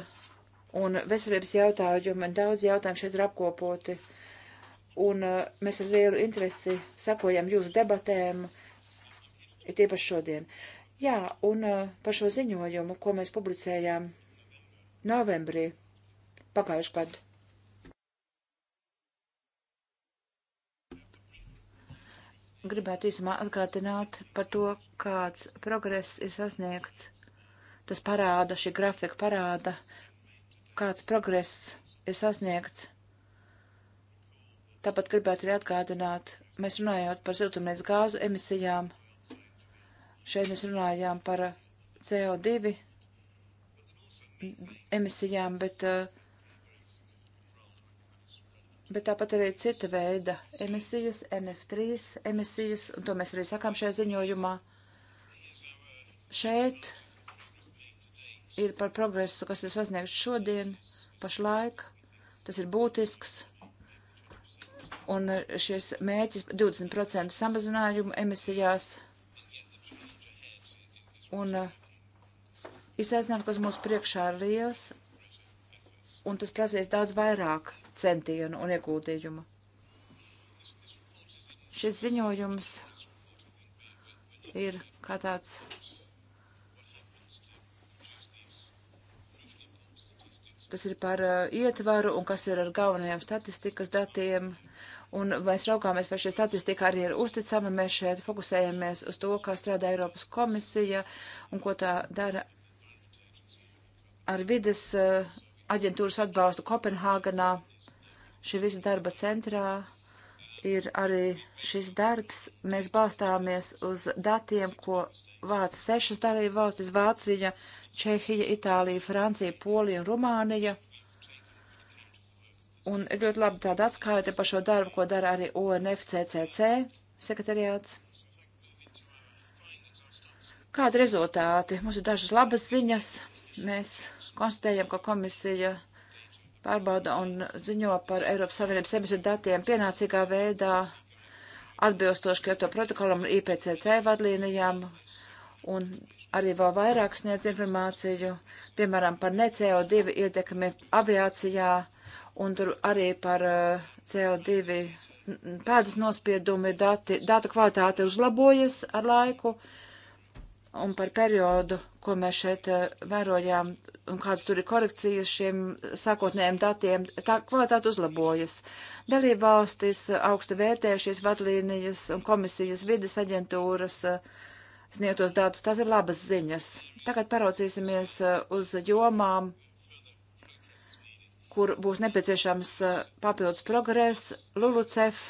un veselības jautājumi. Daudz jautājumu šeit ir apkopoti. Un uh, mēs ar lielu interesi sekojam jūsu debatēm, ir tiepaši šodien. Uh, Jā, un uh, par šo ziņojumu, ko mēs publicējām novembrī pagājušajā gadā. Gribētu īsumā atgādināt par to, kāds progress ir sasniegts. Tas parāda, šī grafika parāda, kāds progress ir sasniegts. Tāpat gribētu arī atgādināt, mēs runājot par siltumnīcas gāzu emisijām, Šeit mēs runājām par uh, CO2 emisijām, bet, uh, bet tāpat arī cita veida emisijas, NF3 emisijas, un to mēs arī sakām šajā ziņojumā. Šeit ir par progresu, kas ir sasniegts šodien, pašlaik. Tas ir būtisks. Un uh, šis mēķis 20% samazinājumu emisijās Un eh, izaicinājums, kas mūsu priekšā ir liels, un tas prasīs daudz vairāk centienu un ieguldījumu. Šis ziņojums ir kā tāds kas ir par uh, ietvaru un kas ir ar galvenajām statistikas datiem, un mēs raugāmies, vai šī statistika arī ir uzticama. Mēs šeit fokusējamies uz to, kā strādā Eiropas komisija un ko tā dara ar vides eh, aģentūras atbalstu Kopenhāganā. Šī visa darba centrā ir arī šis darbs. Mēs balstāmies uz datiem, ko vāc sešas dalība valstis - Vācija, Čehija, Itālija, Francija, Polija un Rumānija. Un ļoti labi tāda atskaita par šo darbu, ko dara arī UNFCCC sekretariāts. Kādi rezultāti? Mums ir dažas labas ziņas. Mēs konstatējam, ka komisija pārbauda un ziņo par Eiropas Savienības emisiju datiem pienācīgā veidā, atbilstoši Kyoto protokolam un IPCC vadlīnijām, un arī vēl vairāk sniedz informāciju, piemēram, par ne CO2 ietekmi aviācijā un tur arī par eh, CO2 pēdas nospiedumi, dati, datu kvalitāte uzlabojas ar laiku, un par periodu, ko mēs šeit eh, vērojām, un kādas tur ir korekcijas šiem sākotnējiem datiem, tā kvalitāte uzlabojas. Dalība valstis eh, augstu vērtē šīs vadlīnijas un komisijas vides aģentūras sniegtos datus, tas ir labas ziņas. Tagad paraudzīsimies uz jomām, kur būs nepieciešams eh, papildus progress, LULUCEF,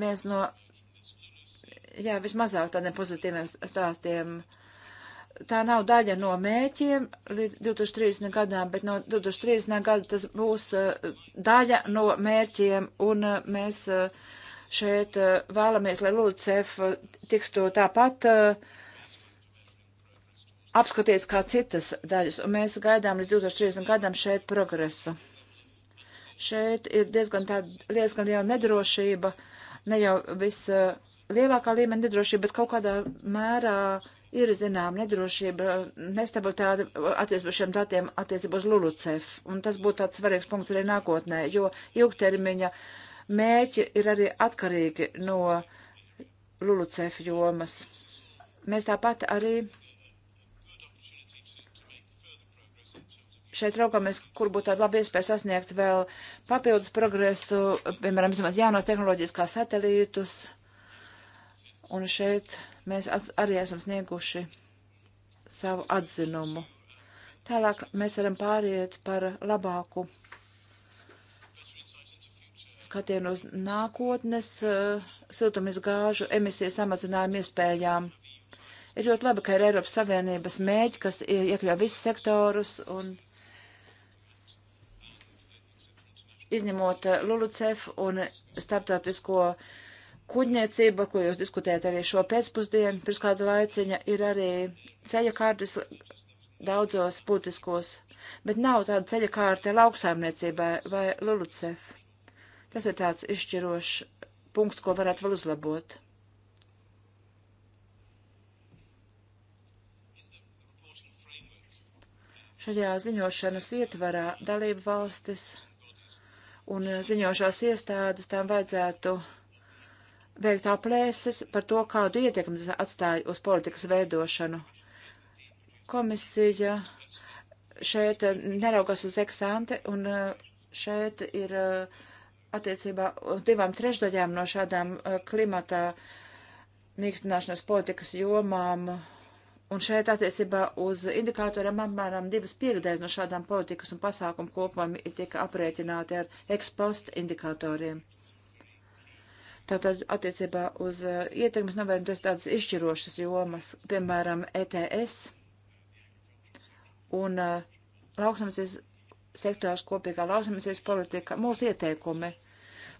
viens no, jā, vismazāk tādiem pozitīviem stāstiem. Tā nav daļa no mēķiem līdz 2030. gadām, bet no 2030. gada tas būs eh, daļa no mērķiem, un eh, mēs šeit vēlamies, lai LULUCEF tiktu tāpat uh, apskatīts kā citas daļas, un mēs gaidām līdz 2030 gadam šeit progresu. Šeit ir diezgan tāda diezgan liela nedrošība, ne jau viss eh, lielākā līmeņa nedrošība, bet kaut kādā mērā ir zinām nedrošība, nestabilitāte attiecībā šiem datiem attiecībā uz LULUCEF. Un tas būtu tāds svarīgs punkts arī nākotnē, jo ilgtermiņa mērķi ir arī atkarīgi no LULUCEF jomas. Mēs tāpat arī šeit raugamies, kur būtu tāda laba iespēja sasniegt vēl papildus progresu, piemēram, izmantot jaunos tehnoloģijas kā satelītus. Un šeit mēs at, arī esam snieguši savu atzinumu. Tālāk mēs varam pāriet par labāku skatienu uz nākotnes uh, siltumizgāžu emisiju samazinājumu iespējām ir ļoti labi, ka ir Eiropas Savienības mēģi, kas iekļauj visus sektorus, un izņemot eh, LULUCEF un starptautisko kuģniecību, ko jūs diskutējat arī šo pēcpusdienu, pirms kāda laiciņa, ir arī ceļa kārtas daudzos būtiskos, bet nav tāda ceļa kārta lauksaimniecībai vai LULUCEF. Tas ir tāds izšķirošs punkts, ko varētu vēl uzlabot. Šajā ziņošanas ietvarā dalību valstis un eh, ziņošās iestādes tām vajadzētu veikt aplēses par to, kādu ietekmi tas atstāja uz politikas veidošanu. Komisija šeit eh, neraugās uz eksante, un eh, šeit ir attiecībā uz divām trešdaļām no šādām klimata mīkstināšanas politikas jomām. Uh, Un šeit attiecībā uz indikatoriem apmēram divas piekdēļas no šādām politikas un pasākumu kopumiem ir tika aprēķināti ar ekspost indikatoriem. Tātad attiecībā uz uh, ietekmes novērtējumu tas tādas izšķirošas jomas, piemēram, ETS un uh, lauksamacīs sektors kopīgā lauksamacīs politika, mūsu ieteikumi. Uh,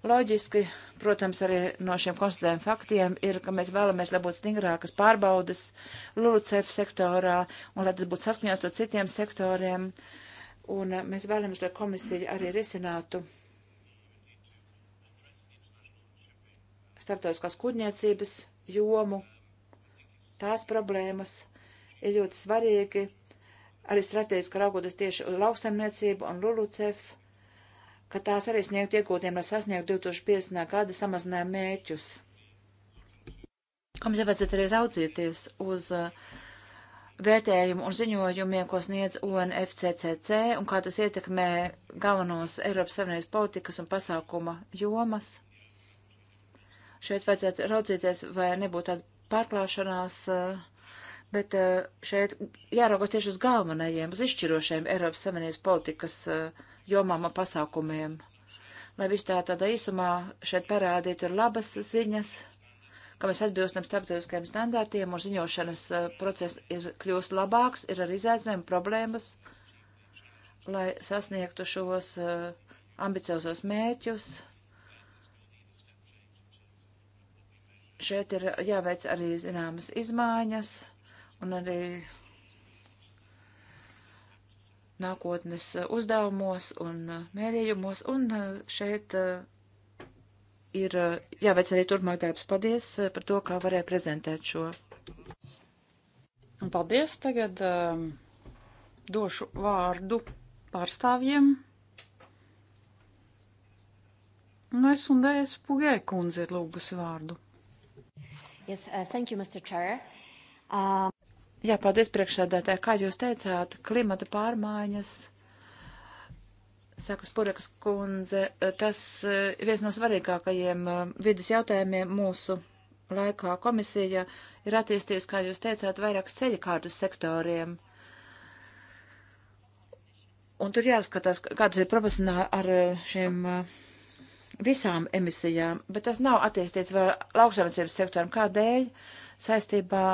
Loģiski, protams, arī no šiem konstatējumiem faktiem ir, ka mēs vēlamies, lai būtu stingrākas pārbaudas LULUCEF sektorā un lai tas būtu saskaņots ar citiem sektoriem. Un eh, mēs vēlamies, lai komisija arī risinātu starptautiskās kuģniecības jomu. Tās problēmas ir ļoti svarīgi arī strateģiski raugoties tieši uz lauksaimniecību un LULUCEF ka tās arī sniegt iegūtiem, lai sasniegtu 2050. gada samazinājumu mērķus. Mums jāvajadzētu arī raudzīties uz uh, vērtējumu un ziņojumiem, ko sniedz UNFCCC un kā tas ietekmē galvenos Eiropas Savienības politikas un pasākuma jomas. Šeit vajadzētu raudzīties, vai nebūtu tāda pārklāšanās uh, Bet uh, šeit jāraugās tieši uz galvenajiem, uz izšķirošajiem Eiropas Savienības politikas uh, jomām un pasākumiem. Lai viss tā tādā īsumā šeit parādītu ir labas ziņas, ka mēs atbilstam starptautiskajiem standārtiem un ziņošanas eh, process ir kļūst labāks, ir arī izaicinājumi problēmas, lai sasniegtu šos eh, ambiciozos mērķus. Šeit ir jāveic arī zināmas izmaiņas un arī nākotnes eh, uzdevumos un eh, mērījumos, un eh, šeit ir jāveic arī turpmāk darbs. Paldies par to, kā varēja prezentēt šo. Paldies. Tagad um, došu vārdu pārstāvjiem. Nu, es un Dējas Pugē kundze ir lūgusi vārdu. Yes, uh, thank you, Mr. Chair. Um... Jā, paldies priekšsēdētāji. Kā jūs teicāt, klimata pārmaiņas, saka Spurekas kundze, tas eh, viens no svarīgākajiem eh, vidas jautājumiem mūsu laikā komisija ir attīstījusi, kā jūs teicāt, vairāk ceļkārtas sektoriem. Un tur jāskatās, kādas ir proporcionāli ar eh, šiem visām emisijām, bet tas nav attīstīts vēl lauksaimniecības sektoram. Kādēļ saistībā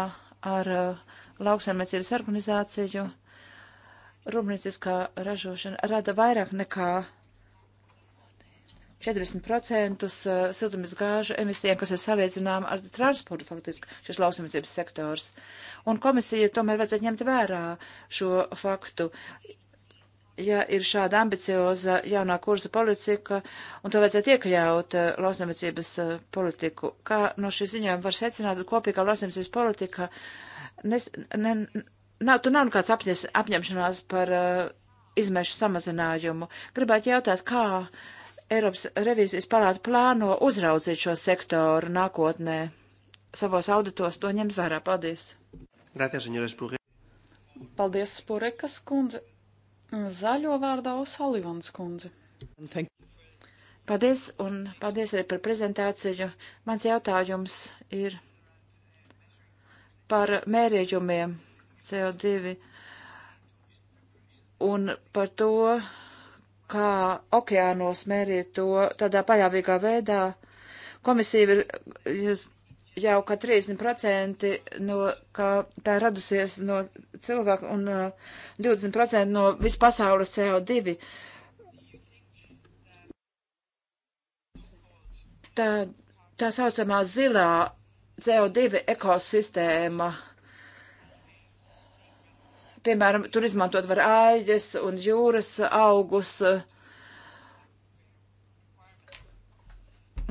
ar uh, lauksaimniecības organizāciju rūpnieciskā ražošana rada vairāk nekā 40% siltumis gāžu emisijām, kas ir salīdzināma ar transportu faktiski šis lauksamniecības sektors. Un komisija tomēr vajadzētu ņemt vērā šo faktu. Ja ir šāda ambicioza jaunā kursa politika, un to vajadzētu iekļaut uh, lauksamniecības uh, politiku, kā no šī ziņojuma var secināt, kopīgā lauksamniecības politika uh, nes, ne, nav, tur nav nekāds apņes, apņemšanās par uh, izmešu samazinājumu. Gribētu jautāt, kā Eiropas revīzijas palāta plāno uzraudzīt šo sektoru nākotnē. Savos auditos to ņems vērā. Paldies! Grāties, Paldies, Spurekas kundze! Zaļo vārdā Osalivans kundze. Paldies, un paldies arī par prezentāciju. Mans jautājums ir par mērījumiem CO2 un par to, kā okeānos mērīt to tādā paļāvīgā veidā. Komisija ir jau kā 30% no, kā tā radusies no cilvēka un 20% uh, no vispasaules CO2. Tā, tā saucamā zilā CO2 ekosistēma. Piemēram, tur izmantot var āļģes un jūras augus.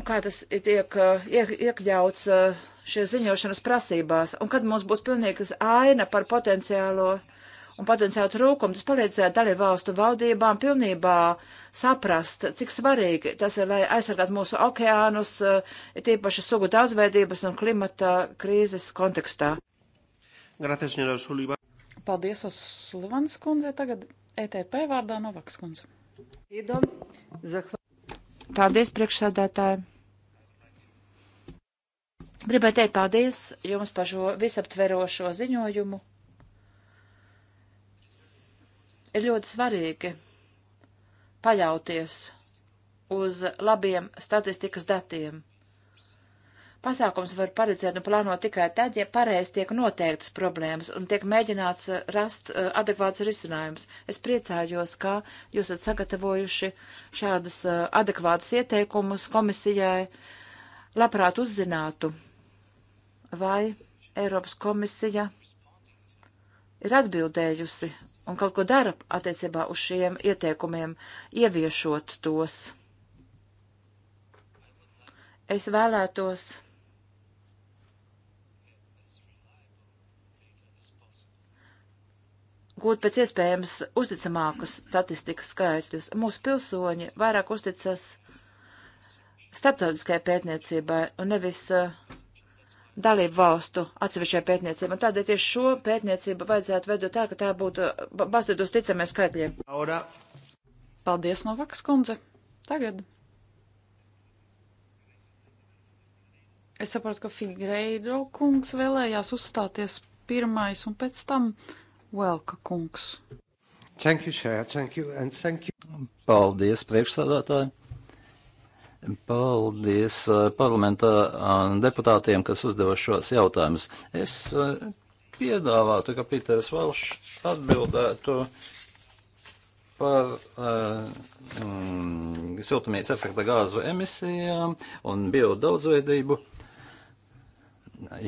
Kā tas tiek uh, iekļauts uh, šie ziņošanas prasībās? Un kad mums būs pilnīgas aina par potenciālo uh, un potenciāli trūkumu. Tas palīdzētu dalībvalstu valdībām pilnībā saprast, cik svarīgi tas ir, lai aizsargātu mūsu okeānus, eh, tīpaši sugu daudzveidības un klimata krīzes kontekstā. Gracias, señora Sullivan. Paldies, Osulivans kundze. Tagad ETP vārdā Novaks kundze. Paldies, priekšsādātāji. Gribēju teikt paldies jums par šo visaptverošo ziņojumu ir ļoti svarīgi paļauties uz labiem statistikas datiem. Pasākums var paredzēt un plānot tikai tad, ja pareizi tiek noteiktas problēmas un tiek mēģināts rast eh, adekvāts risinājums. Es priecājos, ka jūs esat sagatavojuši šādas eh, adekvātas ieteikumus komisijai. Labprāt uzzinātu, vai Eiropas komisija ir atbildējusi un kaut ko dara attiecībā uz šiem ieteikumiem, ieviešot tos. Es vēlētos. gūt pēc iespējams uzticamākus statistikas skaitļus. Mūsu pilsoņi vairāk uzticas starptautiskajai pētniecībai un nevis uh, dalību valstu atsevišķai pētniecībai. Tādēļ tieši šo pētniecību vajadzētu veidot tā, ka tā būtu balstīta uz ticamiem skaitļiem. Laura. Paldies, Novaks kundze. Tagad. Es saprotu, ka Figreido kungs vēlējās uzstāties pirmais un pēc tam Velka kungs. Thank you, Chair. Thank you and thank you. Paldies, priekšsādātāji. Paldies uh, parlamentā uh, deputātiem, kas uzdeva šos jautājumus. Es uh, piedāvātu, ka Pīters Valšs atbildētu par um, siltumnīca efekta gāzu emisijām un biodaudzveidību,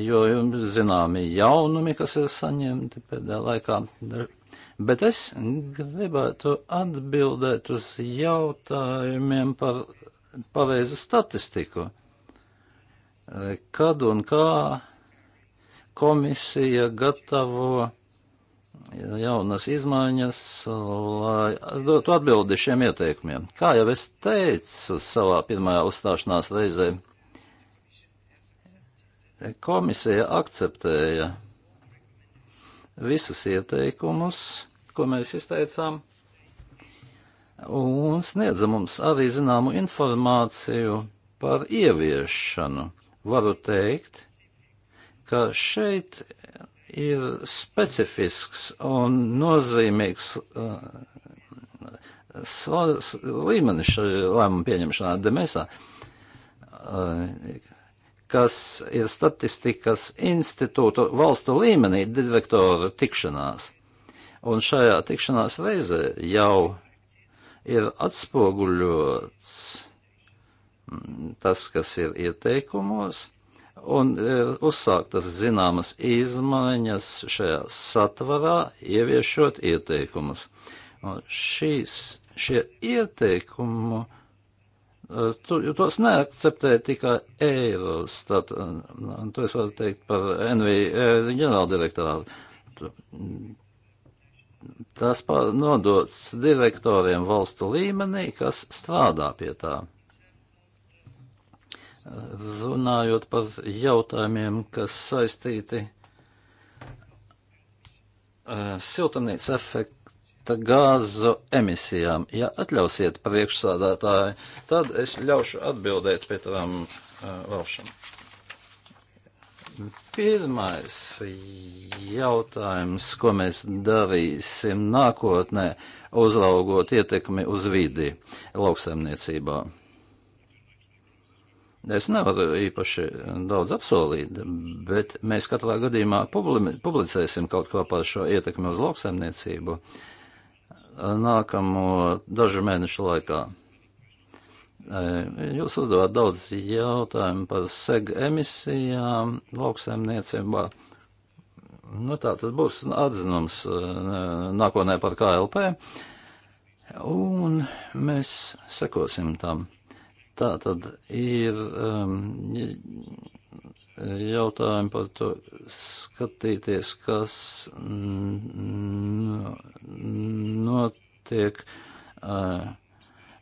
jo jums zināmi jaunumi, kas ir saņemti pēdējā laikā. Bet es gribētu atbildēt uz jautājumiem par pareizu statistiku. Eh, kad un kā komisija gatavo jaunas izmaiņas, lai dotu atbildi šiem ieteikumiem. Kā jau es teicu savā pirmajā uzstāšanās reizē, komisija akceptēja visus ieteikumus, ko mēs izteicām, un sniedza mums arī zināmu informāciju par ieviešanu. Varu teikt, ka šeit ir specifisks un nozīmīgs uh, līmenis šajā lēmuma pieņemšanā Demesā, uh, kas ir statistikas institūtu valstu līmenī direktoru tikšanās. Un šajā tikšanās reizē jau ir atspoguļots mm, tas, kas ir ieteikumos, un ir uzsāktas zināmas izmaiņas šajā satvarā, ieviešot ieteikumus. Un šīs, šie ieteikumu, eh, tu, tos neakceptē tikai eiros, tad, un to es varu teikt par NV e ģenerāldirektorātu mm, tas nodots direktoriem valstu līmenī, kas strādā pie tā. Runājot par jautājumiem, kas saistīti eh, siltumnīca efekta gāzu emisijām. Ja atļausiet priekšsādātāji, tad es ļaušu atbildēt Petram uh, eh, Valšam. Pirmais jautājums, ko mēs darīsim nākotnē, uzraugot ietekmi uz vidi lauksaimniecībā. Es nevaru īpaši daudz apsolīt, bet mēs katrā gadījumā publicēsim kaut ko par šo ietekmi uz lauksaimniecību nākamo dažu mēnešu laikā. Jūs uzdevāt daudz jautājumu par seg emisijām lauksaimniecībā. Nu, tā tad būs atzinums nākotnē par KLP, un mēs sekosim tam. Tā tad ir um, jautājumi par to skatīties, kas notiek. Uh,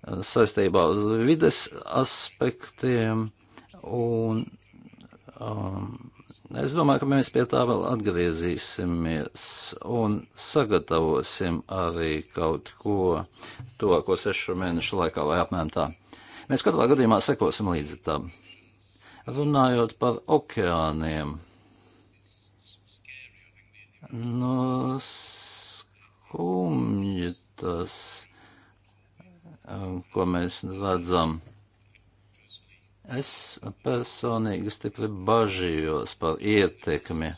saistībā uz vides aspektiem, un um, es domāju, ka mēs pie tā vēl atgriezīsimies un sagatavosim arī kaut ko to, ko sešu mēnešu laikā vai apmēram tā. Mēs katrā gadījumā sekosim līdzi tam. Runājot par okeāniem. Nu, skumji tas Um, ko mēs redzam. Es personīgi stipri bažījos par ietekmi.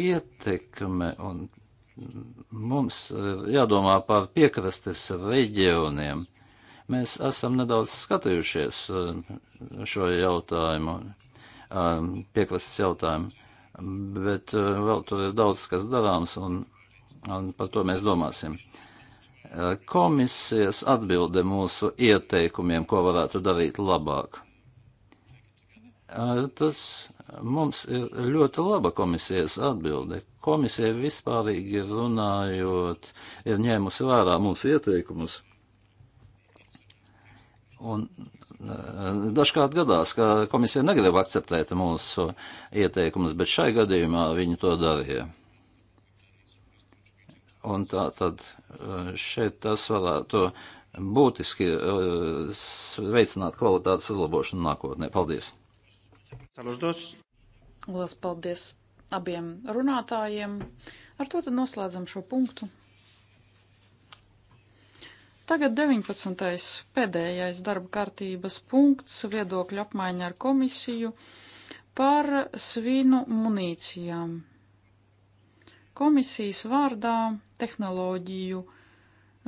Ietekme un mums ir jādomā par piekrastes reģioniem. Mēs esam nedaudz skatījušies um, šo jautājumu, um, piekrastes jautājumu, bet vēl tur ir daudz kas darāms un, un par to mēs domāsim. Uh, Komisijas atbilde mūsu ieteikumiem, ko varētu darīt labāk. Tas mums ir ļoti laba komisijas atbilde. Komisija vispārīgi runājot ir ņēmusi vērā mūsu ieteikumus. Un dažkārt gadās, ka komisija negrib akceptēt mūsu ieteikumus, bet šai gadījumā viņi to darīja. Un tā tad eh, šeit tas varētu būtiski eh, veicināt kvalitātes uzlabošanu nākotnē. Paldies! Lielas paldies abiem runātājiem. Ar to tad noslēdzam šo punktu. Tagad 19. pēdējais darba kārtības punkts - viedokļu apmaiņa ar komisiju par svinu munīcijām. Komisijas vārdā tehnoloģiju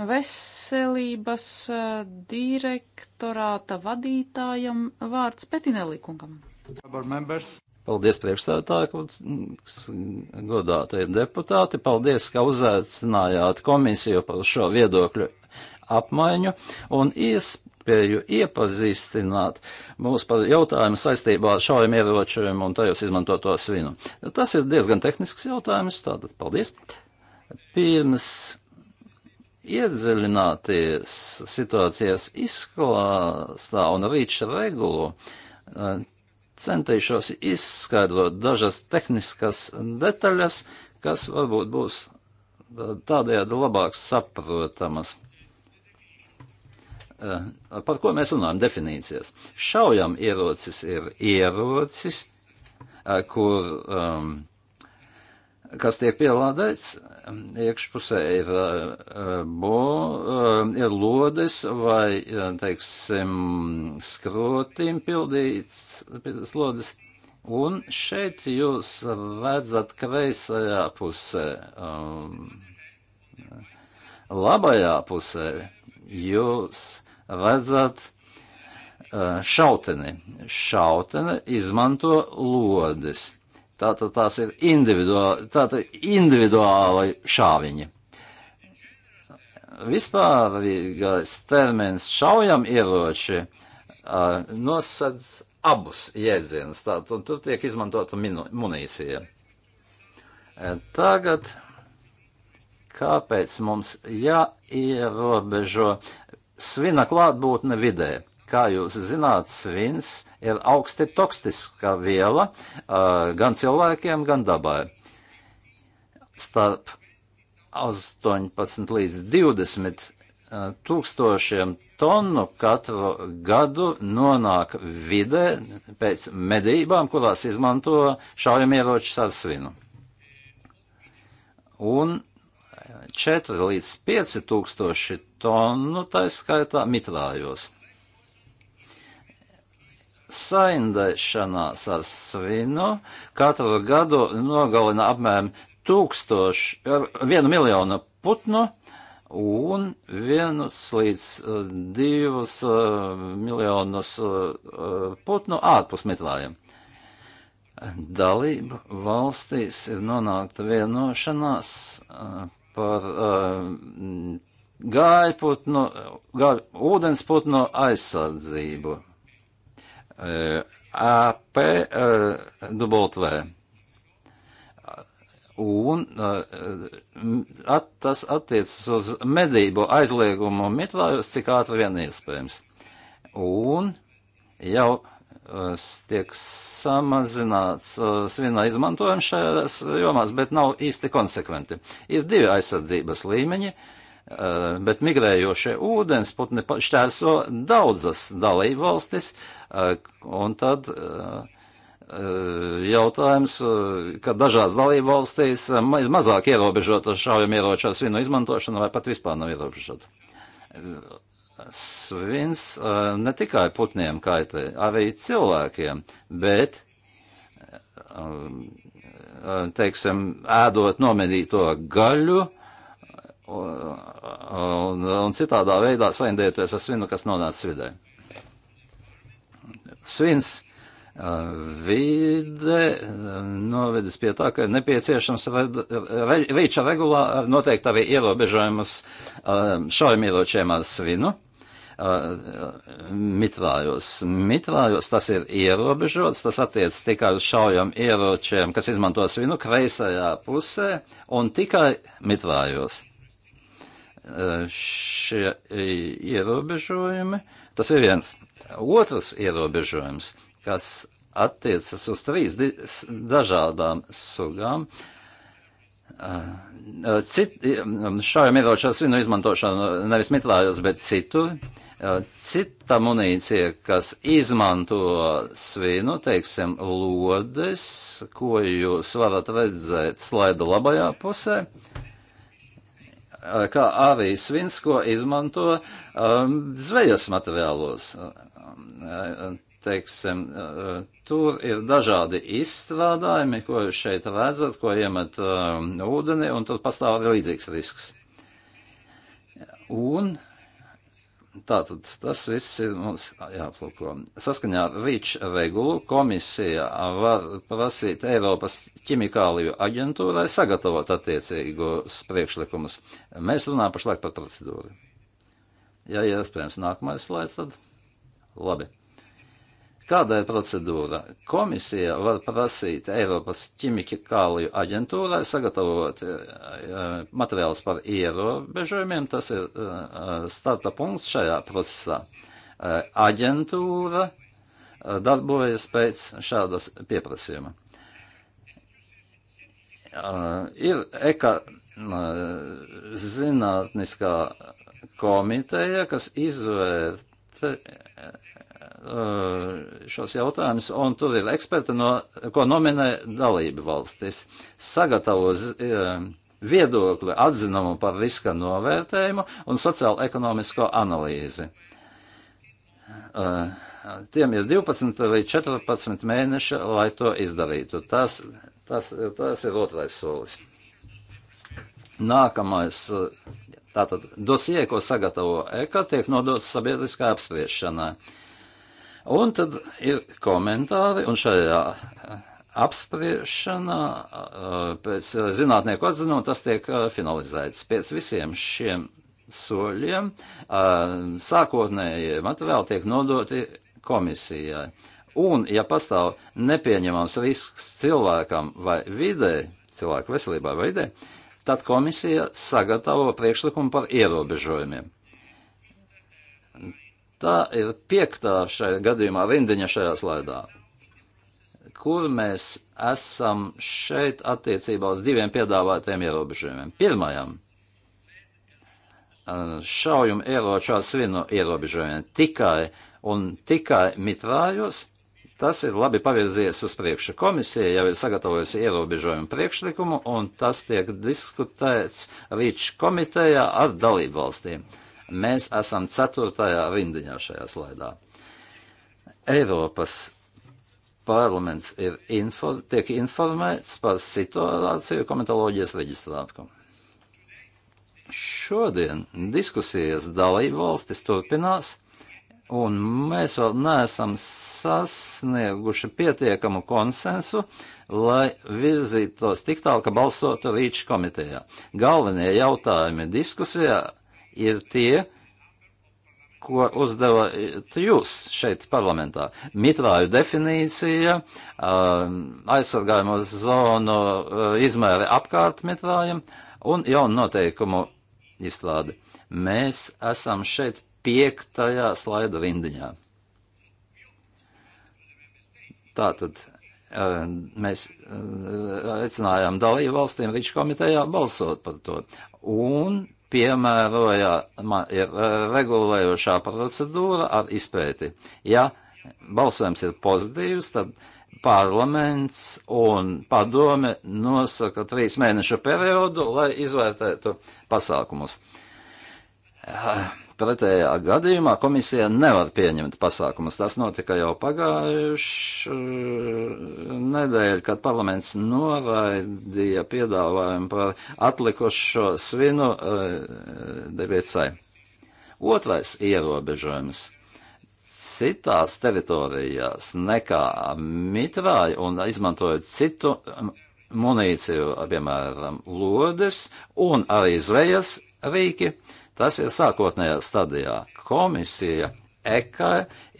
veselības eh, direktorāta vadītājam vārds Petinelī kungam. Paldies priekšstādātāju, mm, godātie deputāti, paldies, ka uzaicinājāt komisiju par šo viedokļu apmaiņu un iespēju iepazīstināt mūs par jautājumu saistībā ar šaujam ieročiem un tajos izmantoto svinu. Tas ir diezgan tehnisks jautājums, tātad paldies. Pirms iedziļināties situācijās izklāstā un rīča regulu, eh, centīšos izskaidrot dažas tehniskas detaļas, kas varbūt būs tādējādi labāk saprotamas. Eh, par ko mēs runājam definīcijas? Šaujam ierocis ir ierocis, eh, kur, um, kas tiek pielādēts Um, iekšpusē ir, uh, bo, um, ir lodes vai, uh, teiksim, skrotīm pildīts lodes. Un šeit jūs redzat kreisajā pusē, um, labajā pusē jūs redzat uh, šauteni. Šautene izmanto lodes. Tātad tās ir individuāli, tātad individuāli šāviņi. Vispārīgais termins šaujam ieroči uh, nosedz abus jēdzienus, tātad tur tiek izmantota munīcija. Tagad kāpēc mums jāierobežo svina klātbūtne vidē? Kā jūs zināt, svins ir augsti toksiska viela gan cilvēkiem, gan dabai. Starp 18 līdz 20 tūkstošiem tonu katru gadu nonāk vidē pēc medībām, kurās izmanto šaujamieročus ar svinu. Un 4 līdz 5 tūkstoši tonu, tā skaitā mitrājos saindēšanās ar svinu katru gadu nogalina apmēram tūkstošu, vienu miljonu putnu un vienus līdz eh, divus eh, miljonus eh, putnu ārpus meklējiem dalību valstīs ir nonākta vienošanās par gājputnu, gāj, ūdensputnu aizsardzību. Eh, APW. Eh, nu, Un eh, at, tas attiecas uz medību aizliegumu mitvājus, cik ātri vien iespējams. Un jau tiek samazināts svinā izmantojums šajās jomās, bet nav īsti konsekventi. Ir divi aizsardzības līmeņi. Uh, Eh, bet migrējošie ūdensputni šķērso daudzas dalībvalstis, eh, un tad eh, jautājums, ka dažās dalībvalstīs ir mazāk ierobežota šaujamieroča svinu izmantošana vai pat vispār nav ierobežota. Svins ne tikai putniem kaitē, arī cilvēkiem, bet teiksim, ēdot nomedīto gaļu, uh, un, un citādā veidā saindēties ar svinu, kas nonāca vidē. Svins vide novedis pie tā, ka ir nepieciešams rīča regulā noteikti arī ierobežojumus šaujamieročiem ar svinu. Mitrājos. Mitrājos tas ir ierobežots, tas attiec tikai uz šaujam ieročiem, kas izmanto svinu kreisajā pusē un tikai mitrājos šie ierobežojumi. Tas ir viens. Otrs ierobežojums, kas attiecas uz trīs dažādām sugām. Cit, šaujam ieroču ar svinu izmantošanu nevis mitrājos, bet citur. Cita munīcija, kas izmanto svinu, teiksim, lodes, ko jūs varat redzēt slaida labajā pusē. Uh, Eh, kā arī svins, ko izmanto um, zvejas materiālos. Eh, teiksim, eh, tur ir dažādi izstrādājumi, ko šeit redzat, ko iemet um, ūdeni, un tur pastāv arī līdzīgs risks. Un uh, Tātad tas viss ir mums jāaplūko. Saskaņā Rīč regulu komisija var prasīt Eiropas ķimikāliju aģentūrai sagatavot attiecīgos priekšlikumus. Mēs runājam pašlaik par procedūru. Ja iespējams nākamais slaids, tad labi. Kādai procedūra? Komisija var prasīt Eiropas ķimikāliju aģentūrai sagatavot eh, eh, materiālus par ierobežojumiem. Tas ir eh, starta punkts šajā procesā. Aģentūra darbojas pēc šādas pieprasījuma. Ir eka zinātniskā komiteja, kas izvērta Uh, šos jautājumus, un tur ir eksperti, no, ko nominē dalība valstis. Sagatavo uh, viedokli atzinumu par riska novērtējumu un sociālo-ekonomisko analīzi. Uh, tiem ir 12 līdz 14 mēneši, lai to izdarītu. Tas, tas, tas ir otrais solis. Nākamais Tātad dosie, ko sagatavo ECA, tiek nodots sabiedriskā apspriešanā. Un tad ir komentāri, un šajā apspriešanā pēc zinātnieku atzinuma tas tiek finalizēts. Pēc visiem šiem soļiem sākotnējie materiāli tiek nodoti komisijai. Un, ja pastāv nepieņemams risks cilvēkam vai vidē, cilvēku veselībā vai vidē, tad komisija sagatavo priekšlikumu par ierobežojumiem. Tā ir piektā šajā gadījumā rindiņa šajā slaidā, kur mēs esam šeit attiecībā uz diviem piedāvātiem ierobežojumiem. Pirmajam šaujumu ieroču ar svinu ierobežojumiem tikai un tikai mitrājos. Tas ir labi pavirzies uz priekšu. Komisija jau ir sagatavojusi ierobežojumu priekšlikumu, un tas tiek diskutēts Rīča komitejā ar dalību valstīm. Uh, Mēs esam ceturtajā rindiņā šajā slaidā. Eiropas parlaments ir infor, tiek informēts par situāciju komentoloģijas reģistrātu. Šodien diskusijas dalību valstis turpinās, un mēs vēl neesam sasnieguši pietiekamu konsensu, lai virzītos tik tālu, ka balsotu rīču komitejā. Galvenie jautājumi diskusijā ir tie, ko uzdeva jūs šeit parlamentā. Mitrāju definīcija, um, aizsargājamo zonu uh, izmēri apkārt mitrājam un jaunu noteikumu izstrādi. Mēs esam šeit piektajā slaida rindiņā. Tātad uh, mēs uh, aicinājām dalību valstīm Rīču komitejā balsot par to. Un piemērojama ir e, regulējošā procedūra ar izpēti. Ja balsojums ir pozitīvs, tad parlaments un padome nosaka trīs mēnešu periodu, lai izvērtētu pasākumus. Uh, Pretējā gadījumā komisija nevar pieņemt pasākumus. Tas notika jau pagājuši eh, nedēļa, kad parlaments noraidīja piedāvājumu par atlikušo svinu eh, devicai. Otrais ierobežojums. Citās teritorijās nekā mitrāja un izmantoja citu munīciju, piemēram, lodes un arī zvejas rīki Tas ir sākotnējā stadijā. Komisija EKA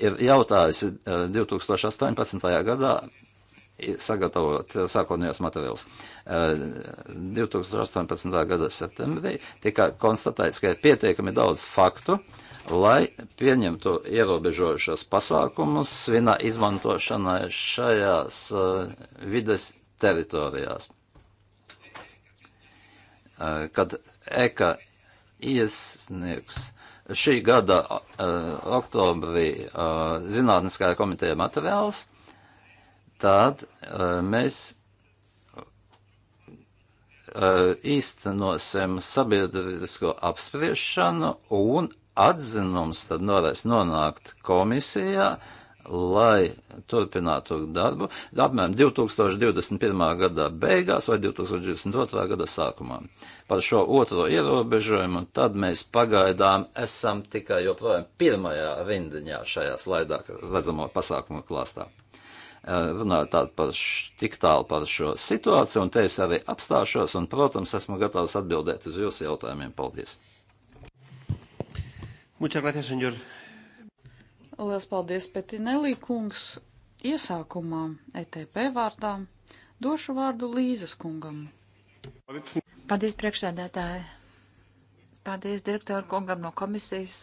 ir jautājusi 2018. Eh, gadā sagatavot sākotnējos materiālus. 2018. Eh, gada septembrī tika konstatēts, ka ir pietiekami daudz faktu, lai pieņemtu ierobežojušos pasākumus svinā izmantošanai šajās eh, vides teritorijās. Kad EKA iesniegs šī gada uh, oktobrī uh, Zinātniskajā komitejā materiāls, tad uh, mēs īstenosim sabiedrisko apspriešanu un atzinums tad varēs nonākt komisijā, uh, lai turpinātu darbu apmēram 2021. gada beigās vai 2022. gada sākumā. Par šo otro ierobežojumu tad mēs pagaidām esam tikai joprojām pirmajā rindiņā šajā slaidā redzamo pasākumu klāstā. Runāju tādu par š, tik tālu par šo situāciju, un te es arī apstāšos, un, protams, esmu gatavs atbildēt uz jūsu jautājumiem. Paldies! Muchas gracias, señor Lielas paldies, Petinelī kungs. Iesākumā ETP vārdā došu vārdu Līzes kungam. Paldies, priekšsēdētāji. Paldies, direktoru kungam no komisijas.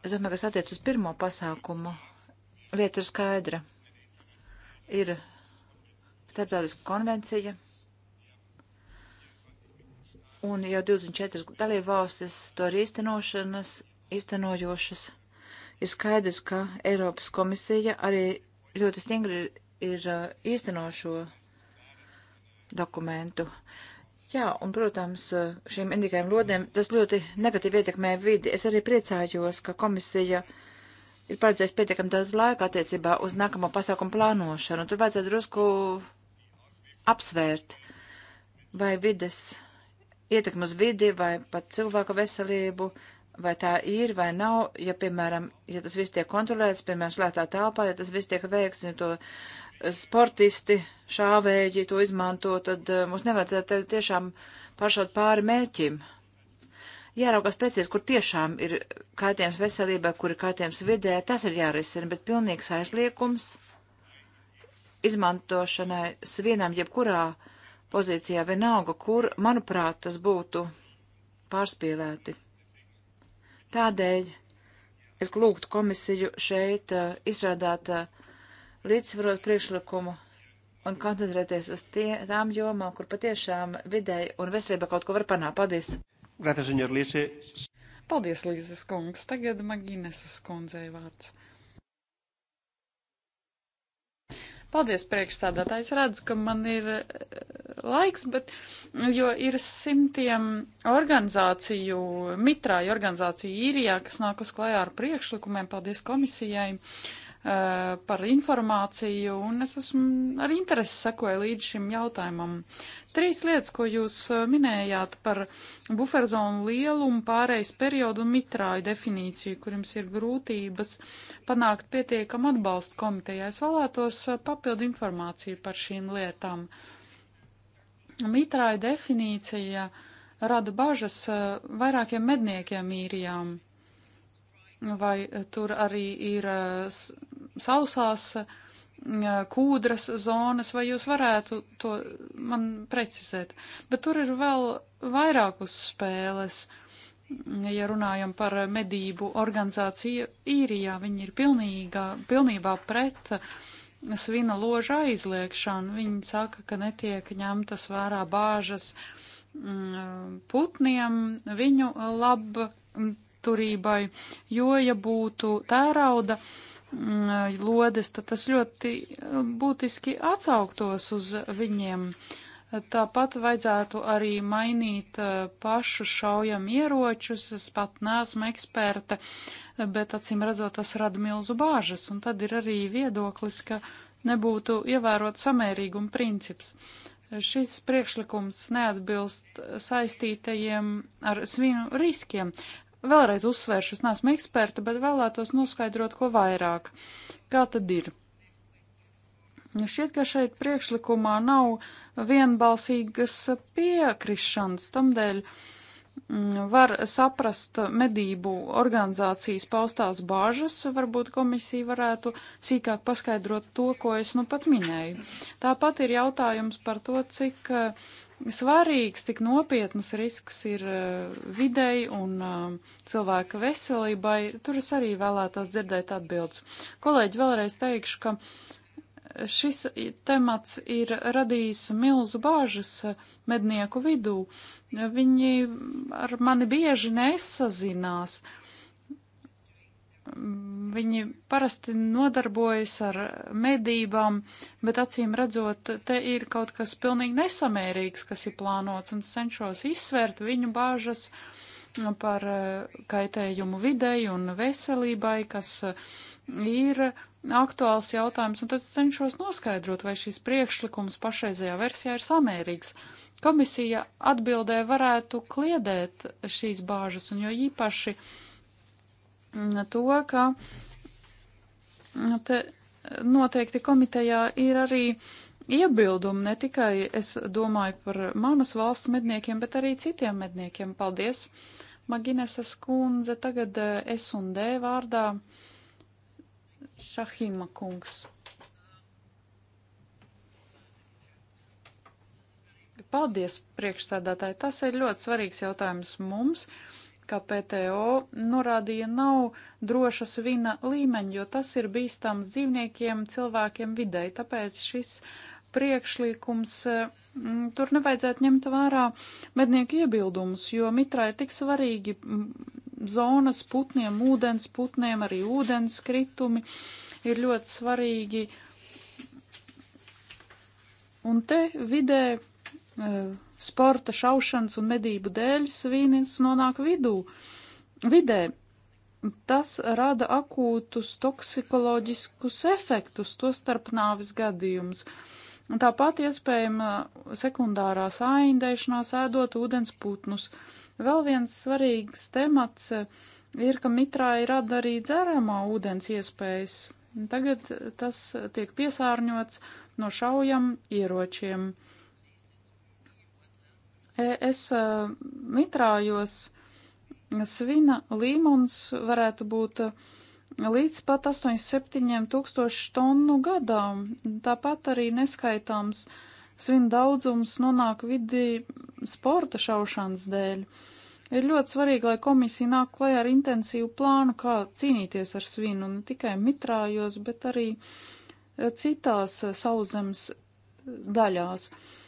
Es domāju, kas attiec uz pirmo pasākumu. Lieta ir skaidra. Ir starptautiska konvencija un jau 24 dalībvalstis to ir īstenošanas, īstenojošas ir skaidrs, ka Eiropas komisija arī ļoti stingri ir uh, īsteno šo dokumentu. Jā, un, protams, uh, šīm indīgajām lodēm tas ļoti negatīvi ietekmē vidi. Es arī priecājos, ka komisija ir paredzējis pietiekami daudz laika attiecībā uz nākamo pasākumu plānošanu. Tur vajadzētu drusku apsvērt, vai vides ietekmi uz vidi, vai pat cilvēka veselību vai tā ir vai nav, ja, piemēram, ja tas viss tiek kontrolēts, piemēram, slēgtā telpā, ja tas viss tiek veikts, ja to eh, sportisti, šāvēji to izmanto, tad eh, mums nevajadzētu tiešām pašaut pāri mērķim. Jāraugās precīzi, kur tiešām ir kaitējums veselībai, kur ir kaitējums vidē, tas ir jārisina, bet pilnīgs aizliekums izmantošanai svinam jebkurā pozīcijā vienalga, kur, manuprāt, tas būtu pārspīlēti. Tādēļ es lūgtu komisiju šeit uh, izrādāt uh, līdzsvarot priekšlikumu un koncentrēties uz tie, tām jomām, kur patiešām videi un veselība kaut ko var panākt. Paldies! Grāta, senjor Līsē. Paldies, Līzes kungs. Tagad Maginesas kundzei vārds. Paldies, priekšsādātājs. Redzu, ka man ir eh, laiks, bet jo ir simtiem organizāciju, mitrāju organizāciju īrijā, kas nāk uz klajā ar priekšlikumiem. Paldies komisijai. Uh, Eh, par informāciju, un es esmu ar interesi sekoju līdz šim jautājumam. Trīs lietas, ko jūs eh, minējāt par buferzonu lielumu, pārejas periodu un mitrāju definīciju, kurums ir grūtības panākt pietiekam atbalstu komitejā. Es vēlētos eh, papildu informāciju par šīm lietām. Mitrāja definīcija rada bažas vairākiem medniekiem īrijām. Vai tur arī ir sausās eh, kūdras zonas, vai jūs varētu to man precizēt. Bet tur ir vēl vairāk uz spēles. Ja runājam par medību organizāciju īrijā, viņi ir pilnīga, pilnībā pret svina loža aizliekšanu. Viņi saka, ka netiek ņemtas vērā bāžas mm, putniem viņu labturībai, jo ja būtu tērauda, Mm, lodes, tad tas ļoti eh, būtiski atsauktos uz viņiem. Tāpat vajadzētu arī mainīt eh, pašu šaujam ieročus. Es pat neesmu eksperta, bet acīm redzot, tas rada milzu bāžas. Un tad ir arī viedoklis, ka nebūtu ievērot samērīguma princips. Šis priekšlikums neatbilst saistītajiem ar svinu riskiem. Vēlreiz uzsvēršu, es neesmu eksperta, bet vēlētos noskaidrot, ko vairāk. Kā tad ir? Šķiet, ka šeit priekšlikumā nav vienbalsīgas piekrišanas, tamdēļ mm, var saprast medību organizācijas paustās bāžas, varbūt komisija varētu sīkāk paskaidrot to, ko es nu pat minēju. Tāpat ir jautājums par to, cik uh, svarīgs, cik nopietnas risks ir eh, videi un eh, cilvēka veselībai, tur es arī vēlētos dzirdēt atbildes. Kolēģi, vēlreiz teikšu, ka šis temats ir radījis milzu bāžas eh, mednieku vidū. Viņi ar mani bieži nesazinās. Uh, Mm, viņi parasti nodarbojas ar medībām, bet acīm redzot, te ir kaut kas pilnīgi nesamērīgs, kas ir plānots, un cenšos izsvērt viņu bāžas par eh, kaitējumu videi un veselībai, kas eh, ir aktuāls jautājums, un tad cenšos noskaidrot, vai šis priekšlikums pašreizajā versijā ir samērīgs. Komisija atbildē varētu kliedēt šīs bāžas, un jo īpaši uh, to, ka te noteikti komitejā ir arī iebildumi ne tikai es domāju par manas valsts medniekiem, bet arī citiem medniekiem. Paldies, Maginesas kundze, tagad es eh, un D vārdā Šahima kungs. Paldies, priekšsēdētāji. Tas ir ļoti svarīgs jautājums mums. Uh, kā PTO norādīja, nav droša svina līmeņa, jo tas ir bīstams dzīvniekiem, cilvēkiem, videi. Tāpēc šis priekšlikums eh, tur nevajadzētu ņemt vērā mednieku iebildumus, jo mitrā ir tik svarīgi zonas putniem, ūdens putniem, arī ūdens kritumi ir ļoti svarīgi. Un te vidē eh, sporta, šaušanas un medību dēļ svinis nonāk vidū, vidē. Tas rada akūtus toksikoloģiskus efektus, to starp nāvis gadījumus. Tāpat iespējama sekundārā sāindēšanās ēdot ūdens putnus. Vēl viens svarīgs temats ir, ka mitrai rada arī dzērāmā ūdens iespējas. Tagad tas tiek piesārņots no šaujam ieročiem. Es mitrājos svina līmuns varētu būt līdz pat 87 tūkstoši tonnu gadā. Tāpat arī neskaitāms svina daudzums nonāk vidi sporta šaušanas dēļ. Ir ļoti svarīgi, lai komisija nāk klajā ar intensīvu plānu, kā cīnīties ar svinu, ne tikai mitrājos, bet arī citās sauszemes daļās. Uh,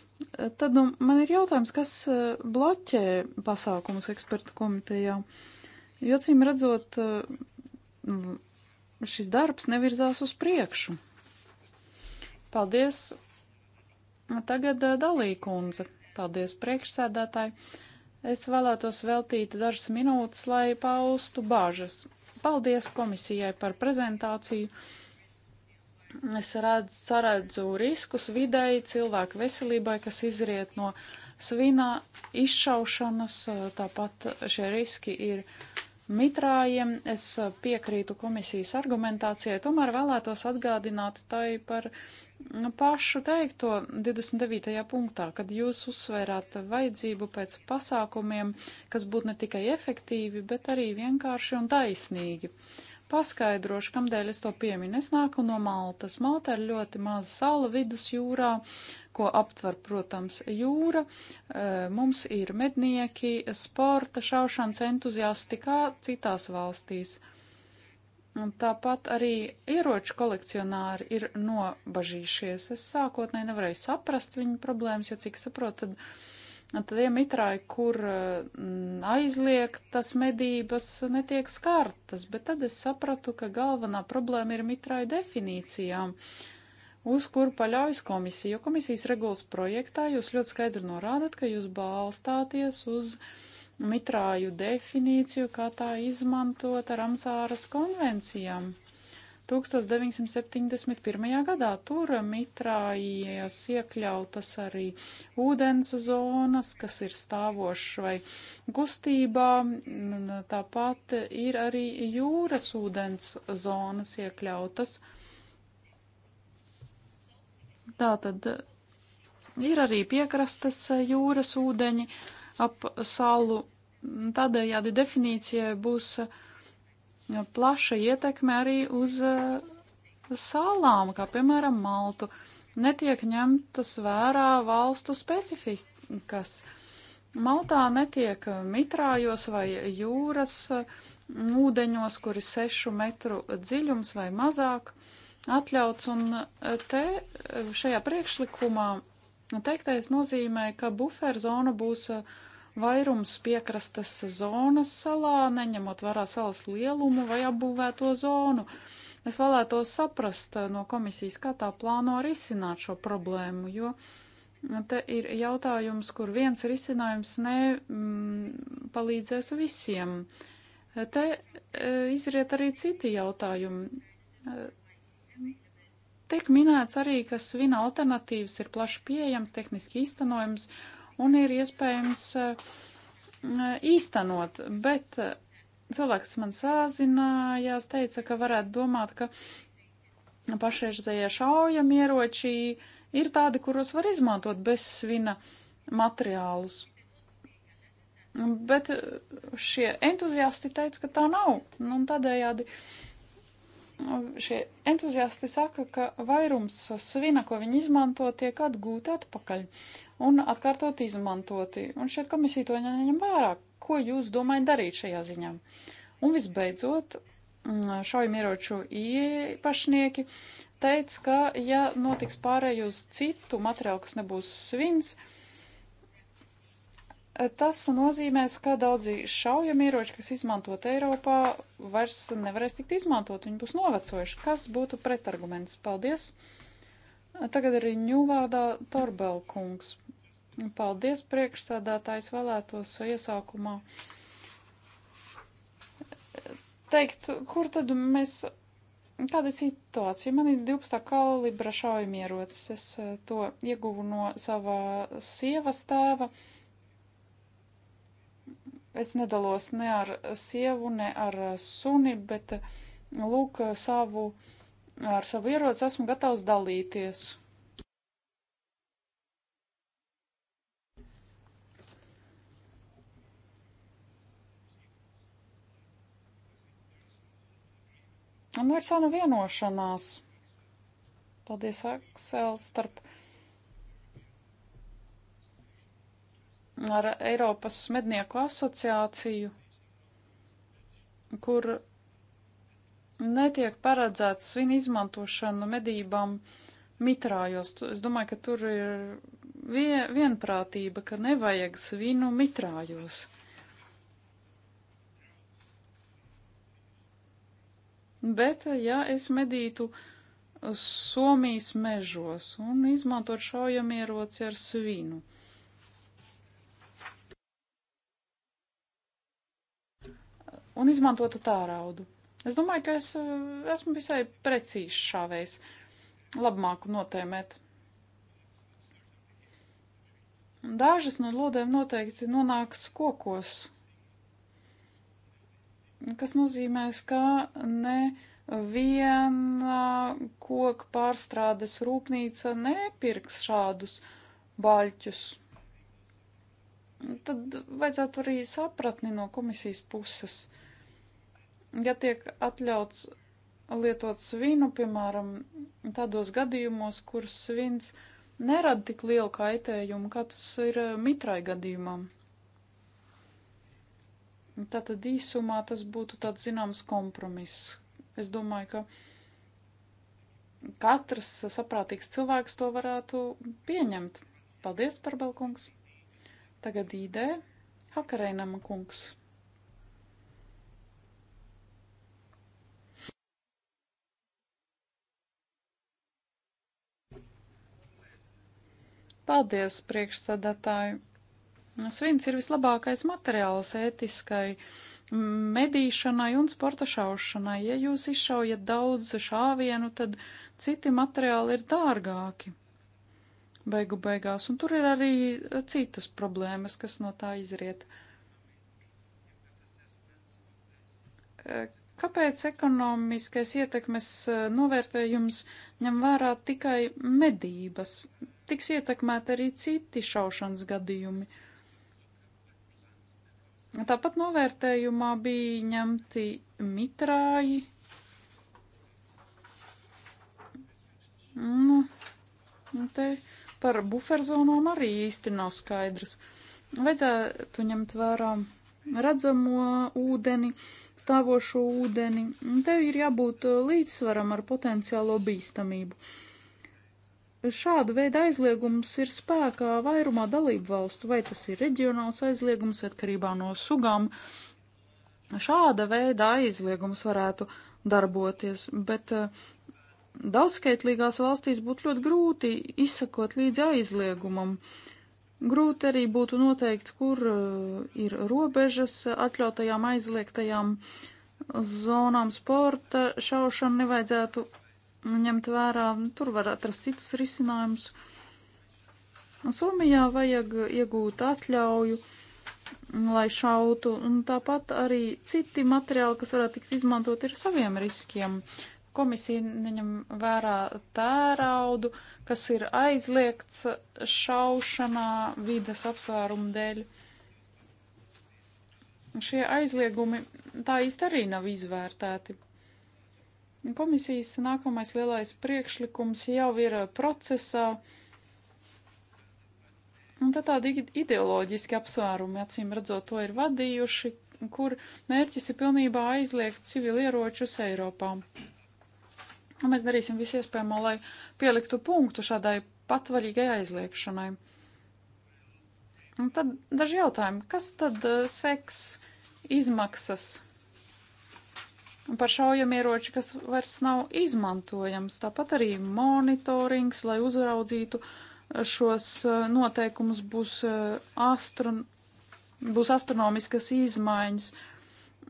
Tad nu, man ir jautājums, kas eh, bloķē pasākumus ekspertu komitejā? Jo, cīm redzot, eh, nu, šis darbs nevirzās uz priekšu. Paldies! Tagad eh, dalīkundze. Paldies, priekšsēdētāji! Es vēlētos veltīt dažas minūtes, lai paustu bāžas. Paldies komisijai par prezentāciju! Es redzu, saredzu riskus videi cilvēku veselībai, kas izriet no svinā izšaušanas, tāpat šie riski ir mitrājiem. Es piekrītu komisijas argumentācijai, tomēr vēlētos atgādināt tai par nu, pašu teikto 29. punktā, kad jūs uzsvērāt vajadzību pēc pasākumiem, kas būtu ne tikai efektīvi, bet arī vienkārši un taisnīgi. Uh, paskaidrošu, kamdēļ es to pieminu. Es nāku no Maltas. Malta ir ļoti maza sala vidusjūrā, ko aptver, protams, jūra. Mums ir mednieki, sporta, šaušanas entuziasti kā citās valstīs. Un tāpat arī ieroču kolekcionāri ir nobažījušies. Es sākotnēji nevarēju saprast viņu problēmas, jo, cik saprotu, tad Tie mitrai, kur eh, aizliegtas medības netiek skartas, bet tad es sapratu, ka galvenā problēma ir mitrai definīcijām, uz kur paļaujas komisija. Jo komisijas regulas projektā jūs ļoti skaidri norādat, ka jūs balstāties uz mitrāju definīciju, kā tā izmantota Ramsāras konvencijām. 1971. gadā. Tur mitrājās iekļautas arī ūdens zonas, kas ir stāvošas vai gustībā. Tāpat ir arī jūras ūdens zonas iekļautas. Tātad ir arī piekrastes jūras ūdeņi ap salu. Tādējādi definīcija būs uh, plaša ietekme arī uz eh, salām, kā piemēram Maltu. Netiek ņemtas vērā valstu specifikas. Maltā netiek eh, mitrājos vai jūras eh, ūdeņos, kur ir sešu metru dziļums vai mazāk atļauts. Un te šajā priekšlikumā teiktais nozīmē, ka buferzona būs uh, Vairums piekrastes zonas salā, neņemot vērā salas lielumu vai apbūvēto zonu. Es vēlētos saprast eh, no komisijas, kā tā plāno risināt šo problēmu, jo te ir jautājums, kur viens risinājums nepalīdzēs mm, visiem. Te eh, izriet arī citi jautājumi. Eh, tiek minēts arī, ka svina alternatīvas ir plaši pieejams, tehniski īstenojams un ir iespējams eh, īstenot, bet eh, cilvēks man sāzinājās, teica, ka varētu domāt, ka pašreizējie šaujamieroči ir tādi, kuros var izmantot bez svina materiālus. Bet eh, šie entuziasti teica, ka tā nav. Nu, un tādējādi šie entuziasti saka, ka vairums svina, ko viņi izmanto, tiek atgūti atpakaļ un atkārtot izmantoti. Un šeit komisija to neņem vērā. Ko jūs domājat darīt šajā ziņā? Un visbeidzot, mm, šaujamieroču īpašnieki teica, ka ja notiks pārēj uz citu materiālu, kas nebūs svins, tas nozīmēs, ka daudzi šaujamieroči, kas izmantot Eiropā, vairs nevarēs tikt izmantot, viņi būs novecojuši. Kas būtu pretarguments? Paldies! Tagad arī ņūvārdā Torbelkungs. Paldies, priekšsādātājs, vēlētos iesaukumā teikt, kur tad mēs, kāda ir situācija? Man ir 12 kalibra šaujamierocis, es eh, to ieguvu no savā sievas tēva. Es nedalos ne ar sievu, ne ar suni, bet eh, lūk, savu, ar savu ieroci esmu gatavs dalīties. Nu, ir sena vienošanās. Paldies, Aksel, starp ar Eiropas mednieku asociāciju, kur netiek paredzēts svin izmantošana medībām mitrājos. Es domāju, ka tur ir vie, vienprātība, ka nevajag svinu mitrājos. bet ja es medītu Somijas mežos un izmantot šaujamieroci ar svinu. Un izmantotu tā raudu. Es domāju, ka es eh, esmu visai precīzi šāvējs. Labāku notēmēt. Dažas no lodēm noteikti nonāks kokos, kas nozīmēs, ka ne viena koku pārstrādes rūpnīca nepirks šādus baļķus. Tad vajadzētu arī sapratni no komisijas puses. Ja tiek atļauts lietot svinu, piemēram, tādos gadījumos, kur svins nerada tik lielu kaitējumu, kā tas ir eh, mitrai gadījumam. Tātad īsumā tas būtu tāds zināms kompromiss. Es domāju, ka katrs saprātīgs cilvēks to varētu pieņemt. Paldies, Tarbelkungs! Tagad ideja Hakarēnam kungs. Paldies, priekšsēdētāji! Nu, Svins ir vislabākais materiāls ētiskai medīšanai un sporta šaušanai. Ja jūs izšaujat daudz šāvienu, tad citi materiāli ir dārgāki. Beigu beigās, un tur ir arī citas problēmas, kas no tā izriet. E, kāpēc ekonomiskais ietekmes e, novērtējums ņem vērā tikai medības? Tiks ietekmēti arī citi šaušanas gadījumi. Tāpat novērtējumā bija ņemti mitrāji. Nu, te par buferzonām arī īsti nav skaidrs. Vajadzētu ņemt vērā redzamo ūdeni, stāvošo ūdeni. Te ir jābūt uh, līdzsvaram ar potenciālo bīstamību šāda veida aizliegums ir spēkā vairumā dalību valstu, vai tas ir reģionāls aizliegums atkarībā no sugām. Šāda veida aizliegums varētu darboties, bet eh, daudzskaitlīgās valstīs būtu ļoti grūti izsakot līdz aizliegumam. Grūti arī būtu noteikt, kur eh, ir robežas atļautajām aizliegtajām zonām sporta šaušanu nevajadzētu Nu, ņemt vērā. Nu, tur var atrast citus risinājumus. Somijā vajag iegūt atļauju, lai šautu, un tāpat arī citi materiāli, kas varētu tikt izmantot, ir saviem riskiem. Komisija neņem vērā tēraudu, kas ir aizliegts šaušanā vides apsvērumu dēļ. Šie aizliegumi tā īsti arī nav izvērtēti. Komisijas nākamais lielais priekšlikums jau ir procesā. Un tad tādi ideoloģiski apsvērumi, acīm redzot, to ir vadījuši, kur mērķis ir pilnībā aizliegt civilieročus Eiropā. Un mēs darīsim visu iespējamo, lai pieliktu punktu šādai patvaļīgai aizliekšanai. Un tad daži jautājumi, kas tad eh, seks izmaksas par šaujamieroči, kas vairs nav izmantojams. Tāpat arī monitorings, lai uzraudzītu šos eh, noteikumus, būs, eh, astron būs astronomiskas izmaiņas.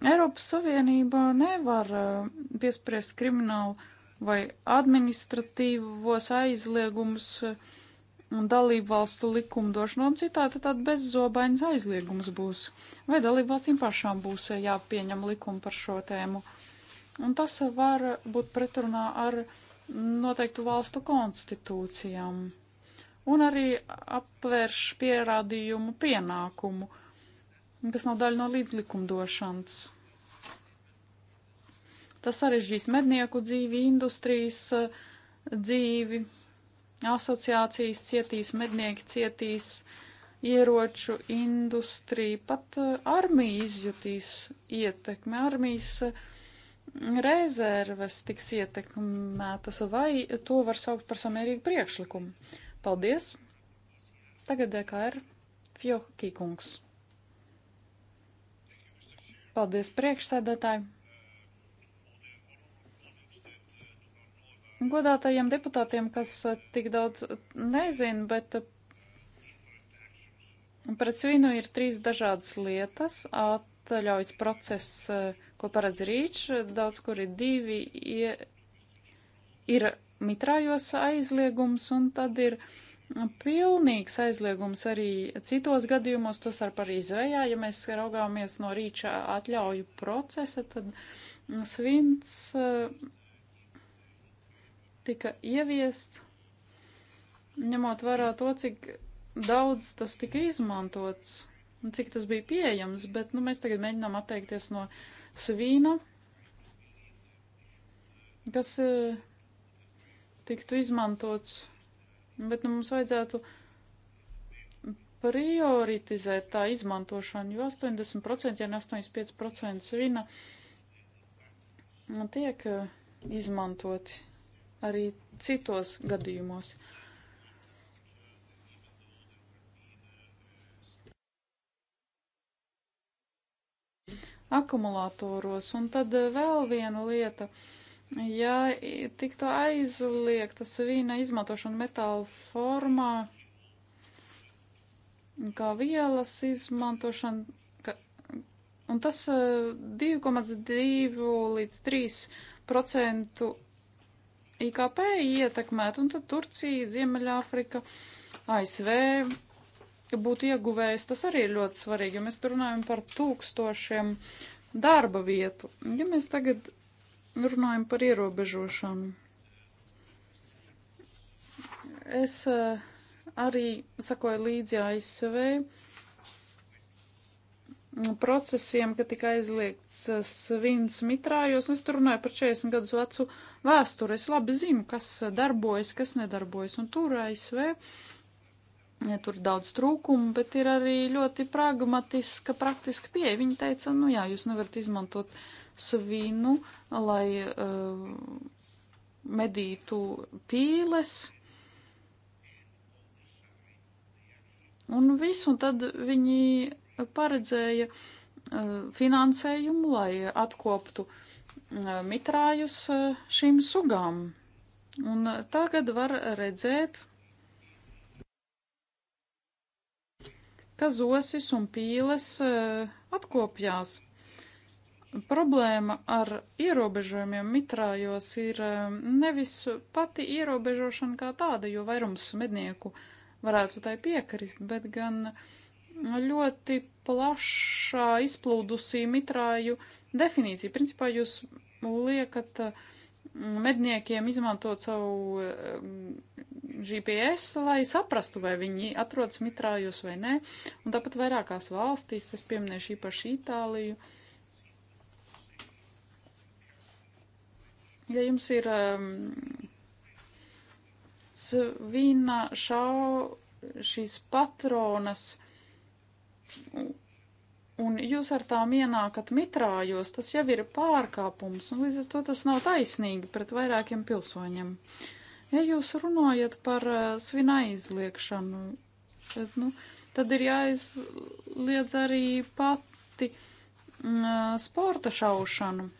Eiropas Savienība nevar eh, piespriest kriminālu vai administratīvos aizliegumus un dalību valstu likumdošanu, un citādi tāda bezzobainas aizliegums būs. Vai dalību valstīm pašām būs jāpieņem likumi par šo tēmu? Uh, Un tas var būt pretrunā ar noteiktu valstu konstitūcijām un arī apvērš pierādījumu pienākumu, kas nav daļa no līdzlikumdošanas. Tas sarežģīs mednieku dzīvi, industrijas eh, dzīvi, asociācijas cietīs, mednieki cietīs, ieroču industrija, pat eh, armija izjutīs ietekmi, armijas uh, rezerves tiks ietekmētas, vai to var saukt par samērīgu priekšlikumu. Paldies! Tagad DKR Fjohkī kungs. Paldies priekšsēdētāji! Godātajiem deputātiem, kas tik daudz nezina, bet pret svinu ir trīs dažādas lietas - atļaujas process ko paredz rīč, daudz kur ir divi, ir mitrājos aizliegums un tad ir pilnīgs aizliegums arī citos gadījumos, tos ar par izvējā, ja mēs raugāmies no rīča atļauju procesa, tad svints eh, tika ieviests, ņemot vērā to, cik daudz tas tika izmantots un cik tas bija pieejams, bet nu, mēs tagad mēģinām atteikties no uh, svīna, kas e, tiktu izmantots, bet nu, mums vajadzētu prioritizēt tā izmantošanu, jo 80%, ja ne 85% svina nu, tiek e, izmantoti arī citos gadījumos. Uh, akumulatoros. Un tad eh, vēl viena lieta. Ja tiktu aizliegta svīna izmantošana metāla formā, kā vielas izmantošana, ka, un tas 2,2 eh, līdz 3% IKP ietekmēt, un tad Turcija, Ziemeļāfrika, ASV būtu ieguvējs, tas arī ir ļoti svarīgi, jo mēs tur runājam par tūkstošiem darba vietu. Ja mēs tagad runājam par ierobežošanu, es eh, arī sakoju līdzi ASV procesiem, ka tika aizliegts eh, svins mitrājos, un es tur runāju par 40 gadus vecu vēsturi. Es labi zinu, kas eh, darbojas, kas nedarbojas, un tur ASV. Uh, ja tur daudz trūkumu, bet ir arī ļoti pragmatiska, praktiska pieeja. Viņa teica, nu jā, jūs nevarat izmantot svinu, lai uh, medītu pīles. Un viss, un tad viņi paredzēja uh, finansējumu, lai atkoptu uh, mitrājus uh, šīm sugām. Un tagad var redzēt, ka zosis un pīles eh, atkopjās. Problēma ar ierobežojumiem mitrājos ir eh, nevis pati ierobežošana kā tāda, jo vairums mednieku varētu tai piekrist, bet gan ļoti plašā izplūdusī mitrāju definīcija. Principā jūs liekat uh, medniekiem izmantot savu um, GPS, lai saprastu, vai viņi atrodas mitrājos vai nē. Un tāpat vairākās valstīs, tas pieminēšu īpaši Itāliju. Ja jums ir um, svina šau šīs patronas, un jūs ar tām ienākat mitrājos, tas jau ir pārkāpums, un līdz ar to tas nav taisnīgi pret vairākiem pilsoņiem. Ja jūs runājat par uh, svina aizliekšanu, tad, nu, tad ir jāizliedz arī pati uh, sporta šaušanu.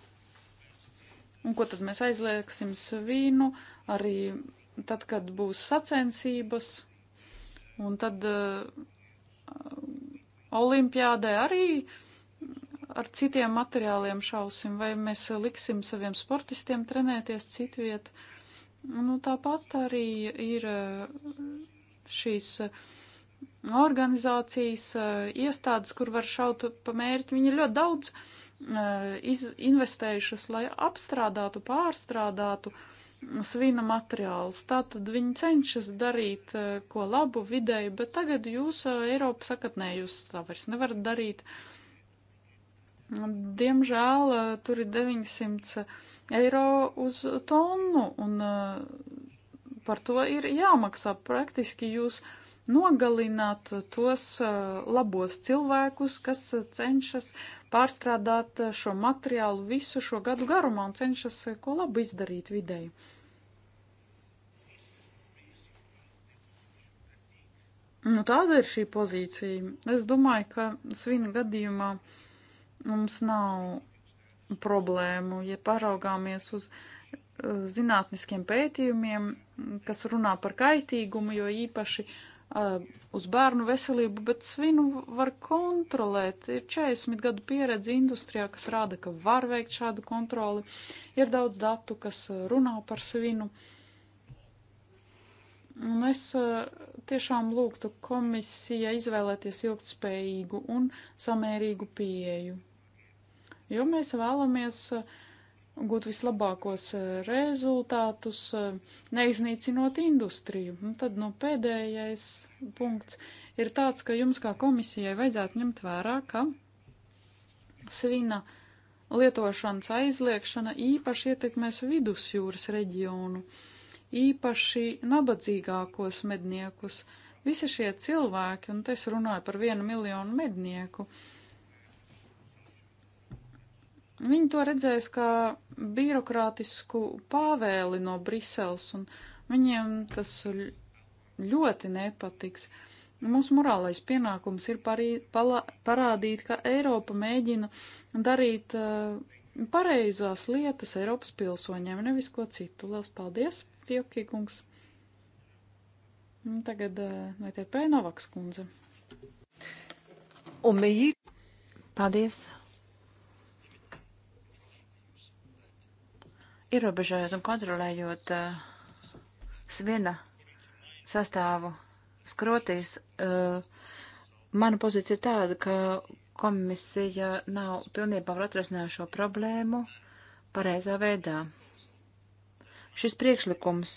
Un ko tad mēs aizlieksim svinu arī tad, kad būs sacensības, un tad uh, olimpiādē arī ar citiem materiāliem šausim, vai mēs liksim saviem sportistiem trenēties citviet. Nu, tāpat arī ir eh, šīs eh, organizācijas, eh, iestādes, kur var šaut pa mērķi. Viņi ļoti daudz iz, investējušas, lai apstrādātu, pārstrādātu uh, svina materiāls. Tātad viņi cenšas darīt eh, ko labu videi, bet tagad jūs eh, Eiropa sakat, nē, jūs tā vairs nevarat darīt. Diemžēl eh, tur ir 900 eiro uz tonu, un par to ir jāmaksā. Praktiski jūs nogalināt tos labos cilvēkus, kas cenšas pārstrādāt šo materiālu visu šo gadu garumā un cenšas ko labu izdarīt videi. Nu, tāda ir šī pozīcija. Es domāju, ka svina gadījumā mums nav problēmu, ja paraugāmies uz eh, zinātniskiem pētījumiem, kas runā par kaitīgumu, jo īpaši uh, uz bērnu veselību, bet svinu var kontrolēt. Ir 40 gadu pieredze industrijā, kas rāda, ka var veikt šādu kontroli. Ir daudz datu, kas eh, runā par svinu. Uh, Un es eh, tiešām lūgtu komisijai izvēlēties ilgtspējīgu un samērīgu pieeju, jo mēs vēlamies eh, gūt vislabākos eh, rezultātus, neiznīcinot industriju. Un tad, nu, pēdējais punkts ir tāds, ka jums kā komisijai vajadzētu ņemt vērā, ka svina lietošanas aizliekšana īpaši ietekmēs vidusjūras reģionu. Uh, īpaši nabadzīgākos medniekus. Visi šie cilvēki, un es runāju par vienu miljonu mednieku, viņi to redzēs kā birokrātisku pāvēli no Briseles, un viņiem tas ļoti nepatiks. Mūsu morālais pienākums ir parī, pala, parādīt, ka Eiropa mēģina darīt uh, pareizās lietas Eiropas pilsoņiem, nevis ko citu. Lielas paldies, Fiokīgungs! Nu, tagad VTP eh, Novaks kundze. Paldies! Ierobežojot un kontrolējot uh, eh, svina sastāvu skrotīs, uh, mana pozīcija ir tāda, ka komisija nav pilnībā var atrasināt šo problēmu pareizā veidā. Šis priekšlikums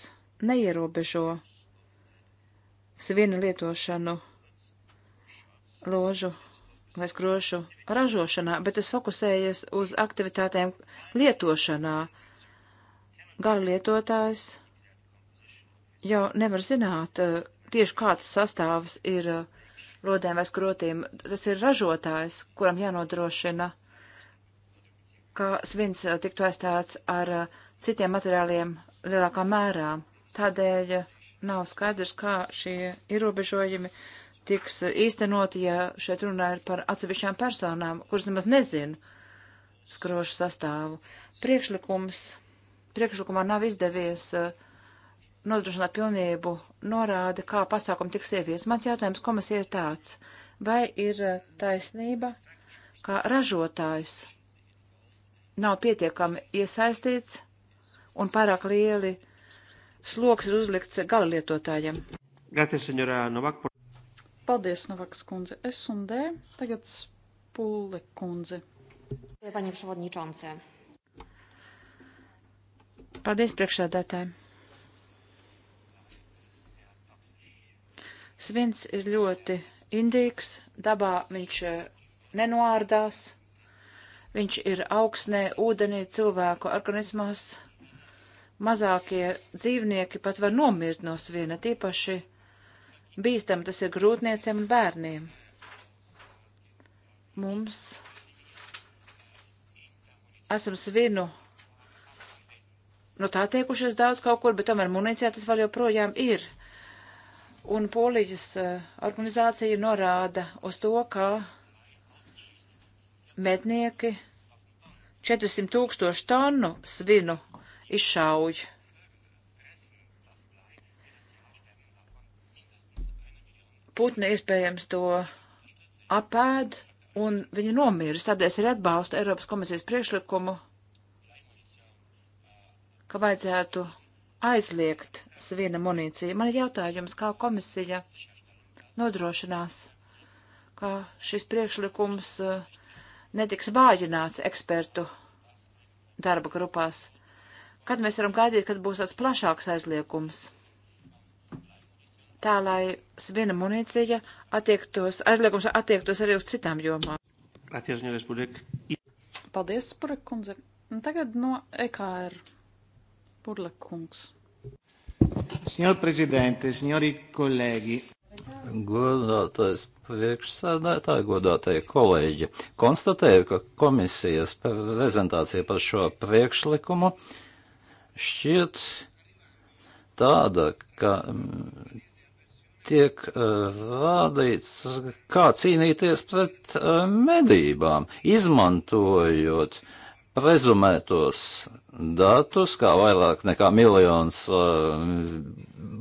neierobežo svienu lietošanu ložu vai skrošu ražošanā, bet tas fokusējas uz aktivitātēm lietošanā. Gala lietotājs jau nevar zināt uh, tieši kāds sastāvs ir uh, lodēm vai skrotiem. Tas ir ražotājs, kuram jānodrošina, ka svins eh, tiktu aizstāts ar eh, citiem materiāliem lielākā mērā. Tādēļ eh, nav skaidrs, kā šie ierobežojumi tiks īstenoti, ja šeit runā ir par atsevišķām personām, kuras nemaz nezina skrošu sastāvu. Priekšlikums, priekšlikumā nav izdevies uh, nodrošināt pilnību norāde, kā pasākumi tiks ievies. Mans jautājums komisija ir tāds, vai ir eh, taisnība, ka ražotājs nav pietiekami iesaistīts un pārāk lieli sloks ir uzlikts galalietotājiem. Gracias, senora Novak. Paldies, Novaks kundze. S un D. Tagad Spule kundze. Panie przewodniczący. Paldies priekšsēdētājiem. Svins ir ļoti indīgs, dabā viņš eh, nenoārdās, viņš ir augsnē, ūdenī, cilvēku organismās. Mazākie dzīvnieki pat var nomirt no svina, tīpaši bīstam tas ir grūtnieciem un bērniem. Mums esam svinu no nu, tā tiekušies daudz kaut kur, bet tomēr munīcijā tas vēl joprojām ir. Un Polijas eh, organizācija norāda uz to, ka mednieki 400 tūkstošu tonu svinu izšauj. Putni iespējams to apēd un viņi nomirst. Tādēļ es arī atbalstu Eiropas komisijas priekšlikumu, ka vajadzētu aizliegt sviena munīciju. Man ir jautājums, kā komisija nodrošinās, ka šis priekšlikums eh, netiks vājināts ekspertu darba grupās. Kad mēs varam gaidīt, kad būs tāds plašāks aizliegums? Tā, lai sviena munīcija attiektos, aizliegums attiektos arī uz citām jomām. Paldies, Spurek kundze. Tagad no EKR Kurla kungs. Signor Prezidente, signori kolēģi. Godātais priekšsēdētāji, godātie kolēģi, konstatēju, ka komisijas prezentācija par šo priekšlikumu šķiet tāda, ka mm, tiek eh, rādīts, kā cīnīties pret eh, medībām, izmantojot uh, rezumētos datus, kā vairāk nekā miljons uh,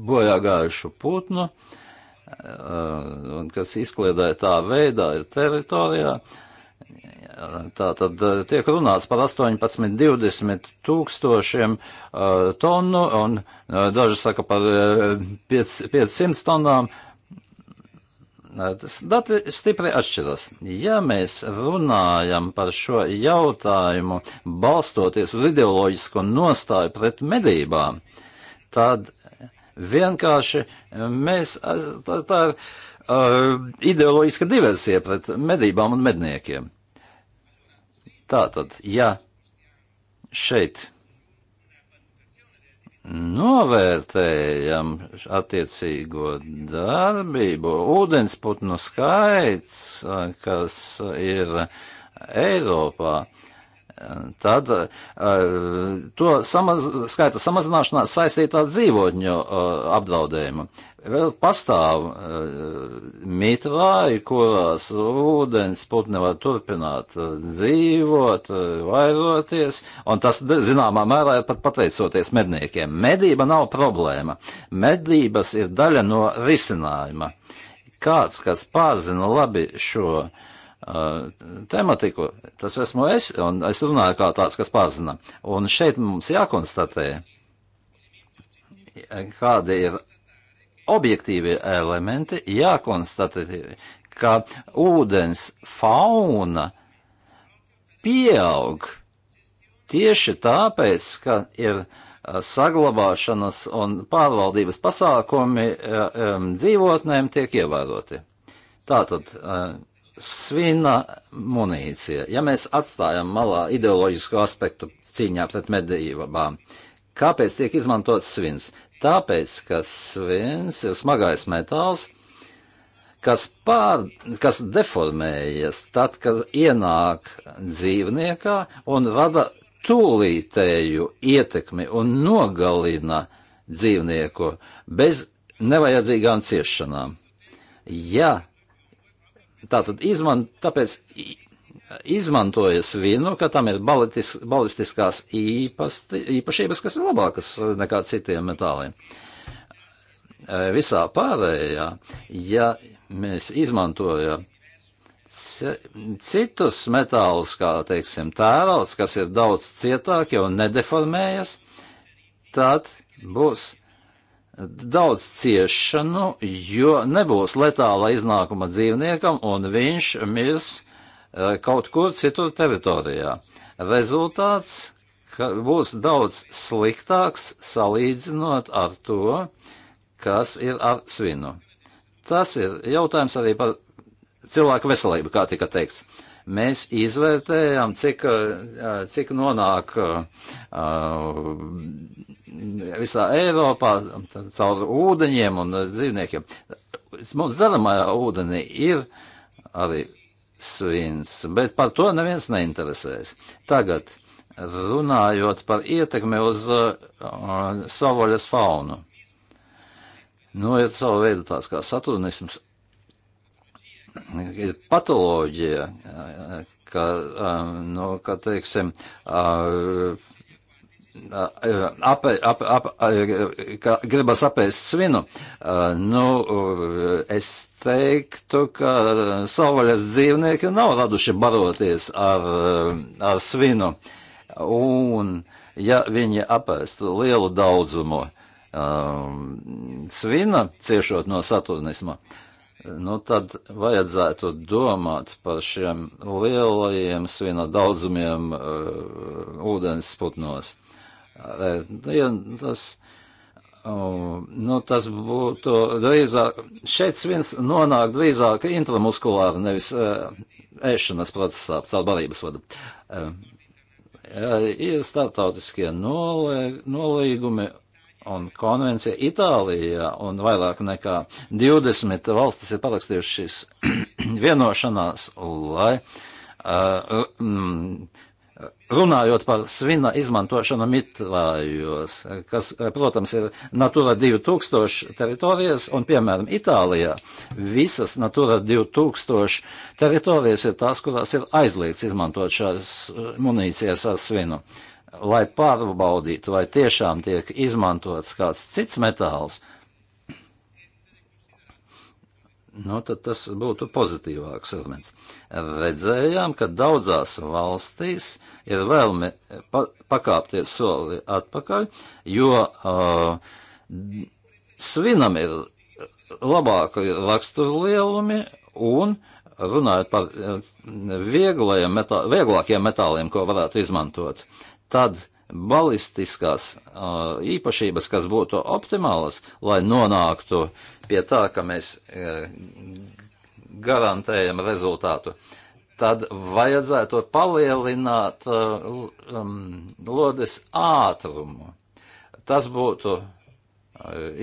bojā gājušu putnu, uh, kas izkliedēja tā veidā teritorijā. Tā tad uh, tiek runāts par 18, 20 tūkstošiem uh, tonu, un uh, daži saka par uh, 500 tonnām. Uh, Dati stipri atšķiras. Ja mēs runājam par šo jautājumu balstoties uz ideoloģisko nostāju pret medībām, tad vienkārši mēs, tā, tā ir uh, ideoloģiska diversija pret medībām un medniekiem. Tātad, ja šeit novērtējam attiecīgo darbību. Ūdensputnu skaits, kas ir Eiropā, tad uh, to samaz, skaita samazināšanās saistītā dzīvotņu uh, apdraudējuma. Vēl pastāv uh, mitrāji, kurās ūdens putni var turpināt uh, dzīvot, uh, vairoties, un tas zināmā mērā ir pat pateicoties medniekiem. Medība nav problēma. Medības ir daļa no risinājuma. Kāds, kas pārzina labi šo uh, tematiku. Tas esmu es, un es runāju kā tāds, kas pazina. Un šeit mums jākonstatē, kādi ir objektīvie elementi, jākonstatē, ka ūdens fauna pieaug tieši tāpēc, ka ir saglabāšanas un pārvaldības pasākumi dzīvotnēm tiek ievēroti. Tātad svina munīcija. Ja mēs atstājam malā ideoloģisku aspektu cīņā pret medībām, kāpēc tiek izmantots svins? Tāpēc, ka svins ir smagais metāls, kas, pār, kas deformējas tad, kad ienāk dzīvniekā un rada tūlītēju ietekmi un nogalina dzīvnieku bez nevajadzīgām ciešanām. Ja Tātad izman, tāpēc izmantojas vinu, ka tam ir balitis, balistiskās īpasti, īpašības, kas ir labākas nekā citiem metāliem. E, visā pārējā, ja mēs izmantojam citus metālus, kā teiksim tērauds, kas ir daudz cietāki un nedeformējas, tad būs daudz ciešanu, jo nebūs letāla iznākuma dzīvniekam un viņš mirs eh, kaut kur citur teritorijā. Rezultāts būs daudz sliktāks salīdzinot ar to, kas ir ar svinu. Tas ir jautājums arī par cilvēku veselību, kā tika teikts. Mēs izvērtējām, cik, cik nonāk visā Eiropā caur ūdeņiem un dzīvniekiem. Mums dzeramajā ūdenī ir arī svins, bet par to neviens neinteresēs. Tagad runājot par ietekmi uz uh, savoļas faunu. Nu, ir sava veida tāds kā saturnisms patoloģija, ka, um, nu, ka teiksim, apē, uh, apē, apē, ka gribas apēst svinu, uh, nu, es teiktu, ka savvaļas dzīvnieki nav raduši baroties ar, uh, ar svinu. Un, ja viņi apēstu lielu daudzumu um, svina, ciešot no saturnisma, uh, nu tad vajadzētu domāt par šiem lielajiem svina daudzumiem uh, ūdens putnos. Uh, ja, tas, uh, nu, tas būtu drīzāk, šeit svins nonāk drīzāk intramuskulāri, nevis uh, ēšanas procesā, caur barības vadu. Uh, ir starptautiskie nolē, nolīgumi un konvencija Itālijā, un vairāk nekā 20 valstis ir parakstījušas šīs (clears throat) vienošanās, lai uh, um, runājot par svina izmantošanu mitrājos, kas, eh, protams, ir Natura 2000 teritorijas, un, piemēram, Itālijā visas Natura 2000 teritorijas ir tās, kurās ir aizliegts izmantot šās eh, munīcijas ar svinu. Uh, lai pārbaudītu, vai tiešām tiek izmantots kāds cits metāls, nu, tad tas būtu pozitīvāks elements. Redzējām, ka daudzās valstīs ir vēlme pa pakāpties soli atpakaļ, jo uh, svinam ir labāki raksturlielumi un runājot par vieglajiem metā, vieglākiem metāliem, ko varētu izmantot. Uh, tad balistiskās uh, īpašības, kas būtu optimālas, lai nonāktu pie tā, ka mēs uh, garantējam rezultātu, tad vajadzētu palielināt uh, um, lodes ātrumu. Tas būtu uh,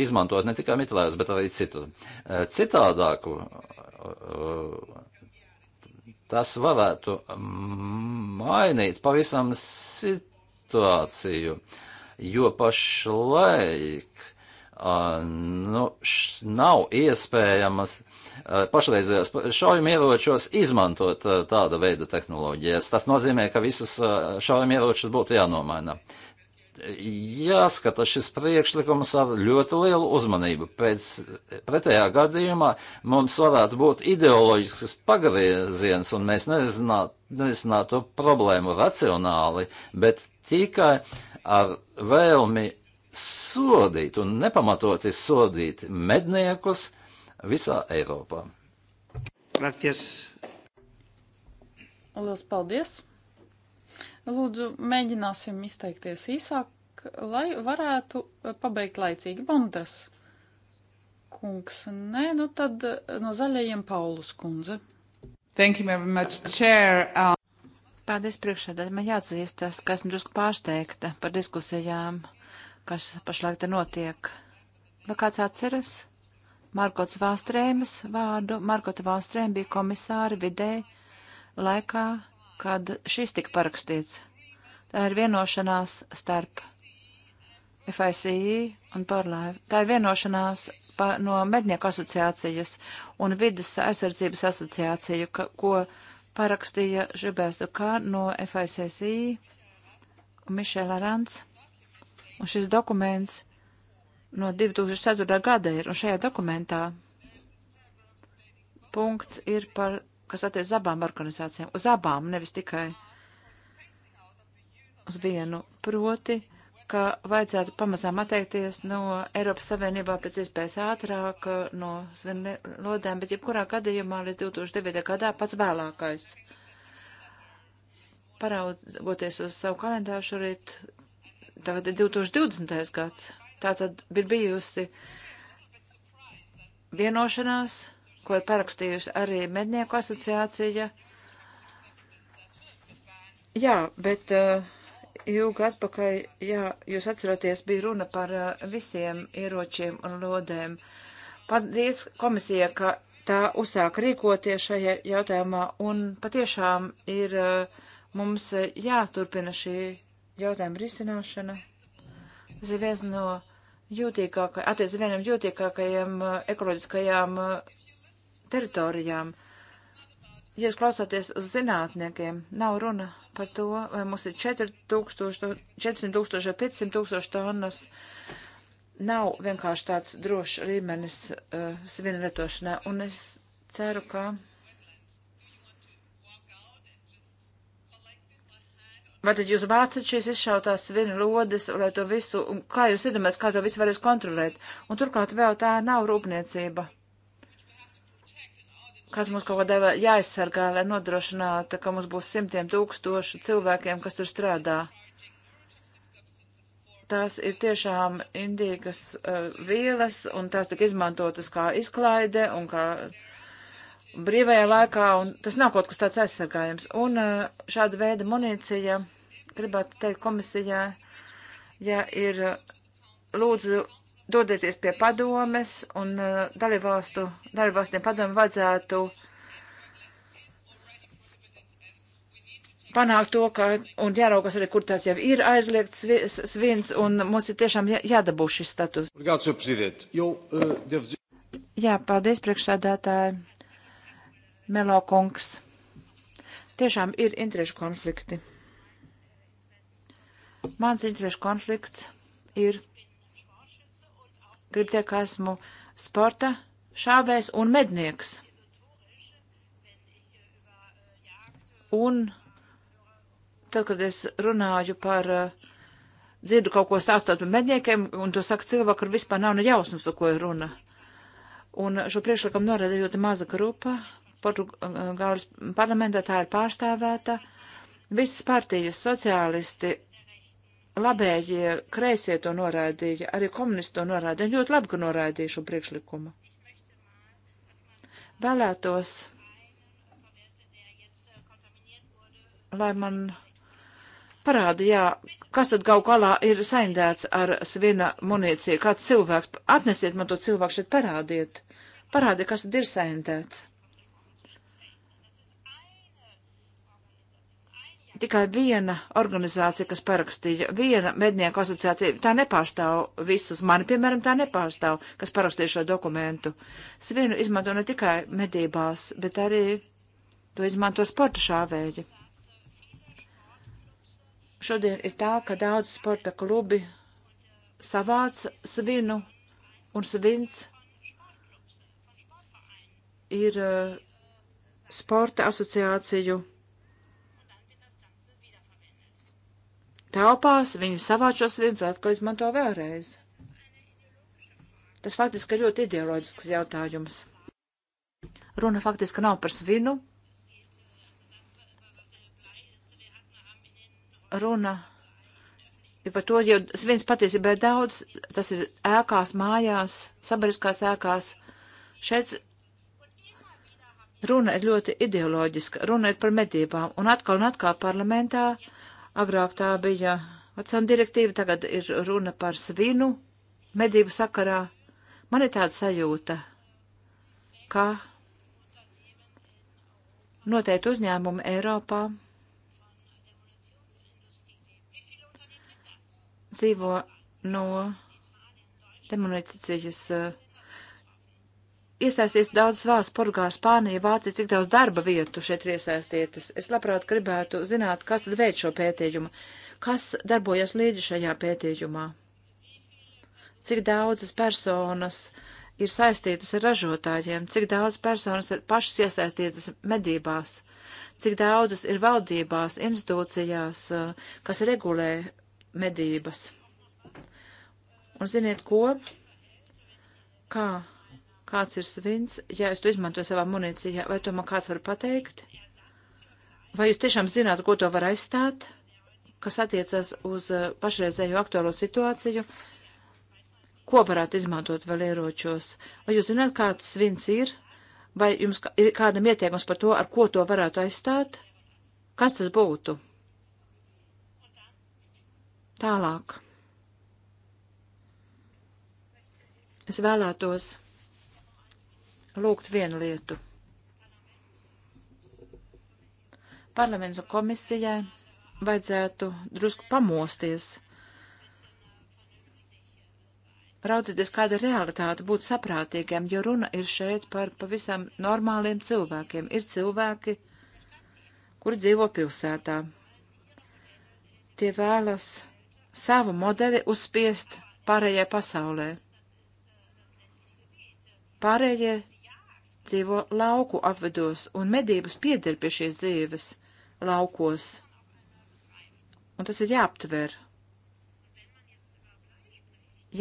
izmantot ne tikai mitrājus, bet arī citu. Uh, citādāku tas varētu mainīt pavisam citu situāciju, jo pašlaik uh, nu, š, nav iespējamas pašreizējos šaujamieročos izmantot tāda veida tehnoloģijas. Tas nozīmē, ka visus šaujamieročus būtu jānomaina. Uh, jāskata šis priekšlikums ar ļoti lielu uzmanību. Pēc pretējā gadījumā mums varētu būt ideoloģisks pagrieziens, un mēs nerisinātu problēmu racionāli, bet tikai ar vēlmi sodīt un nepamatoti sodīt medniekus visā Eiropā. Gracias. Lielas paldies! Lūdzu, mēģināsim izteikties īsāk, lai varētu eh, pabeigt laicīgi. Bondras kungs, nē, nu tad eh, no zaļajiem Paulus kundze. Thank you very much, chair. Um... Paldies priekšsēdētāji, man jāatzīstas, ka esmu drusku pārsteigta par diskusijām, kas pašlaik te notiek. Vai nu, kāds atceras? Markots Vāstrēmas vārdu. Markota Vāstrēma bija komisāra vidē laikā, kad šis tika parakstīts. Tā ir vienošanās starp FSI un Pārlaiva. Tā ir vienošanās pa, no mednieku asociācijas un vidas aizsardzības asociāciju, ka, ko parakstīja Žibēs Dukā no FSSI un Mišela Rants. Un šis dokuments no 2004. gada ir, un šajā dokumentā punkts ir par, kas attiec uz abām organizācijām, uz abām, nevis tikai uz vienu, proti ka vajadzētu pamazām atteikties no Eiropas Savienībā pēc iespējas ātrāk no svinlodēm, bet jebkurā gadījumā līdz 2009. gadā pats vēlākais. Paraugoties uz savu kalendāru šorīt, tagad ir 2020. gads. Tā tad ir bijusi vienošanās, ko ir parakstījusi arī mednieku asociācija. Jā, bet uh, ilgi atpakaļ, jā, jūs atceraties, bija runa par eh, visiem ieročiem un lodēm. Paldies komisija, ka tā uzsāka rīkoties šajā jautājumā, un patiešām ir eh, mums eh, jāturpina šī jautājuma risināšana. Tas ir viens no jūtīgākajiem, attiecīgi vienam jūtīgākajiem ekoloģiskajām teritorijām. Ja jūs klausāties uz zinātniekiem, nav runa par to, vai mums ir 4000, 400 tūkstoši vai 500 tūkstoši tonnas. Nav vienkārši tāds drošs līmenis uh, eh, svinretošanā, un es ceru, ka. Vai tad jūs vācat šīs izšautās svinu rodas, lai to visu, un kā jūs iedomājaties, kā to visu varēs kontrolēt? Un turklāt vēl tā nav rūpniecība kāds mums kaut ko deva jāaizsargā, lai nodrošinātu, ka mums būs simtiem tūkstošu cilvēkiem, kas tur strādā. Tās ir tiešām indīgas uh, vielas, un tās tika izmantotas kā izklaide un kā brīvajā laikā, un tas nav kaut kas tāds aizsargājams. Un uh, šāda veida munīcija, gribētu teikt komisijā, ja ir, uh, lūdzu, dodieties pie padomes un uh, dalībvalstu, dalībvalstiem padomu vajadzētu panākt to, ka, un jāraugas arī, kur tās jau ir aizliegts svins, un mums ir tiešām jā, jādabū šis status. Uh, jā, paldies priekšsādātāji. Melo kungs. Tiešām ir interešu konflikti. Mans interešu konflikts ir Gribu teikt, ka esmu sporta šāvējs un mednieks. Un tad, kad es runāju par uh, dzirdu kaut ko stāstot par medniekiem, un to saka cilvēku, kur vispār nav ne jausmas, par ko ir runa. Un šo priekšlikumu norēda ļoti maza grupa. Portugāles eh, parlamentā tā ir pārstāvēta. Visas partijas, sociālisti labējie kreisie to noraidīja, arī komunisti to noraidīja, ļoti labi, ka noraidīja šo priekšlikumu. Vēlētos, lai man parāda, jā, kas tad gau galā ir saindēts ar svina munīciju, kāds cilvēks, atnesiet man to cilvēku šeit parādiet, parādiet, kas tad ir saindēts. tikai viena organizācija, kas parakstīja, viena mednieku asociācija, tā nepārstāv visus. Mani, piemēram, tā nepārstāv, kas parakstīja šo dokumentu. Svienu izmanto ne tikai medībās, bet arī to izmanto sporta šāvēji. Šodien ir tā, ka daudz sporta klubi savāc svinu un svins ir eh, sporta asociāciju telpās, viņi savāc šos līdzekļus atkal izmanto vēlreiz. Tas faktiski ir ļoti ideoloģisks jautājums. Runa faktiski nav par svinu. Runa ir par to, jo svins patiesībā ir daudz, tas ir ēkās, mājās, sabariskās ēkās. Šeit runa ir ļoti ideoloģiska, runa ir par medībām, un atkal un atkal parlamentā Agrāk tā bija vecāna direktīva, tagad ir runa par svinu medību sakarā. Man ir tāda sajūta, ka noteikti uzņēmumi Eiropā dzīvo no demonizācijas uh, iesaistīts daudzas valsts, Portugāla, Spānija, Vācija, cik daudz darba vietu šeit ir iesaistītas. Es labprāt gribētu zināt, kas tad veids šo pētījumu, kas darbojas līdzi šajā pētījumā, cik daudzas personas ir saistītas ar ražotājiem, cik daudz personas ir pašas iesaistītas medībās, cik daudzas ir valdībās, institūcijās, kas regulē medības. Un ziniet ko? Kā? kāds ir svins, ja es to izmantoju savā munīcijā, vai to man kāds var pateikt? Vai jūs tiešām zināt, ko to var aizstāt, kas attiecas uz eh, pašreizējo aktuālo situāciju? Ko varētu izmantot vēl ieročos? Vai jūs zināt, kāds svins ir? Vai jums ir kādam ieteikums par to, ar ko to varētu aizstāt? Kas tas būtu? Tālāk. Es vēlētos lūgt vienu lietu. Parlamenta komisijai vajadzētu drusku pamosties, raudzīties, kāda realitāte būtu saprātīgiem, jo runa ir šeit par pavisam normāliem cilvēkiem. Ir cilvēki, kuri dzīvo pilsētā. Tie vēlas savu modeli uzspiest pārējai pasaulē. Pārējie dzīvo lauku apvedos, un medības pieder pie šīs dzīves laukos. Un tas ir jāaptver.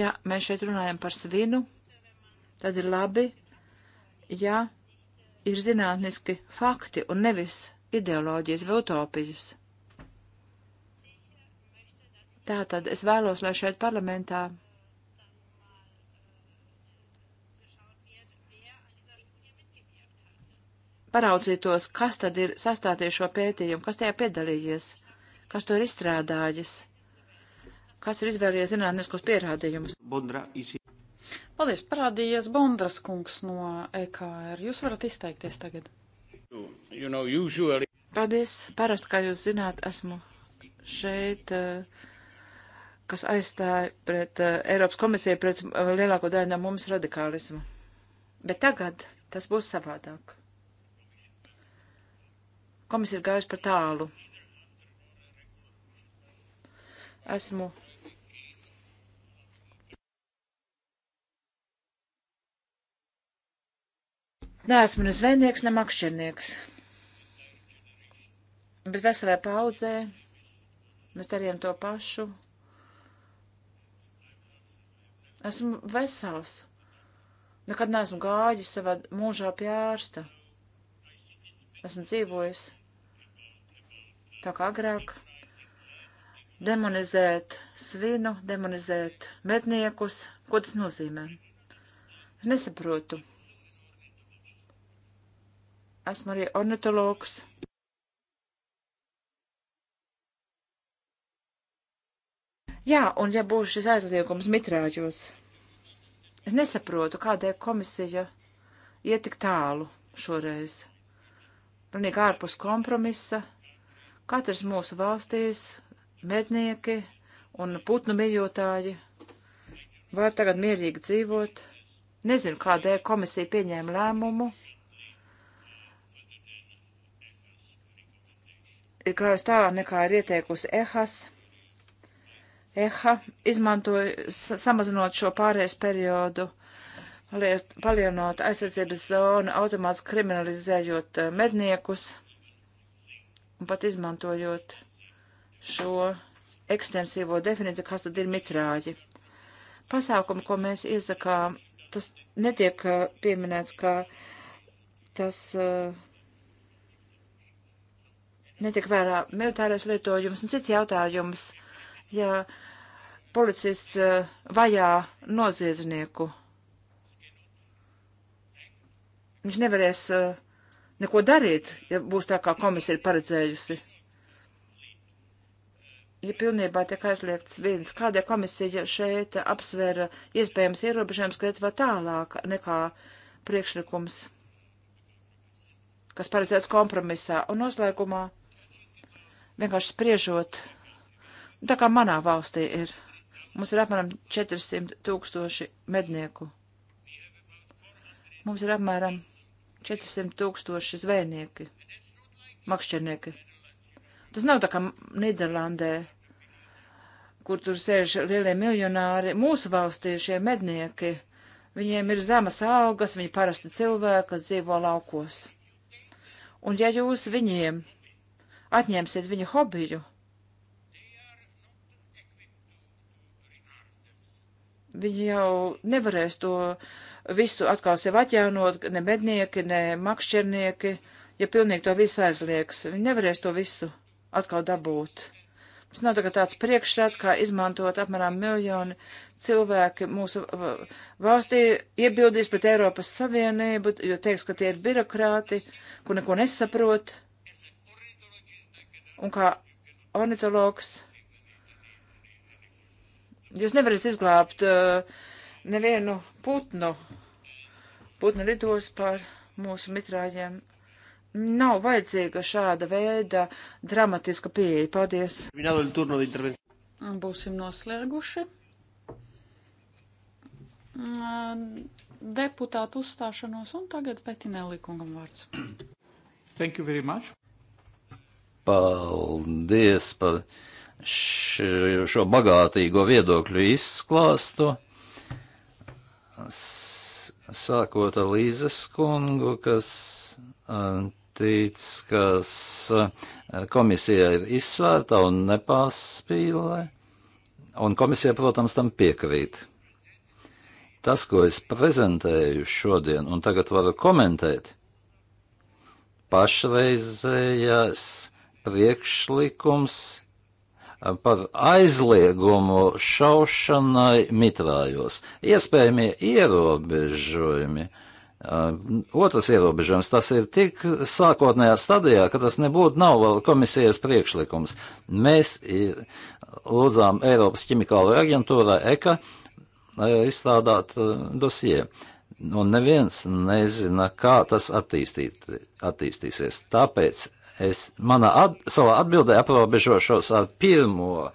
Ja mēs šeit runājam par svinu, tad ir labi, ja ir zinātniski fakti un nevis ideoloģijas vai utopijas. Tātad es vēlos, lai šeit parlamentā paraudzītos, kas tad ir sastāties šo pētījumu, kas tajā piedalījies, kas to ir izstrādājis, kas ir izvēlējies zinātniskos pierādījumus. Bondra, isi... Paldies, parādījies Bondras kungs no EKR. Jūs varat izteikties tagad. You know, usually... Paldies, parasti, kā jūs zināt, esmu šeit. Uh, kas aizstāja pret uh, Eiropas komisiju, pret uh, lielāko daļu no mums radikālismu. Bet tagad tas būs savādāk. Komisija ir gājusi par tālu. Esmu Neesmu ne zvejnieks, ne makšķernieks. Bet veselē paudzē mēs darījām to pašu. Esmu vesels. Nekad neesmu gājis savā mūžā pie ārsta. Esmu dzīvojis tā kā agrāk, demonizēt svinu, demonizēt medniekus. Ko tas nozīmē? Es nesaprotu. Esmu arī ornitologs. Jā, un ja būs šis aizliegums mitrāģos, es nesaprotu, kādēļ komisija iet tik tālu šoreiz. Pilnīgi ārpus kompromisa Katrs mūsu valstīs, mednieki un putnu mīļotāji var tagad mierīgi dzīvot. Nezinu, kādēļ komisija pieņēma lēmumu. Ir gājusi tālāk nekā ir ieteikusi EHAS. EHA izmantoja, samazinot šo pārējais periodu, palielinot aizsardzības zonu, automātiski kriminalizējot eh, medniekus. Un pat izmantojot šo ekstensīvo definīciju, kas tad ir mitrāģi. Pasākumi, ko mēs iesakām, tas netiek pieminēts, ka tas uh, netiek vērā militārais lietojums un cits jautājums, ja policists uh, vajā noziedznieku. Viņš nevarēs uh, neko darīt, ja būs tā, kā komisija ir paredzējusi. Ja pilnībā tiek aizliegts viens, kādēļ komisija šeit apsvēra iespējams ierobežojums, ka iet vēl tālāk nekā priekšlikums, kas paredzēts kompromisā un noslēgumā vienkārši spriežot, tā kā manā valstī ir. Mums ir apmēram 400 tūkstoši mednieku. Mums ir apmēram 400 tūkstoši zvejnieki, makšķernieki. Tas nav tā kā Nīderlandē, kur tur sēž lielie miljonāri. Mūsu valstī šie mednieki, viņiem ir zemas augas, viņi parasti cilvēki, kas dzīvo laukos. Un ja jūs viņiem atņemsiet viņu hobiju, viņi jau nevarēs to uh, visu atkal sev atjaunot, ne mednieki, ne makšķernieki, ja pilnīgi to visu aizliegs. Viņi nevarēs to visu atkal dabūt. Mums nav tagad tāds priekšstats, kā izmantot apmēram miljoni cilvēki mūsu valstī iebildīs pret Eiropas Savienību, jo teiks, ka tie ir birokrāti, kur neko nesaprot. Un kā ornitologs, jūs nevarat izglābt uh, nevienu putnu, putnu lidos pār mūsu mitrāģiem. Nav vajadzīga šāda veida dramatiska pieeja. Paldies! Būsim noslēguši. Mm, deputātu uzstāšanos un tagad Petinēlī kungam vārds. Thank you very much. Paldies par šo bagātīgo viedokļu izklāstu sākot ar Līzes kungu, kas tic, kas komisija ir izsvērta un nepārspīlē, un komisija, protams, tam piekrīt. Tas, ko es prezentēju šodien un tagad varu komentēt, pašreizējais priekšlikums par aizliegumu šaušanai mitrājos. Iespējamie ierobežojumi. Uh, otrs ierobežojums tas ir tik sākotnējā stadijā, ka tas nebūtu nav vēl komisijas priekšlikums. Mēs lūdzām Eiropas ķimikālo aģentūrai EKA uh, izstrādāt uh, dosie. Un neviens nezina, kā tas attīstīt, attīstīsies. Tāpēc Es manā at, savā atbildē aprobežošos ar pirmo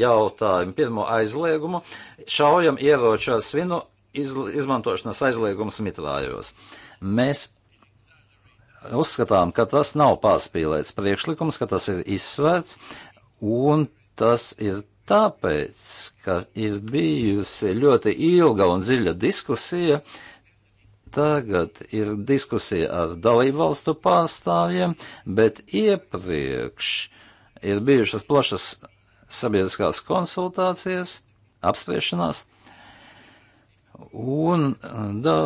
jautājumu, pirmo aizliegumu - šaujam ieroču ar svinu iz, izmantošanas aizliegums mitrājos. Mēs uzskatām, ka tas nav pārspīlēts priekšlikums, ka tas ir izsvērts, un tas ir tāpēc, ka ir bijusi ļoti ilga un dziļa diskusija uh, Tagad ir diskusija ar dalību valstu pārstāvjiem, bet iepriekš ir bijušas plašas sabiedriskās konsultācijas, apspriešanās, un da,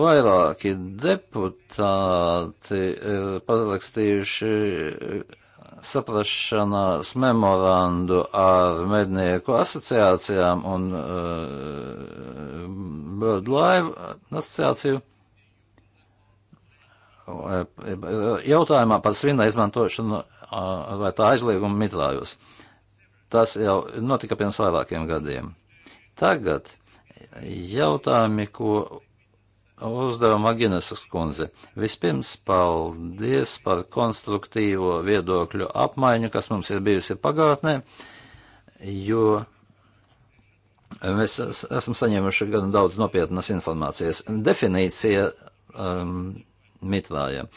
vairāki deputāti ir parakstījuši saprašanās memorandu ar mednieku asociācijām un uh, eh, Bird Live asociāciju jautājumā par svina izmantošanu uh, vai tā aizliegumu mitrājos. Tas jau notika pirms vairākiem gadiem. Tagad jautājumi, ko uzdeva Maginesas kundze. Vispirms paldies par konstruktīvo viedokļu apmaiņu, kas mums ir bijusi pagātnē, jo mēs esam saņēmuši gan daudz nopietnas informācijas. Definīcija um, mitrājam.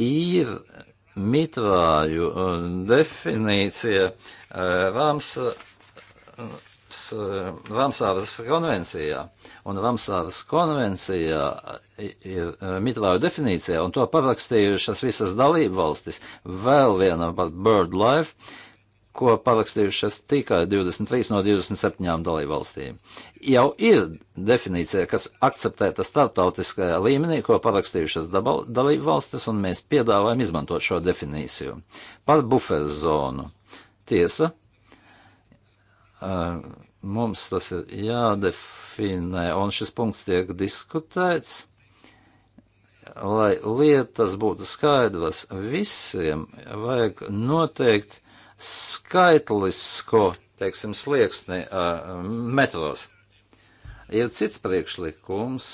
Ir mitrāju uh, um, definīcija uh, Rams, uh, Ramsāras konvencijā. Uh, un Ramsāras konvencijā ir e, mitrāju definīcijā, un to parakstījušas visas dalību valstis. Vēl viena par BirdLife, ko parakstījušas tikai 23 no 27 dalību valstīm. Jau ir definīcija, kas akceptēta starptautiskajā līmenī, ko parakstījušas dalību valstis, un mēs piedāvājam izmantot šo definīciju. Par buferzonu. Tiesa, mums tas ir jādefinē jādefinē, un šis punkts tiek diskutēts, lai lietas būtu skaidras visiem, vajag noteikt skaitlisko, teiksim, slieksni uh, metros. Ir cits priekšlikums,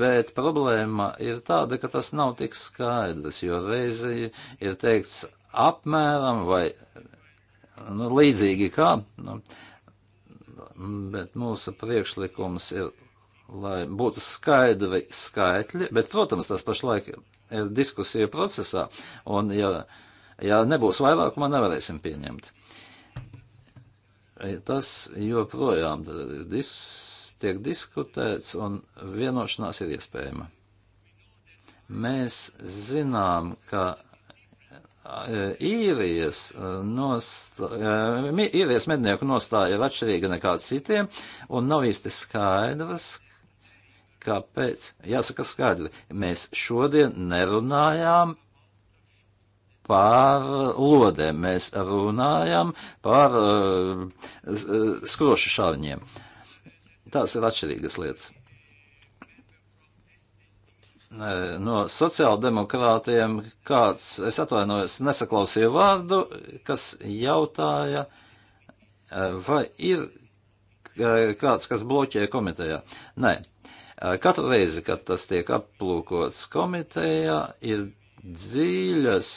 bet problēma ir tāda, ka tas nav tik skaidrs, jo reizi ir teikts apmēram vai nu, līdzīgi kā. Nu, uh, bet mūsu priekšlikums ir, lai būtu skaidri skaitļi, bet, protams, tas pašlaik ir diskusija procesā, un ja, ja nebūs vairākuma, nevarēsim pieņemt. Tas joprojām dis, tiek diskutēts, un vienošanās ir iespējama. Mēs zinām, ka Eh, īrijas, eh, nostā, eh, īrijas mednieku nostāja ir atšķirīga nekā citiem, un nav īsti skaidrs, kāpēc. Jāsaka skaidri, mēs šodien nerunājām par lodēm, mēs runājam par uh, skrošu šāviņiem. Tās ir atšķirīgas lietas no sociāldemokrātiem kāds, es atvainojos, nesaklausīju vārdu, kas jautāja, e, vai ir e, kāds, kas bloķē komitejā. Nē, e, katru reizi, kad tas tiek aplūkots komitejā, ir dziļas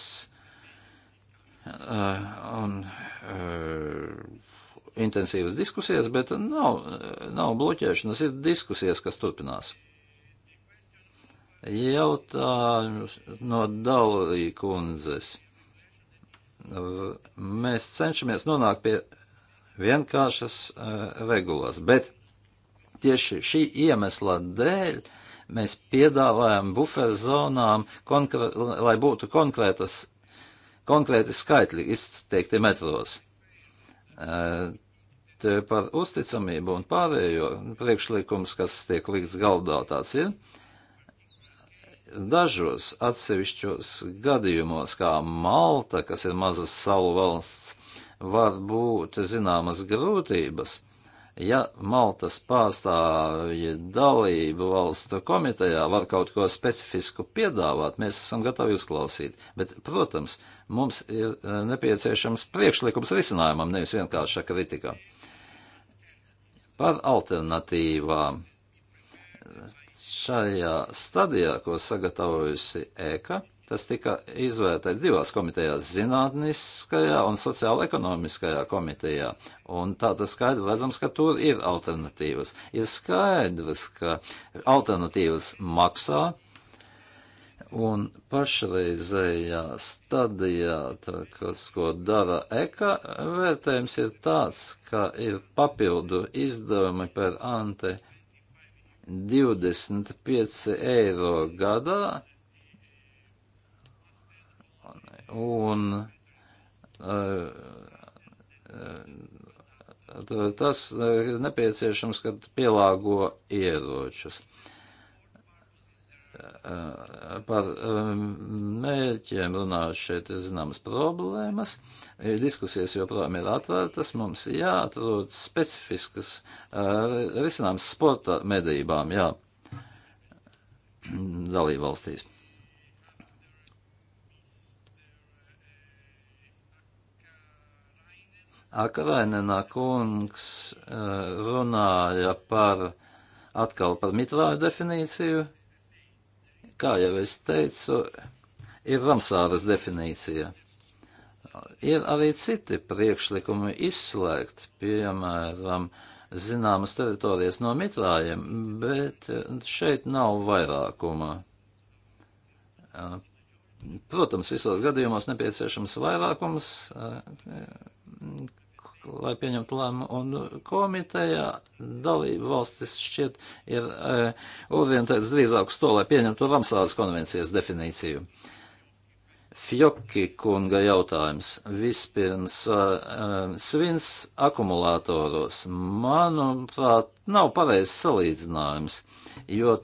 un intensīvas diskusijas, bet nav, nav bloķēšanas, ir diskusijas, kas turpinās. Jautājums no Dalī kundzes. Mēs cenšamies nonākt pie vienkāršas eh, regulas, bet tieši šī iemesla dēļ mēs piedāvājam buferzonām, lai būtu konkrētas, konkrēti skaitļi izteikti metros. Eh, te par uzticamību un pārējo priekšlikums, kas tiek liks galdā, tās ir. Dažos atsevišķos gadījumos, kā Malta, kas ir mazas salu valsts, var būt zināmas grūtības, ja Maltas pārstāvja dalību valstu komitejā var kaut ko specifisku piedāvāt, mēs esam gatavi uzklausīt. Bet, protams, mums ir eh, nepieciešams priekšlikums risinājumam, nevis vienkārša kritika. Par alternatīvām šajā stadijā, ko sagatavojusi ēka, tas tika izvērtēts divās komitejās - zinātniskajā un sociāla-ekonomiskajā komitejā. Un tā tas skaidri redzams, ka tur ir alternatīvas. Ir skaidrs, ka alternatīvas maksā. Un pašreizējā stadijā, tā, kas, ko dara eka, vērtējums ir tāds, ka ir papildu izdevumi par ante 25 eiro gadā un eh, eh, tas eh, nepieciešams, kad pielāgo ieročus par um, mērķiem runāju šeit ir zināmas problēmas. Diskusijas joprojām ir atvērtas, mums jāatrod specifiskas uh, risinājums sporta medībām, jā, (clears throat) dalībvalstīs. Akarainenā kungs uh, runāja par atkal par mitrāju definīciju Kā jau es teicu, ir Ramsāras definīcija. Ir arī citi priekšlikumi izslēgt, piemēram, zināmas teritorijas no mitrājiem, bet šeit nav vairākuma. Protams, visos gadījumos nepieciešams vairākums, lai pieņemtu lēmumu, un komitejā dalība valstis šķiet ir e, orientēts drīzāk uz to, lai pieņemtu Ramsāras konvencijas definīciju. Fjoki kunga jautājums. Vispirms, uh, svins akumulātoros, manuprāt, nav pareizs salīdzinājums, jo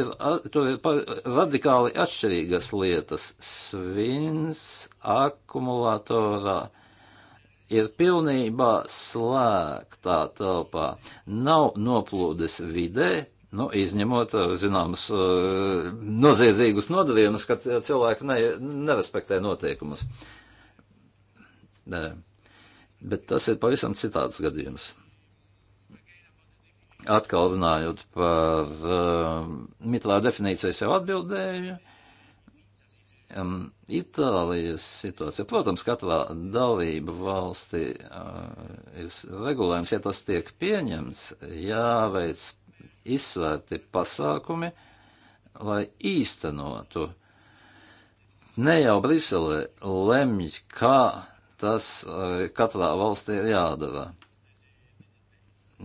ir, tur ir par, radikāli atšķirīgas lietas. Svins akumulātorā ir pilnībā slēgtā telpā. Nav noplūdes vidē, nu, izņemot, eh, zināmas, eh, noziedzīgus nodarījumus, kad cilvēki ne, nerespektē noteikumus. Nē. Bet tas ir pavisam citāds gadījums. Atkal runājot par uh, eh, mitrā definīcijas jau atbildēju. Uh, um, Itālijas situācija. Protams, katrā dalība valstī uh, ir regulējums, ja tas tiek pieņemts, jāveic izsvērti pasākumi, lai īstenotu. Ne jau Briselē lemj, kā tas uh, katrā valstī ir jādara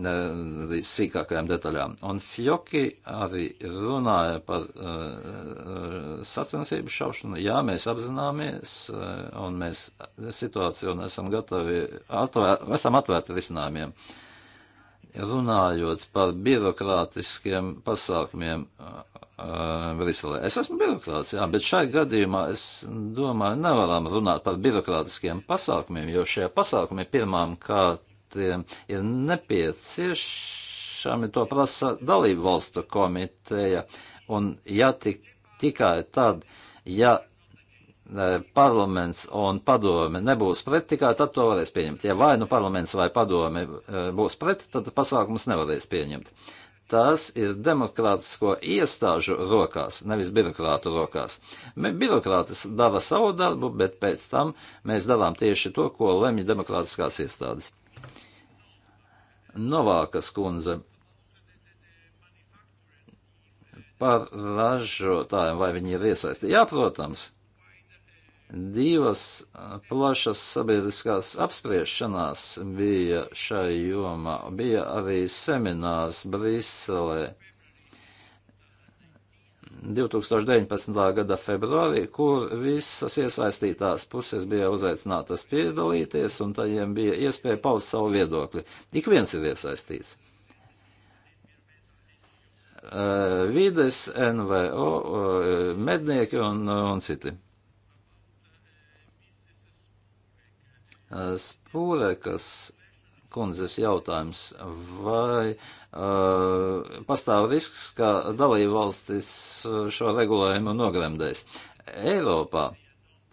līdz sīkākajām detaļām. Un Fjoki arī runāja par uh, sacensību šaušanu. Jā, mēs apzināmies, uh, un mēs situāciju un esam gatavi, atvēr, esam atvērti risinājumiem. Runājot par birokrātiskiem pasākumiem uh, Briselē. Es esmu birokrāts, jā, bet šai gadījumā es domāju, nevaram runāt par birokrātiskiem pasākumiem, jo šie pasākumi pirmām kārt aktiem ir nepieciešami, to prasa dalību valstu komiteja. Un ja tik, tikai tad, ja e, parlaments un padome nebūs pret, tikai tad to varēs pieņemt. Ja vai nu parlaments vai padome e, būs pret, tad pasākums nevarēs pieņemt. Tas ir demokrātisko iestāžu rokās, nevis birokrātu rokās. Birokrātis dara savu darbu, bet pēc tam mēs darām tieši to, ko lemj demokrātiskās iestādes. Novākas kundze par ražotājiem, vai viņi ir iesaistīti. Jā, protams, divas plašas sabiedriskās apspriešanās bija šai jomā. Bija arī seminārs Briselē 2019. gada februārī, kur visas iesaistītās puses bija uzaicinātas piedalīties, un tajiem bija iespēja paust savu viedokli. Ik viens ir iesaistīts. Eh, vides, NVO, eh, mednieki un, un citi. Eh, Spūrekas kundzes jautājums. Vai uh, pastāv risks, ka dalība valstis uh, šo regulējumu nogremdēs? Eiropā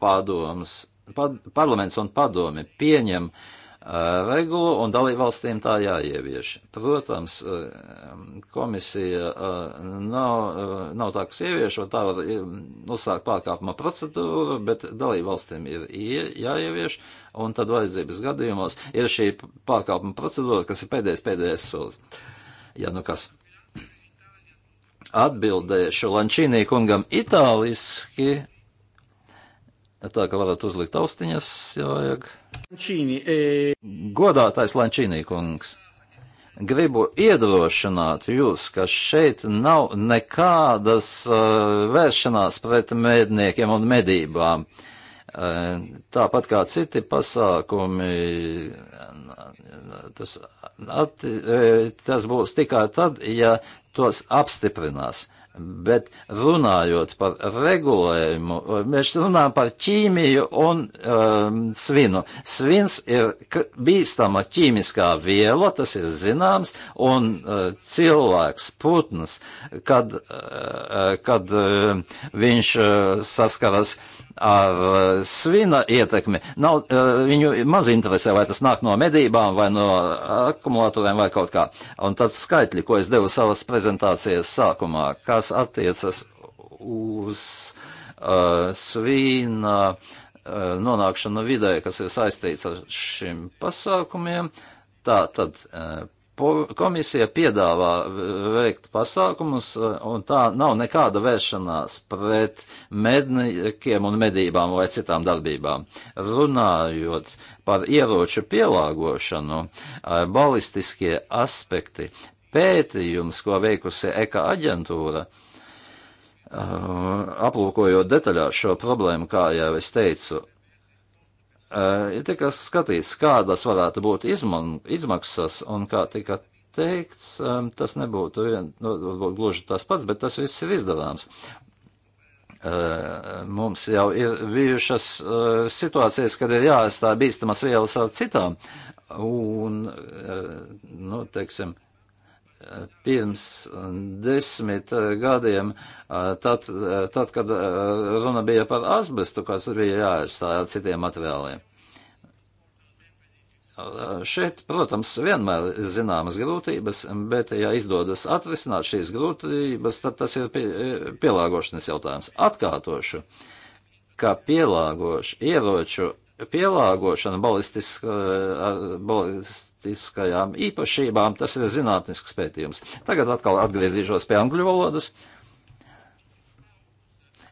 padoms, pad, parlaments un padomi pieņem uh, Eh, regulu un dalībvalstīm tā jāievieš. Protams, eh, komisija eh, nav, nav tā, kas ievieš, vai tā var uzsākt pārkāpuma procedūru, bet dalībvalstīm ir jāievieš, un tad vajadzības gadījumos ir šī pārkāpuma procedūra, kas ir pēdējais, pēdējais solis. Ja nu kas atbildēšu Lančīnī kungam itāliski, Tā kā varētu uzlikt austiņas, ja vajag. Lančīni, e... Godātais Lančīnī kungs, gribu iedrošināt jūs, ka šeit nav nekādas uh, vēršanās pret mēdniekiem un medībām. Uh, tāpat kā citi pasākumi, tas, atti, e, tas būs tikai tad, ja tos apstiprinās. Bet runājot par regulējumu, mēs runājam par ķīmiju un um, svinu. Svins ir bīstama ķīmiskā viela, tas ir zināms, un uh, cilvēks, putns, kad, uh, uh kad uh, viņš uh, saskaras uh, ar uh, svina ietekmi. Nav, uh, viņu maz interesē, vai tas nāk no medībām, vai no akumulatoriem, vai kaut kā. Un tad skaitļi, ko es devu savas prezentācijas sākumā, kas attiecas uz uh, svina uh, nonākšanu vidē, kas ir saistīts ar šiem pasākumiem. Tā tad uh, Komisija piedāvā veikt pasākumus, e, un tā nav nekāda vēršanās pret medniekiem un medībām vai citām darbībām. Runājot par ieroču pielāgošanu, e, balistiskie aspekti, pētījums, ko veikusi EKA aģentūra, e, aplūkojot detaļā šo problēmu, kā jau es teicu, ir eh, tika skatīts, kādas varētu būt izman, izmaksas un kā tika teikts, tas nebūtu vien, nu, gluži tas pats, bet tas viss ir izdarāms. Eh, mums jau ir bijušas eh, situācijas, kad ir jāaizstāv bīstamas vielas ar citām, un, nu, teiksim, pirms eh, desmit eh, gadiem, eh, tad, tad kad runa bija par asbestu, kas bija jāaizstāj ar citiem materiāliem. Šeit, protams, vienmēr ir zināmas grūtības, bet, ja izdodas atrisināt šīs grūtības, tad tas ir pielāgošanas jautājums. Atkārtošu, ka pielāgošu ieroču pielāgošana balistiskai balist, genetiskajām īpašībām. Tas ir zinātnisks pētījums. Tagad atkal atgriezīšos pie angļu valodas.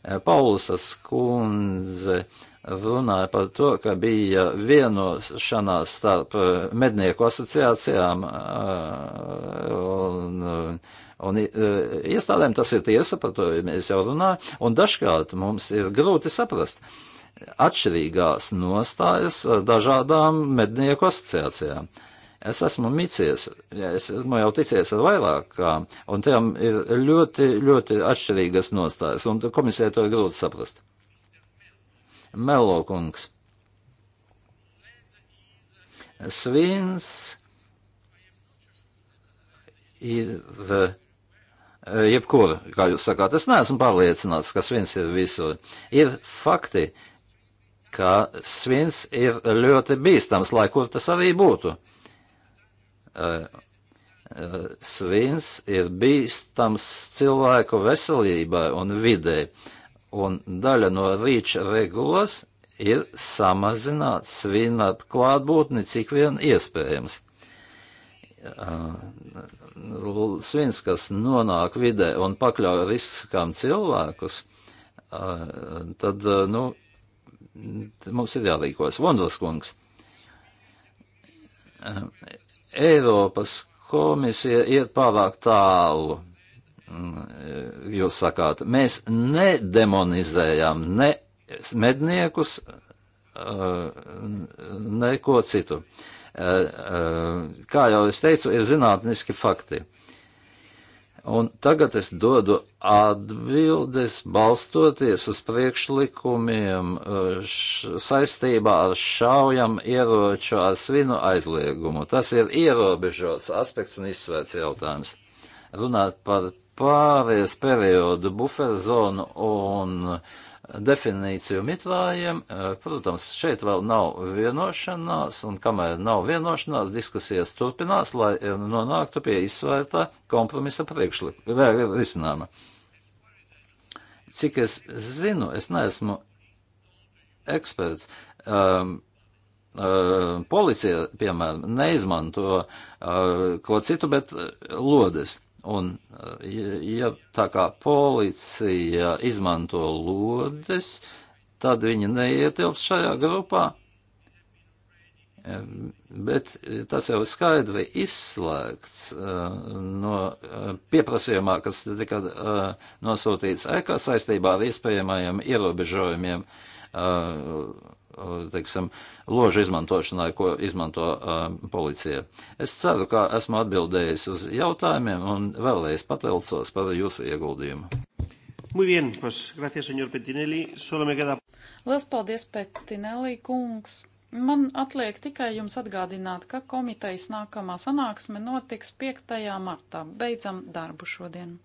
Eh, Paulusas kundze runāja par to, ka bija vienošanās starp eh, mednieku asociācijām eh, un, un iestādēm. Tas ir tiesa, par to mēs jau runājam, un dažkārt mums ir grūti saprast atšķirīgās nostājas dažādām mednieku asociācijām. Uh, Es esmu micies, es esmu jau ticies ar vairākām, un tām ir ļoti, ļoti atšķirīgas nostājas, un komisijai to ir grūti saprast. Melo kungs. Svins ir eh, jebkur, kā jūs sakāt, es neesmu pārliecināts, ka svins ir visur. Ir fakti, ka svins ir ļoti bīstams, lai kur tas arī būtu. Svins ir bīstams cilvēku veselībai un vidē, un daļa no rīča regulas ir samazināt svina klātbūtni cik vien iespējams. Svins, kas nonāk vidē un pakļauj riskam cilvēkus, tad, nu, mums ir jārīkojas. Vondras kungs, Eiropas komisija iet pārāk tālu. Jūs sakāt, mēs nedemonizējam ne medniekus, uh, neko citu. Uh, uh, kā jau es teicu, ir zinātniski fakti. Un tagad es dodu atbildes balstoties uz priekšlikumiem eh, š, saistībā ar šaujam ieroču ar svinu aizliegumu. Tas ir ierobežots aspekts un izsvērts jautājums. Runāt par pāries periodu, buferzonu un uh, definīciju mitvājiem. Eh, protams, šeit vēl nav vienošanās, un kamēr nav vienošanās, diskusijas turpinās, lai eh, nonāktu pie izsvērtā kompromisa risinājuma. Cik es zinu, es neesmu eksperts. Um, uh, policija, piemēram, neizmanto uh, ko citu, bet lodes. Un, eh, ja tā kā policija izmanto lodes, tad viņi neietilps šajā grupā. Bet eh, tas jau ir skaidri izslēgts eh, no pieprasījumā, kas tika nosūtīts ECA saistībā ar iespējamajiem ierobežojumiem teiksim, ložu izmantošanai, ko izmanto um, policija. Es ceru, ka esmu atbildējis uz jautājumiem un vēlreiz pateicos par jūsu ieguldījumu. Muy bien, pues gracias, señor Petinelli. Solo me queda. Lielas paldies, Petinelli kungs. Man atliek tikai jums atgādināt, ka komitejas nākamā sanāksme notiks 5. martā. Beidzam darbu šodien.